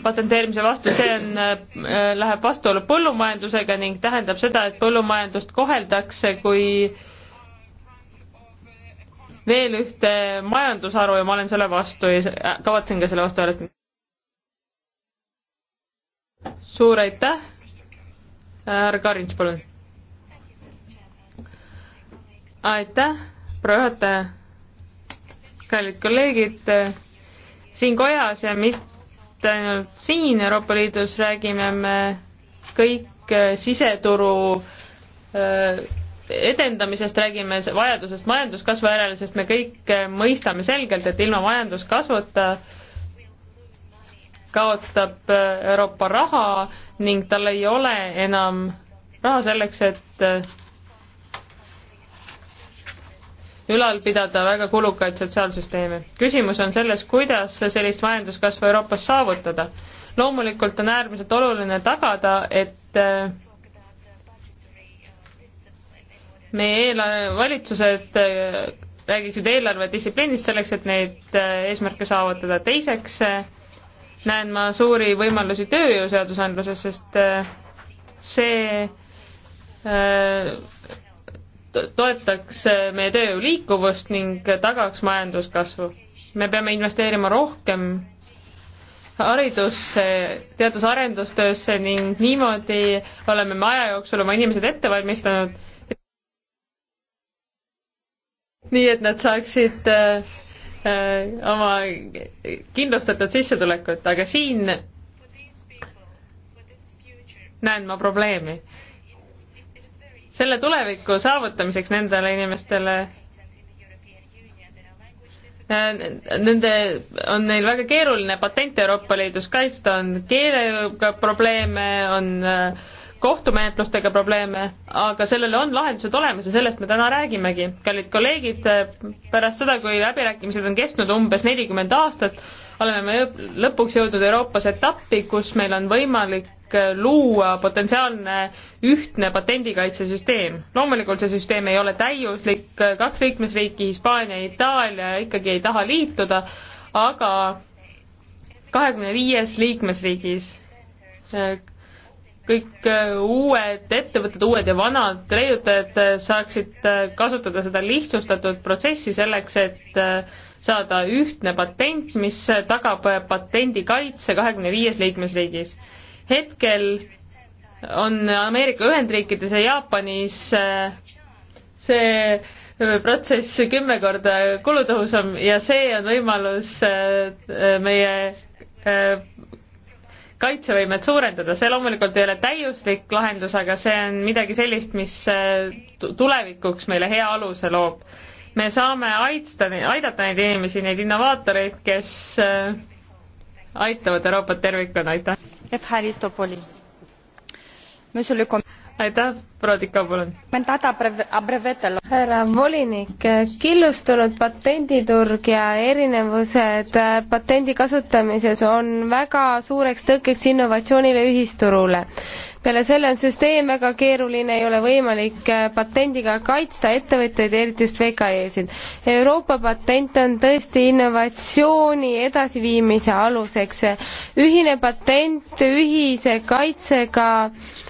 patenteerimise vastu, see on, äh, läheb vastuollu põllumajandusega ning tähendab seda, et põllumajandust koheldakse kui veel ühte majandusharu ja ma olen selle vastu ja äh, kavatsen ka selle vastu hääletada. suur aitäh, härra Karins, palun. aitäh proua juhataja, kallid kolleegid siin kojas ja mitte ainult siin Euroopa Liidus räägime me kõik äh, siseturu äh, edendamisest, räägime vajadusest majanduskasvu järele, sest me kõik äh, mõistame selgelt, et ilma majanduskasvuta kaotab Euroopa raha ning tal ei ole enam raha selleks, et ülal pidada väga kulukaid sotsiaalsüsteeme. küsimus on selles, kuidas sellist majanduskasvu Euroopas saavutada. loomulikult on äärmiselt oluline tagada, et äh, meie eelarve, valitsused äh, räägiksid eelarvedistsipliinist selleks, et neid äh, eesmärke saavutada. teiseks näen ma suuri võimalusi tööjõuseadusandluses, sest see toetaks meie tööjõu liikuvust ning tagaks majanduskasvu. me peame investeerima rohkem haridusse, teadus-arendustöösse ning niimoodi oleme me aja jooksul oma inimesed ette valmistanud. nii et nad saaksid äh, äh, oma kindlustatud sissetulekut, aga siin näen ma probleemi selle tuleviku saavutamiseks nendele inimestele äh, Nende, on neil väga keeruline patent Euroopa Liidus kaitsta, on keelega probleeme, on äh, kohtumenetlustega probleeme, aga sellele on lahendused olemas ja sellest me täna räägimegi. kallid kolleegid, äh, pärast seda, kui läbirääkimised on kestnud umbes nelikümmend aastat, oleme me lõpuks jõudnud Euroopas etappi, kus meil on võimalik luua potentsiaalne ühtne patendikaitsesüsteem. loomulikult see süsteem ei ole täiuslik, kaks liikmesriiki, Hispaania ja Itaalia ikkagi ei taha liituda, aga kahekümne viies liikmesriigis eh, kõik eh, uued ettevõtted, uued ja vanad leiutajad eh, saaksid kasutada seda lihtsustatud protsessi selleks, et saada ühtne patent, mis tagab patendi kaitse kahekümne viies liikmesriigis hetkel on Ameerika Ühendriikides ja Jaapanis äh, see äh, protsess kümme korda kulutõhusam ja see on võimalus äh, meie kaitsevõimet suurendada, see loomulikult ei ole täiuslik lahendus, aga see on midagi sellist, mis tulevikuks meile hea aluse loob. me saame aitsta, aidata neid inimesi, neid innovaatoreid, kes aitavad Euroopat tervikuna, aitäh! monsieur le commissaire chers collègues aitäh, Prodika, palun. härra volinik, killustunud patenditurg ja erinevused äh, patendi kasutamises on väga suureks tõkkeks innovatsioonile ühisturule peale selle on süsteem väga keeruline, ei ole võimalik äh, patendiga kaitsta ettevõtteid, eriti just VKE-sid. Euroopa patent on tõesti innovatsiooni edasiviimise aluseks. ühine patent ühise kaitsega ka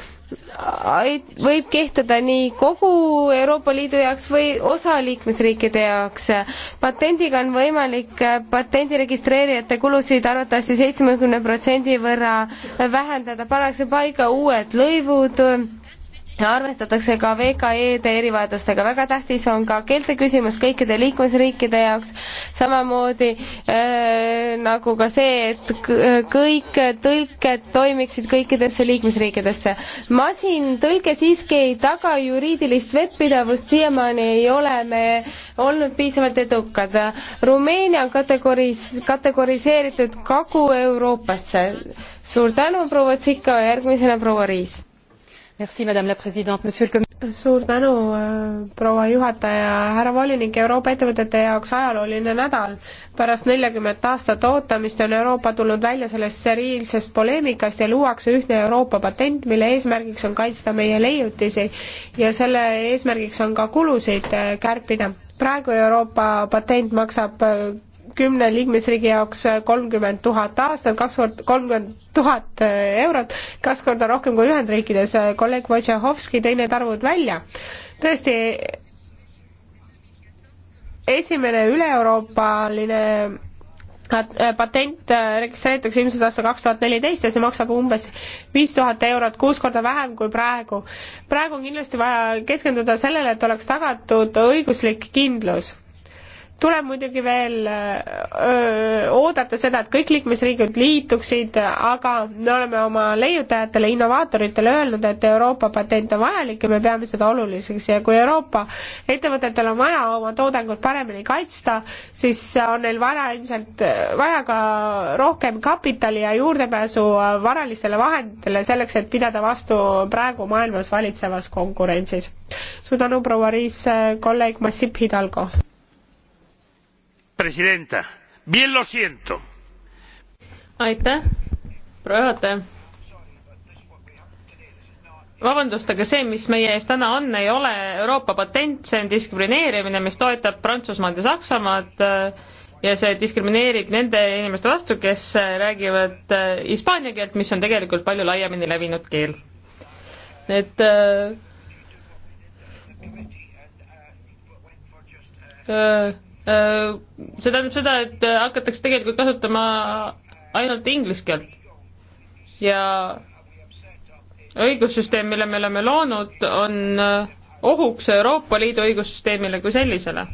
võib kehtada nii kogu Euroopa Liidu jaoks või osa liikmesriikide jaoks. patendiga on võimalik äh, patendi registreerijate kulusid arvatavasti seitsmekümne protsendi võrra vähendada, pannakse paika uued lõivud ja arvestatakse ka VKE-de erivajadustega, väga tähtis on ka keelte küsimus kõikide liikmesriikide jaoks, samamoodi äh, nagu ka see, et kõik tõlked toimiksid kõikidesse liikmesriikidesse. masintõlge siiski ei taga juriidilist vettpidavust, siiamaani ei ole me olnud piisavalt edukad. Rumeenia on kategoris-, kategoriseeritud Kagu-Euroopasse. suur tänu, proua Tsikka, järgmisena proua Riis suur tänu, äh, proua juhataja, härra volinik, Euroopa ettevõtete jaoks ajalooline nädal. pärast neljakümmet aastat ootamist on Euroopa tulnud välja sellest steriilsest poleemikast ja luuakse ühtne Euroopa patent, mille eesmärgiks on kaitsta meie leiutisi ja selle eesmärgiks on ka kulusid äh, kärpida praegu Euroopa patent maksab äh, kümne liikmesriigi jaoks kolmkümmend tuhat aastat, kaks kord kolmkümmend tuhat eurot, kaks korda rohkem kui Ühendriikides, kolleeg Wojciechowski tõi need arvud välja. tõesti, esimene üle-euroopaline patent registreeritakse ilmselt aastal kaks tuhat neliteist ja see maksab umbes viis tuhat eurot, kuus korda vähem kui praegu. praegu on kindlasti vaja keskenduda sellele, et oleks tagatud õiguslik kindlus tuleb muidugi veel öö, oodata seda, et kõik liikmesriigid liituksid, aga me oleme oma leiutajatele, innovaatoritele öelnud, et Euroopa patent on vajalik ja me peame seda oluliseks ja kui Euroopa ettevõtetel on vaja oma toodangut paremini kaitsta, siis on neil vara ilmselt, vaja ka rohkem kapitali ja juurdepääsu varalistele vahenditele selleks, et pidada vastu praegu maailmas valitsevas konkurentsis. suur tänu, proua Riis, kolleeg Massip Hidalgo! presidenta, bien lo siento. aitäh, proua juhataja. vabandust, aga see, mis meie ees täna on, ei ole Euroopa patent, see on diskrimineerimine, mis toetab Prantsusmaad ja Saksamaad äh, ja see diskrimineerib nende inimeste vastu, kes äh, räägivad äh, hispaania keelt, mis on tegelikult palju laiemini levinud keel. et äh, äh, see tähendab seda, et hakatakse tegelikult kasutama ainult inglise keelt. ja õigussüsteem, mille me oleme loonud, on ohuks Euroopa Liidu õigussüsteemile kui sellisele.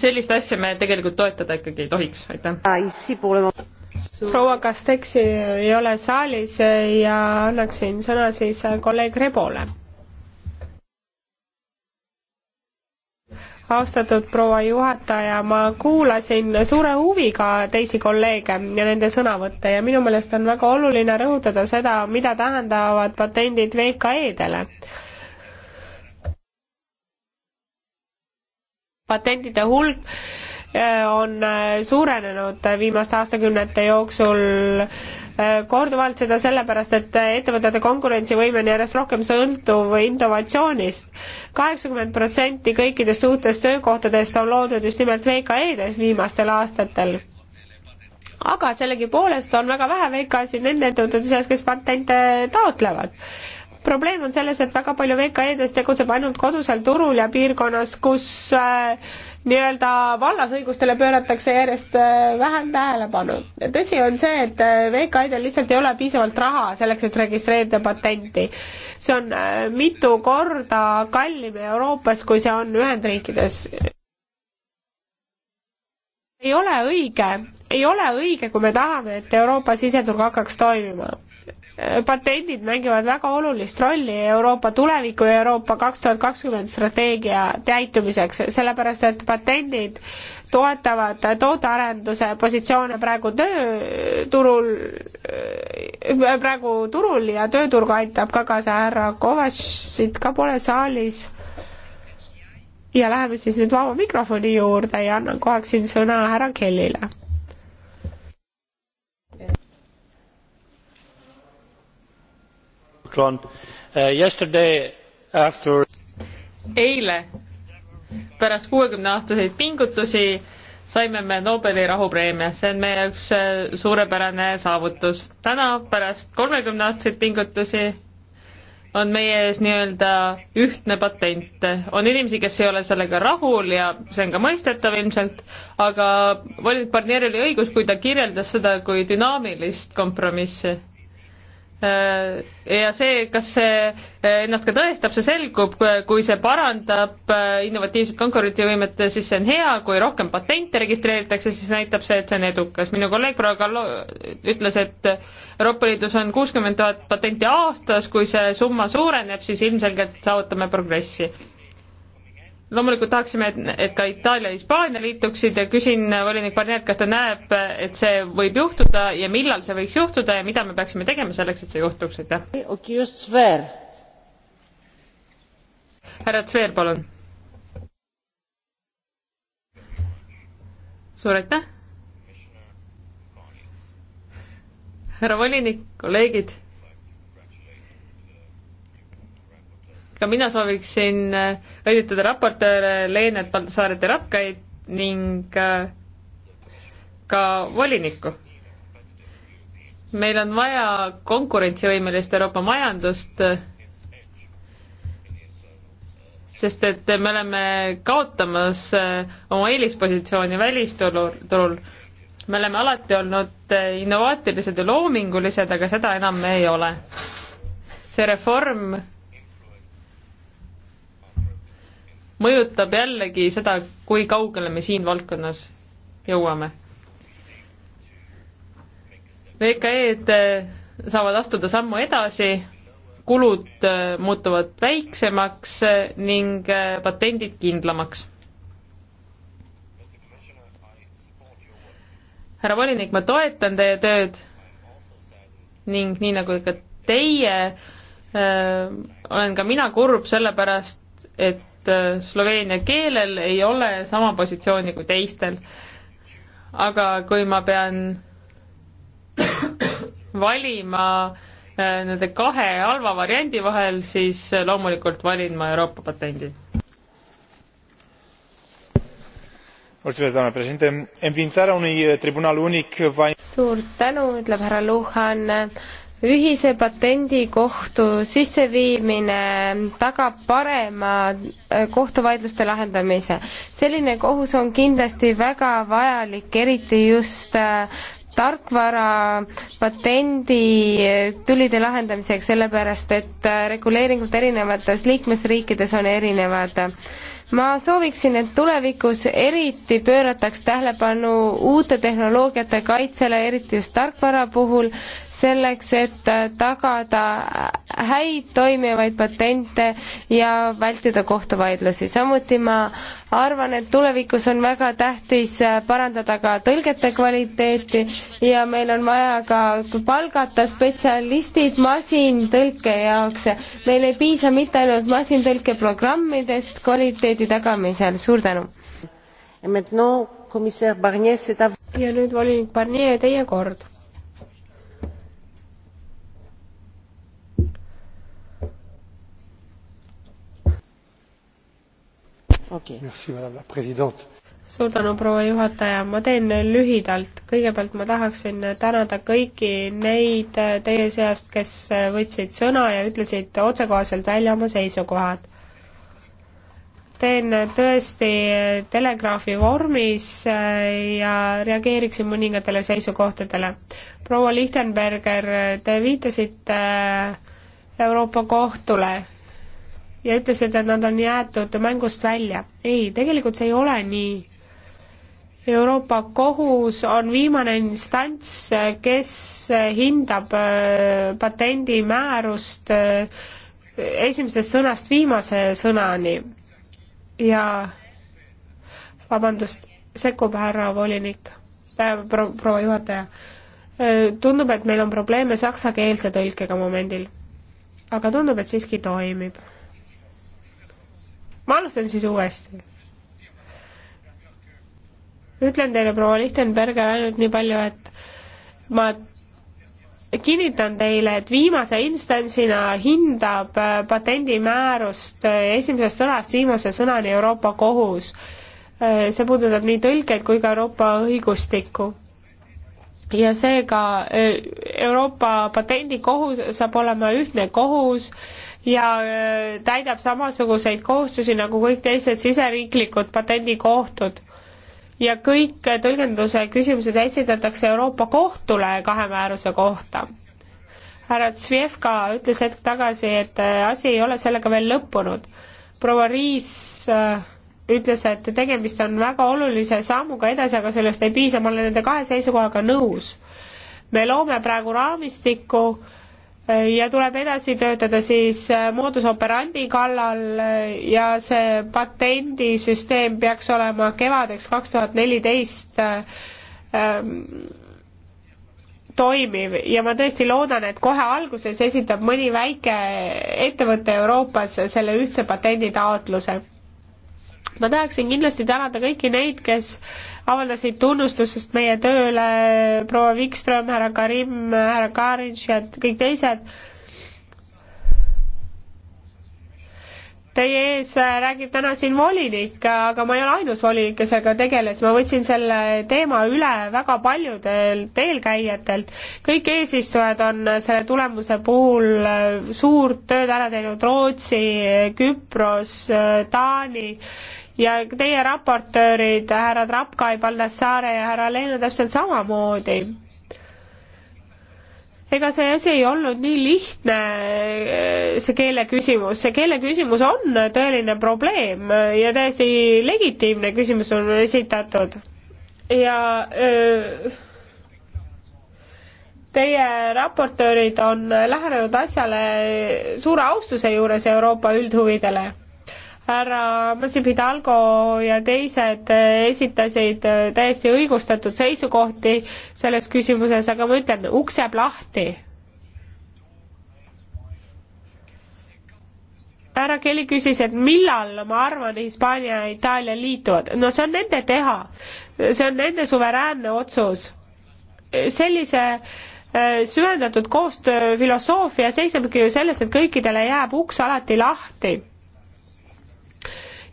sellist asja me tegelikult toetada ikkagi ei tohiks, aitäh. proua Kasteksi ei ole saalis ja annaksin sõna siis kolleeg Rebole austatud proua juhataja, ma kuulasin suure huviga teisi kolleege ja nende sõnavõtte ja minu meelest on väga oluline rõhutada seda, mida tähendavad patendid VKE-dele. patentide hulk äh, on äh, suurenenud viimaste aastakümnete jooksul Äh, korduvalt seda sellepärast, et ettevõtete konkurentsivõime on järjest rohkem sõltuv innovatsioonist. kaheksakümmend protsenti kõikidest uutest töökohtadest on loodud just nimelt VKE-des viimastel aastatel aga sellegipoolest on väga vähe VKE-sid nende ettevõtete seas, kes patente taotlevad probleem on selles, et väga palju VKE-des tegutseb ainult kodusel turul ja piirkonnas, kus äh, nii-öelda vallasõigustele pööratakse järjest äh, vähem tähelepanu. tõsi on see, et äh, VKI-del lihtsalt ei ole piisavalt raha selleks, et registreerida patenti. see on äh, mitu korda kallim Euroopas, kui see on Ühendriikides. ei ole õige, ei ole õige, kui me tahame, et Euroopa siseturg hakkaks toimima patendid mängivad väga olulist rolli Euroopa tuleviku ja Euroopa kaks tuhat kakskümmend strateegia täitumiseks, sellepärast et patendid toetavad tootearenduse positsioone praegu tööturul, praegu turul ja tööturg aitab ka kaasa, härra Kovašit ka pole saalis. ja läheme siis nüüd vaba mikrofoni juurde ja annan kohaks siin sõna härra Kellile Uh, eile pärast kuuekümne aastaseid pingutusi saime me Nobeli rahupreemia, see on meie üks äh, suurepärane saavutus. täna pärast kolmekümne aastaseid pingutusi on meie ees nii-öelda ühtne patent. on inimesi, kes ei ole sellega rahul ja see on ka mõistetav ilmselt, aga volinik Barnier oli õigus, kui ta kirjeldas seda kui dünaamilist kompromissi Äh, ja see, kas see äh, ennast ka tõestab, see selgub, kui see parandab äh, innovatiivset konkurentsivõimet, siis see on hea, kui rohkem patente registreeritakse, siis näitab see, et see on edukas. minu kolleeg proua Kallo ütles, et Euroopa Liidus on kuuskümmend tuhat patenti aastas, kui see summa suureneb, siis ilmselgelt saavutame progressi loomulikult tahaksime, et, et ka Itaalia ja Hispaania liituksid ja küsin volinik Barnier, kas ta näeb, et see võib juhtuda ja millal see võiks juhtuda ja mida me peaksime tegema selleks, et see juhtuks, aitäh. härra Zver, palun. suur aitäh. härra volinik, kolleegid ka mina sooviksin äh, õnnitleda raportööre Leenet Baldasaaret ja Rapkaid ning äh, ka volinikku. meil on vaja konkurentsivõimelist Euroopa majandust, sest et me oleme kaotamas äh, oma eelispositsiooni välisturul. me oleme alati olnud innovaatilised ja loomingulised, aga seda enam me ei ole. see reform mõjutab jällegi seda, kui kaugele me siin valdkonnas jõuame. VKE-d eh, saavad astuda sammu edasi, kulud eh, muutuvad väiksemaks eh, ning patendid kindlamaks. härra volinik, ma toetan teie tööd ning nii nagu ikka teie äh,, olen ka mina kurb selle pärast, et et äh, sloveenia keelel ei ole sama positsiooni kui teistel. aga kui ma pean valima äh, nende kahe halva variandi vahel, siis äh, loomulikult valin ma Euroopa patendi. enfiinarea unui eh, tribunal unic va suur tänu, ütleb härra Luhan ühise patendikohtu sisseviimine tagab parema äh, kohtuvaidluste lahendamise. selline kohus on kindlasti väga vajalik, eriti just äh, tarkvara patendi äh, tülide lahendamiseks, sellepärast et reguleeringud erinevates liikmesriikides on erinevad ma sooviksin, et tulevikus eriti pöörataks tähelepanu uute tehnoloogiate kaitsele, eriti just tarkvara puhul, selleks, et tagada häid toimivaid patente ja vältida kohtuvaidlusi. samuti ma arvan, et tulevikus on väga tähtis parandada ka tõlgete kvaliteeti ja meil on vaja ka palgata spetsialistid masintõlke jaoks. meil ei piisa mitte ainult masintõlkeprogrammidest kvaliteedi tagamisel, suur tänu! ja nüüd volinik Barnier, teie kord okay.. suur tänu, proua juhataja, ma teen lühidalt. kõigepealt ma tahaksin tänada kõiki neid teie seast, kes võtsid sõna ja ütlesid otsekohaselt välja oma seisukohad. teen tõesti telegraafi vormis ja reageeriksin mõningatele seisukohtadele. proua Lichtenberger, te viitasite Euroopa Kohtule ja ütlesid, et nad on jäetud mängust välja. ei, tegelikult see ei ole nii. Euroopa Kohus on viimane instants, kes hindab äh, patendimäärust äh, esimesest sõnast viimase sõnani ja vabandust, sekkub härra volinik äh,, pro-, proua juhataja. Äh, tundub, et meil on probleeme saksakeelse tõlkega momendil. aga tundub, et siiski toimib ma alustan siis uuesti. ütlen teile, proua Lichtenberger, ainult nii palju, et ma kinnitan teile, et viimase instantsina hindab äh, patendimäärust äh, esimesest sõnast viimase sõnani Euroopa Kohus. Äh, see puudutab nii tõlkeid kui ka Euroopa õigustikku. ja seega Euroopa Patendikohus saab olema ühtne kohus, ja äh, täidab samasuguseid kohustusi nagu kõik teised siseriiklikud patendikohtud. ja kõik tõlgenduse küsimused esitatakse Euroopa Kohtule kahe määruse kohta. härra Tsvjevka ütles hetk tagasi, et äh, asi ei ole sellega veel lõppunud. proua Riis äh, ütles, et tegemist on väga olulise sammuga edasi, aga sellest ei piisa, ma olen nende kahe seisukohaga nõus. me loome praegu raamistikku, ja tuleb edasi töötada siis äh, moodus operandi kallal äh, ja see patendisüsteem peaks olema kevadeks kaks tuhat neliteist äh, ähm, toimiv ja ma tõesti loodan, et kohe alguses esitab mõni väike ettevõte Euroopas selle ühtse patenditaotluse. ma tahaksin kindlasti tänada kõiki neid, kes äh, avaldasid tunnustusest meie tööle proua Wikström, härra Karim, härra Karinš ja kõik teised. Teie ees räägib täna siin volinik, aga ma ei ole ainus volinik, kes sellega tegeles, ma võtsin selle teema üle väga paljudelt eelkäijatelt. kõik eesistujad on selle tulemuse puhul suurt tööd ära teinud, Rootsi, Küpros, Taani ja teie raportöörid, härra Trapkai, Pallassaare ja härra Leino täpselt samamoodi. ega see asi ei olnud nii lihtne, see keele küsimus, see keele küsimus on tõeline probleem ja täiesti legitiimne küsimus on esitatud. ja öö, teie raportöörid on lähenenud asjale suure austuse juures Euroopa üldhuvidele härra Masin Fidalgo ja teised äh, esitasid äh, täiesti õigustatud seisukohti selles küsimuses, aga ma ütlen, uks jääb lahti. härra Kelly küsis, et millal, ma arvan, Hispaania ja Itaalia liituvad. no see on nende teha, see on nende suveräänne otsus. sellise äh, süvendatud koostöö filosoofia seisnebki ju selles, et kõikidele jääb uks alati lahti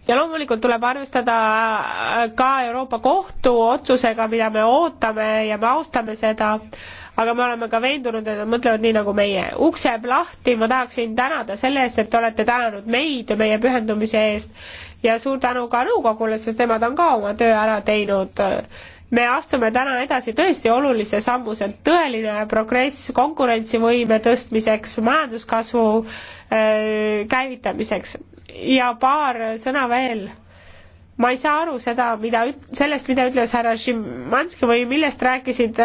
ja loomulikult tuleb arvestada äh, ka Euroopa Kohtu otsusega, mida me ootame ja me austame seda, aga me oleme ka veendunud, et nad mõtlevad nii nagu meie. uks jääb lahti, ma tahaksin tänada selle eest, et te olete tänanud meid meie pühendumise eest ja suur tänu ka nõukogule, sest nemad on ka oma töö ära teinud. me astume täna edasi tõesti olulise sammu, see on tõeline progress konkurentsivõime tõstmiseks, majanduskasvu äh, käivitamiseks ja paar sõna veel. ma ei saa aru seda, mida, sellest, mida ütles härra Šimanski või millest rääkisid,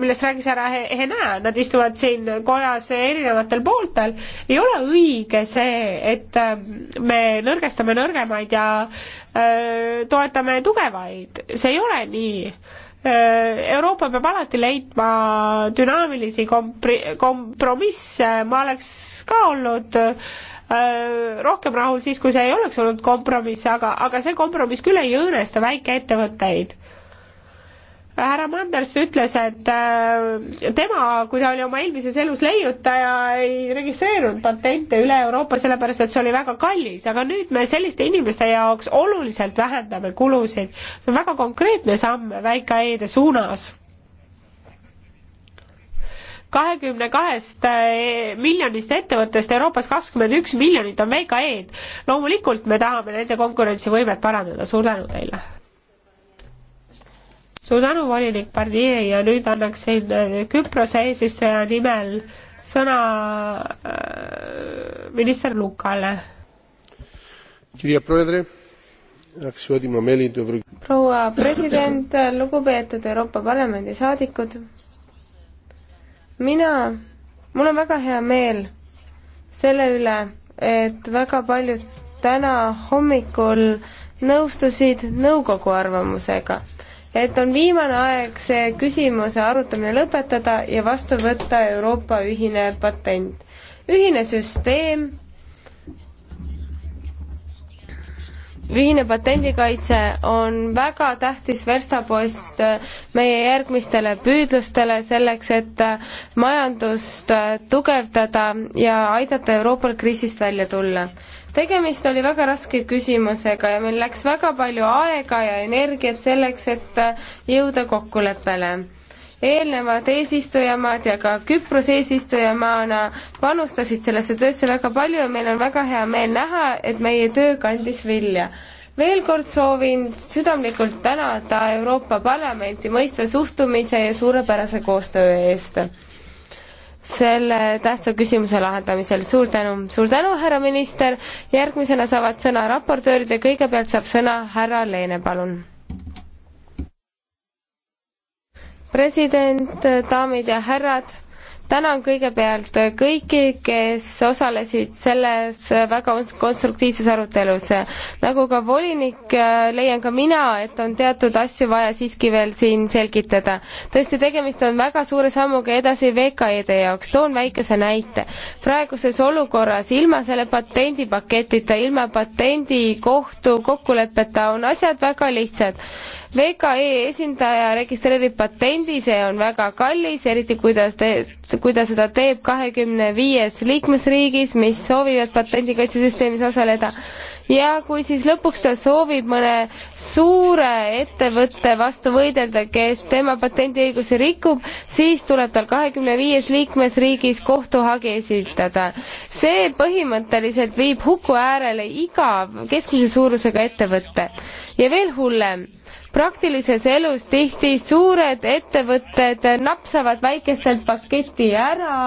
millest rääkis härra Hena, nad istuvad siin kojas erinevatel pooltel. ei ole õige see, et äh, me nõrgestame nõrgemaid ja äh, toetame tugevaid, see ei ole nii äh, Euroopa peab alati leidma dünaamilisi kompri-, kompromisse, ma oleks ka olnud äh, Äh, rohkem rahul siis, kui see ei oleks olnud kompromiss, aga, aga see kompromiss küll ei õõnesta väikeettevõtteid härra Manders ütles, et äh, tema, kui ta oli oma eelmises elus leiutaja, ei registreerinud patente üle Euroopa, sellepärast et see oli väga kallis, aga nüüd me selliste inimeste jaoks oluliselt vähendame kulusid. see on väga konkreetne samm väike-eede suunas kahekümne kahest eh, miljonist ettevõttest Euroopas kakskümmend üks miljonit on VKE-d. loomulikult me tahame nende konkurentsivõimet parandada, suur tänu teile! suur tänu, volinik Barnier ja nüüd annaksin eh, Küprose eesistuja nimel sõna eh, minister Lukale. proua president, lugupeetud Euroopa Parlamendi saadikud mina, mul on väga hea meel selle üle, et väga paljud täna hommikul nõustusid nõukogu arvamusega, et on viimane aeg see küsimuse arutamine lõpetada ja vastu võtta Euroopa ühine patent. ühine süsteem ühine patendikaitse on väga tähtis verstapost äh, meie järgmistele püüdlustele selleks, et äh, majandust äh, tugevdada ja aidata Euroopal kriisist välja tulla. tegemist oli väga raske küsimusega ja meil läks väga palju aega ja energiat selleks, et jõuda kokkuleppele eelnevad eesistujamaad ja ka Küpros eesistujamaana panustasid sellesse töösse väga palju ja meil on väga hea meel näha, et meie töö kandis vilja. veel kord soovin südamlikult tänada Euroopa Parlamenti mõistva suhtumise ja suurepärase koostöö eest selle tähtsa küsimuse lahendamisel, suur tänu. suur tänu, härra minister, järgmisena saavad sõna raportöörid ja kõigepealt saab sõna härra Leene, palun president, daamid ja härrad, tänan kõigepealt kõiki, kes osalesid selles väga konstruktiivses arutelus. nagu ka volinik, leian ka mina, et on teatud asju vaja siiski veel siin selgitada. tõesti, tegemist on väga suure sammuga edasi VKE-de jaoks, toon väikese näite. praeguses olukorras ilma selle patendipaketita, ilma patendikohtu kokkuleppeta on asjad väga lihtsad VKE esindaja registreerib patendi, see on väga kallis, eriti kui ta teeb, kui ta seda teeb kahekümne viies liikmesriigis, mis soovivad patendikaitsesüsteemis osaleda. ja kui siis lõpuks ta soovib mõne suure ettevõtte vastu võidelda, kes tema patendiõigusi rikub, siis tuleb tal kahekümne viies liikmesriigis kohtuhagi esitada. see põhimõtteliselt viib huku äärele iga keskmise suurusega ettevõte. ja veel hullem praktilises elus tihti suured ettevõtted napsavad väikestelt paketi ära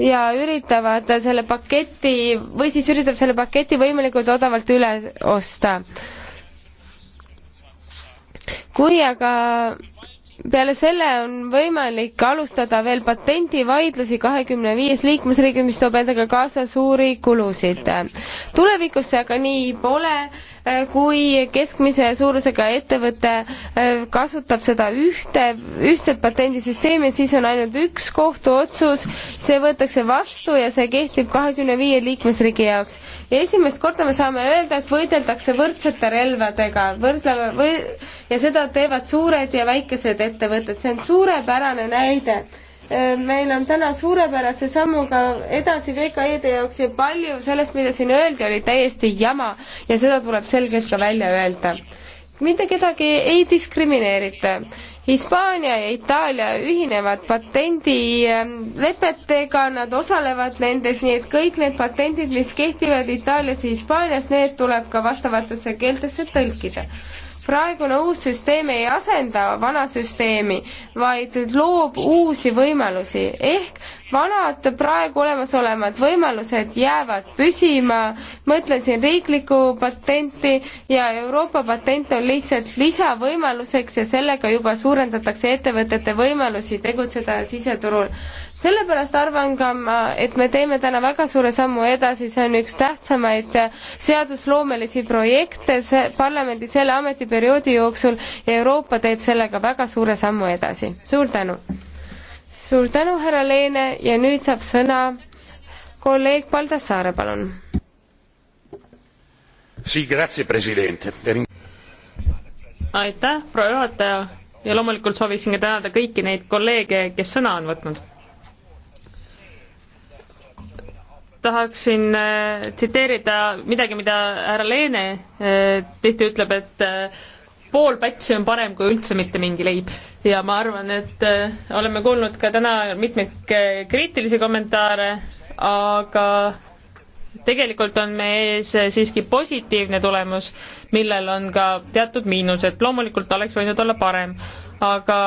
ja üritavad selle paketi või siis üritavad selle paketi võimalikult odavalt üle osta. kui aga peale selle on võimalik alustada veel patendivaidlusi kahekümne viies liikmesriigis, mis toob endaga kaasa suuri kulusid. tulevikus see aga nii pole kui keskmise suurusega ettevõte äh, kasutab seda ühte, ühtset patendisüsteemi, et siis on ainult üks kohtuotsus, see võetakse vastu ja see kehtib kahekümne viie liikmesriigi jaoks. ja esimest korda me saame öelda, et võideldakse võrdsete relvadega, võrdleme või ja seda teevad suured ja väikesed ettevõtted, see on suurepärane näide Äh, meil on täna suurepärase sammuga edasi VKE-de jaoks ja palju sellest, mida siin öeldi, oli täiesti jama ja seda tuleb selgelt ka välja öelda. mitte kedagi ei diskrimineerita. Hispaania ja Itaalia ühinevad patendilepetega, nad osalevad nendes, nii et kõik need patendid, mis kehtivad Itaalias ja Hispaanias, need tuleb ka vastavatesse keeltesse tõlkida praegune uus süsteem ei asenda vana süsteemi, vaid loob uusi võimalusi, ehk vanad praegu olemasolevad võimalused jäävad püsima, mõtlen siin riiklikku patenti ja Euroopa patent on lihtsalt lisavõimaluseks ja sellega juba suurendatakse ettevõtete võimalusi tegutseda siseturul sellepärast arvan ka ma, et me teeme täna väga suure sammu edasi, see on üks tähtsamaid seadusloomelisi projekte see, parlamendi selle ametiperioodi jooksul ja Euroopa teeb sellega väga suure sammu edasi. suur tänu! suur tänu, härra Leene ja nüüd saab sõna kolleeg Baldassare, palun! aitäh, proua juhataja ja loomulikult sooviksin ka tänada kõiki neid kolleege, kes sõna on võtnud tahaksin äh, tsiteerida midagi, mida härra Leene äh, tihti ütleb, et äh, pool pätsi on parem kui üldse mitte mingi leib ja ma arvan, et oleme kuulnud ka täna mitmeid kriitilisi kommentaare, aga tegelikult on meie ees siiski positiivne tulemus, millel on ka teatud miinused, loomulikult oleks võinud olla parem, aga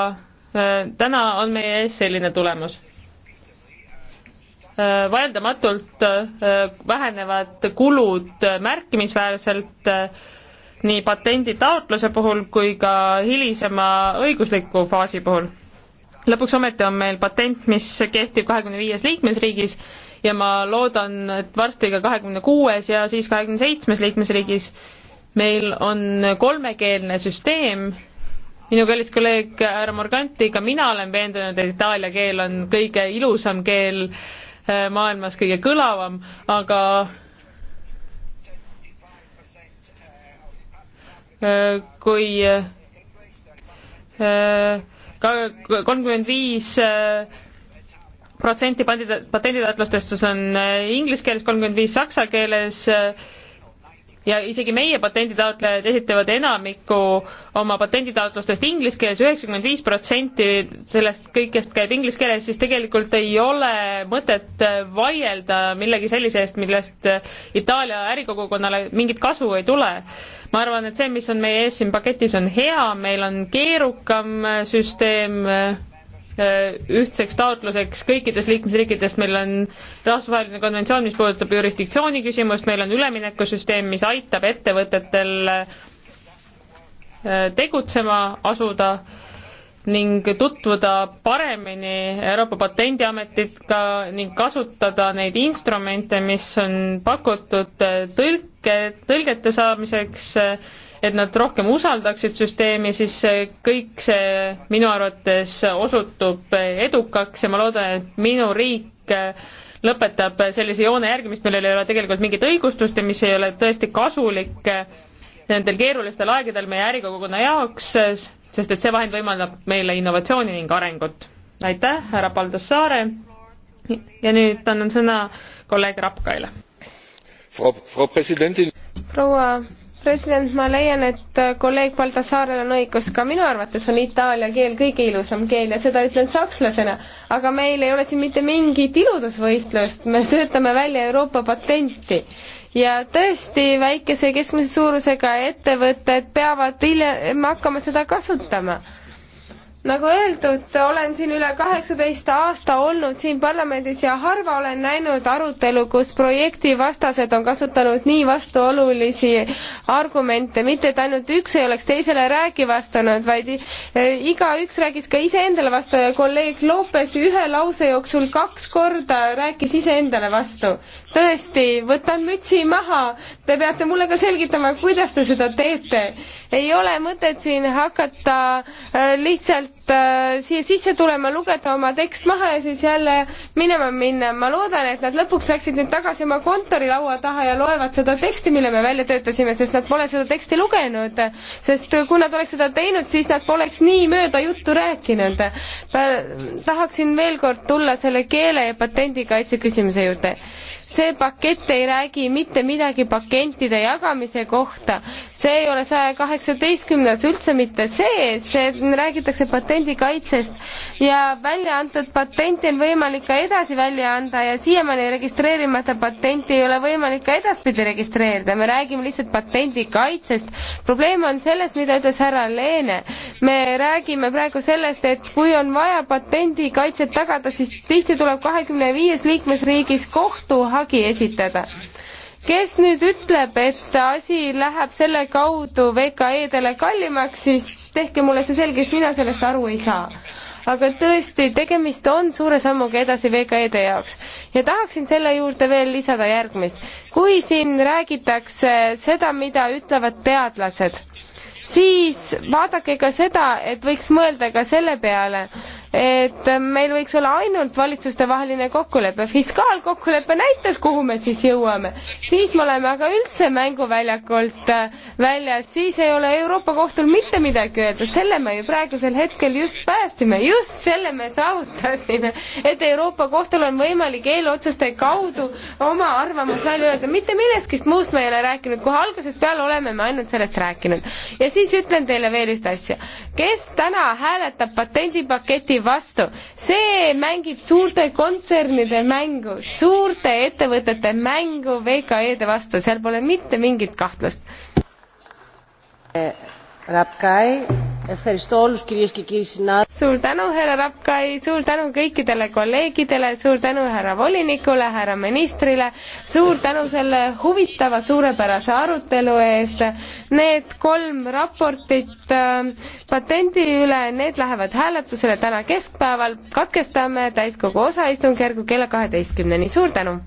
täna on meie ees selline tulemus Äh, vaieldamatult äh, vähenevad kulud märkimisväärselt äh, nii patenditaotluse puhul kui ka hilisema õigusliku faasi puhul. lõpuks ometi on meil patent, mis kehtib kahekümne viies liikmesriigis ja ma loodan, et varsti ka kahekümne kuues ja siis kahekümne seitsmes liikmesriigis meil on kolmekeelne süsteem, minu kallis kolleeg härra Morganti, ka mina olen veendunud, et itaalia keel on kõige ilusam keel äh, Eh, maailmas kõige kõlavam, aga eh, kui eh, kolmkümmend viis protsenti patenditaotlustest, see on inglise keeles, kolmkümmend viis saksa keeles ja isegi meie patenditaotlejad esitavad enamiku oma patenditaotlustest inglise keeles, üheksakümmend viis protsenti sellest kõikest käib inglise keeles, siis tegelikult ei ole mõtet vaielda millegi sellise eest, millest Itaalia ärikogukonnale mingit kasu ei tule. ma arvan, et see, mis on meie ees siin paketis, on hea, meil on keerukam süsteem, Äh, ühtseks taotluseks kõikides liikmesriikides, meil on rahvusvaheline konventsioon, mis puudutab jurisdiktsiooni küsimust, meil on üleminekusüsteem, mis aitab ettevõtetel äh, tegutsema asuda ning tutvuda paremini Euroopa Patendiametiga ning kasutada neid instrumente, mis on pakutud äh, tõlke, tõlgete saamiseks, et nad rohkem usaldaksid süsteemi, siis kõik see minu arvates osutub edukaks ja ma loodan, et minu riik lõpetab sellise joone järgimist, millel ei ole tegelikult mingit õigustust ja mis ei ole tõesti kasulik nendel keerulistel aegadel meie ärikogukonna jaoks, sest et see vahend võimaldab meile innovatsiooni ning arengut. aitäh, härra Paldas Saare ja nüüd annan sõna kolleeg Rapkaile. proua president, ma leian, et äh, kolleeg Baltasaarel on õigus, ka minu arvates on itaalia keel kõige ilusam keel ja seda ütlen sakslasena. aga meil ei ole siin mitte mingit iludusvõistlust, me töötame välja Euroopa patenti. ja tõesti, väikese ja keskmise suurusega ettevõtted peavad hiljem hakkama seda kasutama nagu öeldud, olen siin üle kaheksateist aasta olnud siin parlamendis ja harva olen näinud arutelu, kus projektivastased on kasutanud nii vastuolulisi argumente, mitte et ainult üks ei oleks teisele räägi vastanud, vaid eh, igaüks rääkis ka iseendale vastu ja kolleeg Lopes ühe lause jooksul kaks korda rääkis iseendale vastu. tõesti, võtan mütsi maha, te peate mulle ka selgitama, kuidas te seda teete. ei ole mõtet siin hakata eh, lihtsalt Äh, siia sisse tulema, lugeda oma tekst maha ja siis jälle minema minna. ma loodan, et nad lõpuks läksid nüüd tagasi oma kontorilaua taha ja loevad seda teksti, mille me välja töötasime, sest nad pole seda teksti lugenud. sest kui nad oleks seda teinud, siis nad poleks nii mööda juttu rääkinud. ma tahaksin veel kord tulla selle keele ja patendikaitse küsimuse juurde see pakett ei räägi mitte midagi pakentide jagamise kohta, see ei ole saja kaheksateistkümnes üldse mitte sees, see räägitakse patendikaitsest ja välja antud patenti on võimalik ka edasi välja anda ja siiamaani registreerimata patenti ei ole võimalik ka edaspidi registreerida, me räägime lihtsalt patendikaitsest. probleem on selles, mida ütles härra Leene, me räägime praegu sellest, et kui on vaja patendikaitset tagada, siis tihti tuleb kahekümne viies liikmesriigis kohtu hagi esitada kes nüüd ütleb, et asi läheb selle kaudu VKE-dele kallimaks, siis tehke mulle see selgeks, mina sellest aru ei saa. aga tõesti, tegemist on suure sammuga edasi VKE-de jaoks. ja tahaksin selle juurde veel lisada järgmist. kui siin räägitakse seda, mida ütlevad teadlased, siis vaadake ka seda, et võiks mõelda ka selle peale, et meil võiks olla ainult valitsustevaheline kokkulepe. fiskaalkokkulepe näitas, kuhu me siis jõuame. siis me oleme aga üldse mänguväljakult äh, väljas, siis ei ole Euroopa Kohtul mitte midagi öelda, selle me ju praegusel hetkel just päästsime, just selle me saavutasime, et Euroopa Kohtul on võimalik eelotsuste kaudu oma arvamus välja öelda, mitte millestki muust me ei ole rääkinud, kohe algusest peale oleme me ainult sellest rääkinud. ja siis ütlen teile veel ühte asja. kes täna hääletab patendipaketi riigi vastu. see mängib suurte kontsernide mängu, suurte ettevõtete mängu VKE-de vastu, seal pole mitte mingit kahtlust. Eh, suur tänu, härra Rapkai, suur tänu kõikidele kolleegidele, suur tänu härra volinikule, härra ministrile, suur tänu selle huvitava suurepärase arutelu eest. Need kolm raportit äh, patendi üle, need lähevad hääletusele täna keskpäeval, katkestame täiskogu osaistungjärgu kella kaheteistkümneni, suur tänu!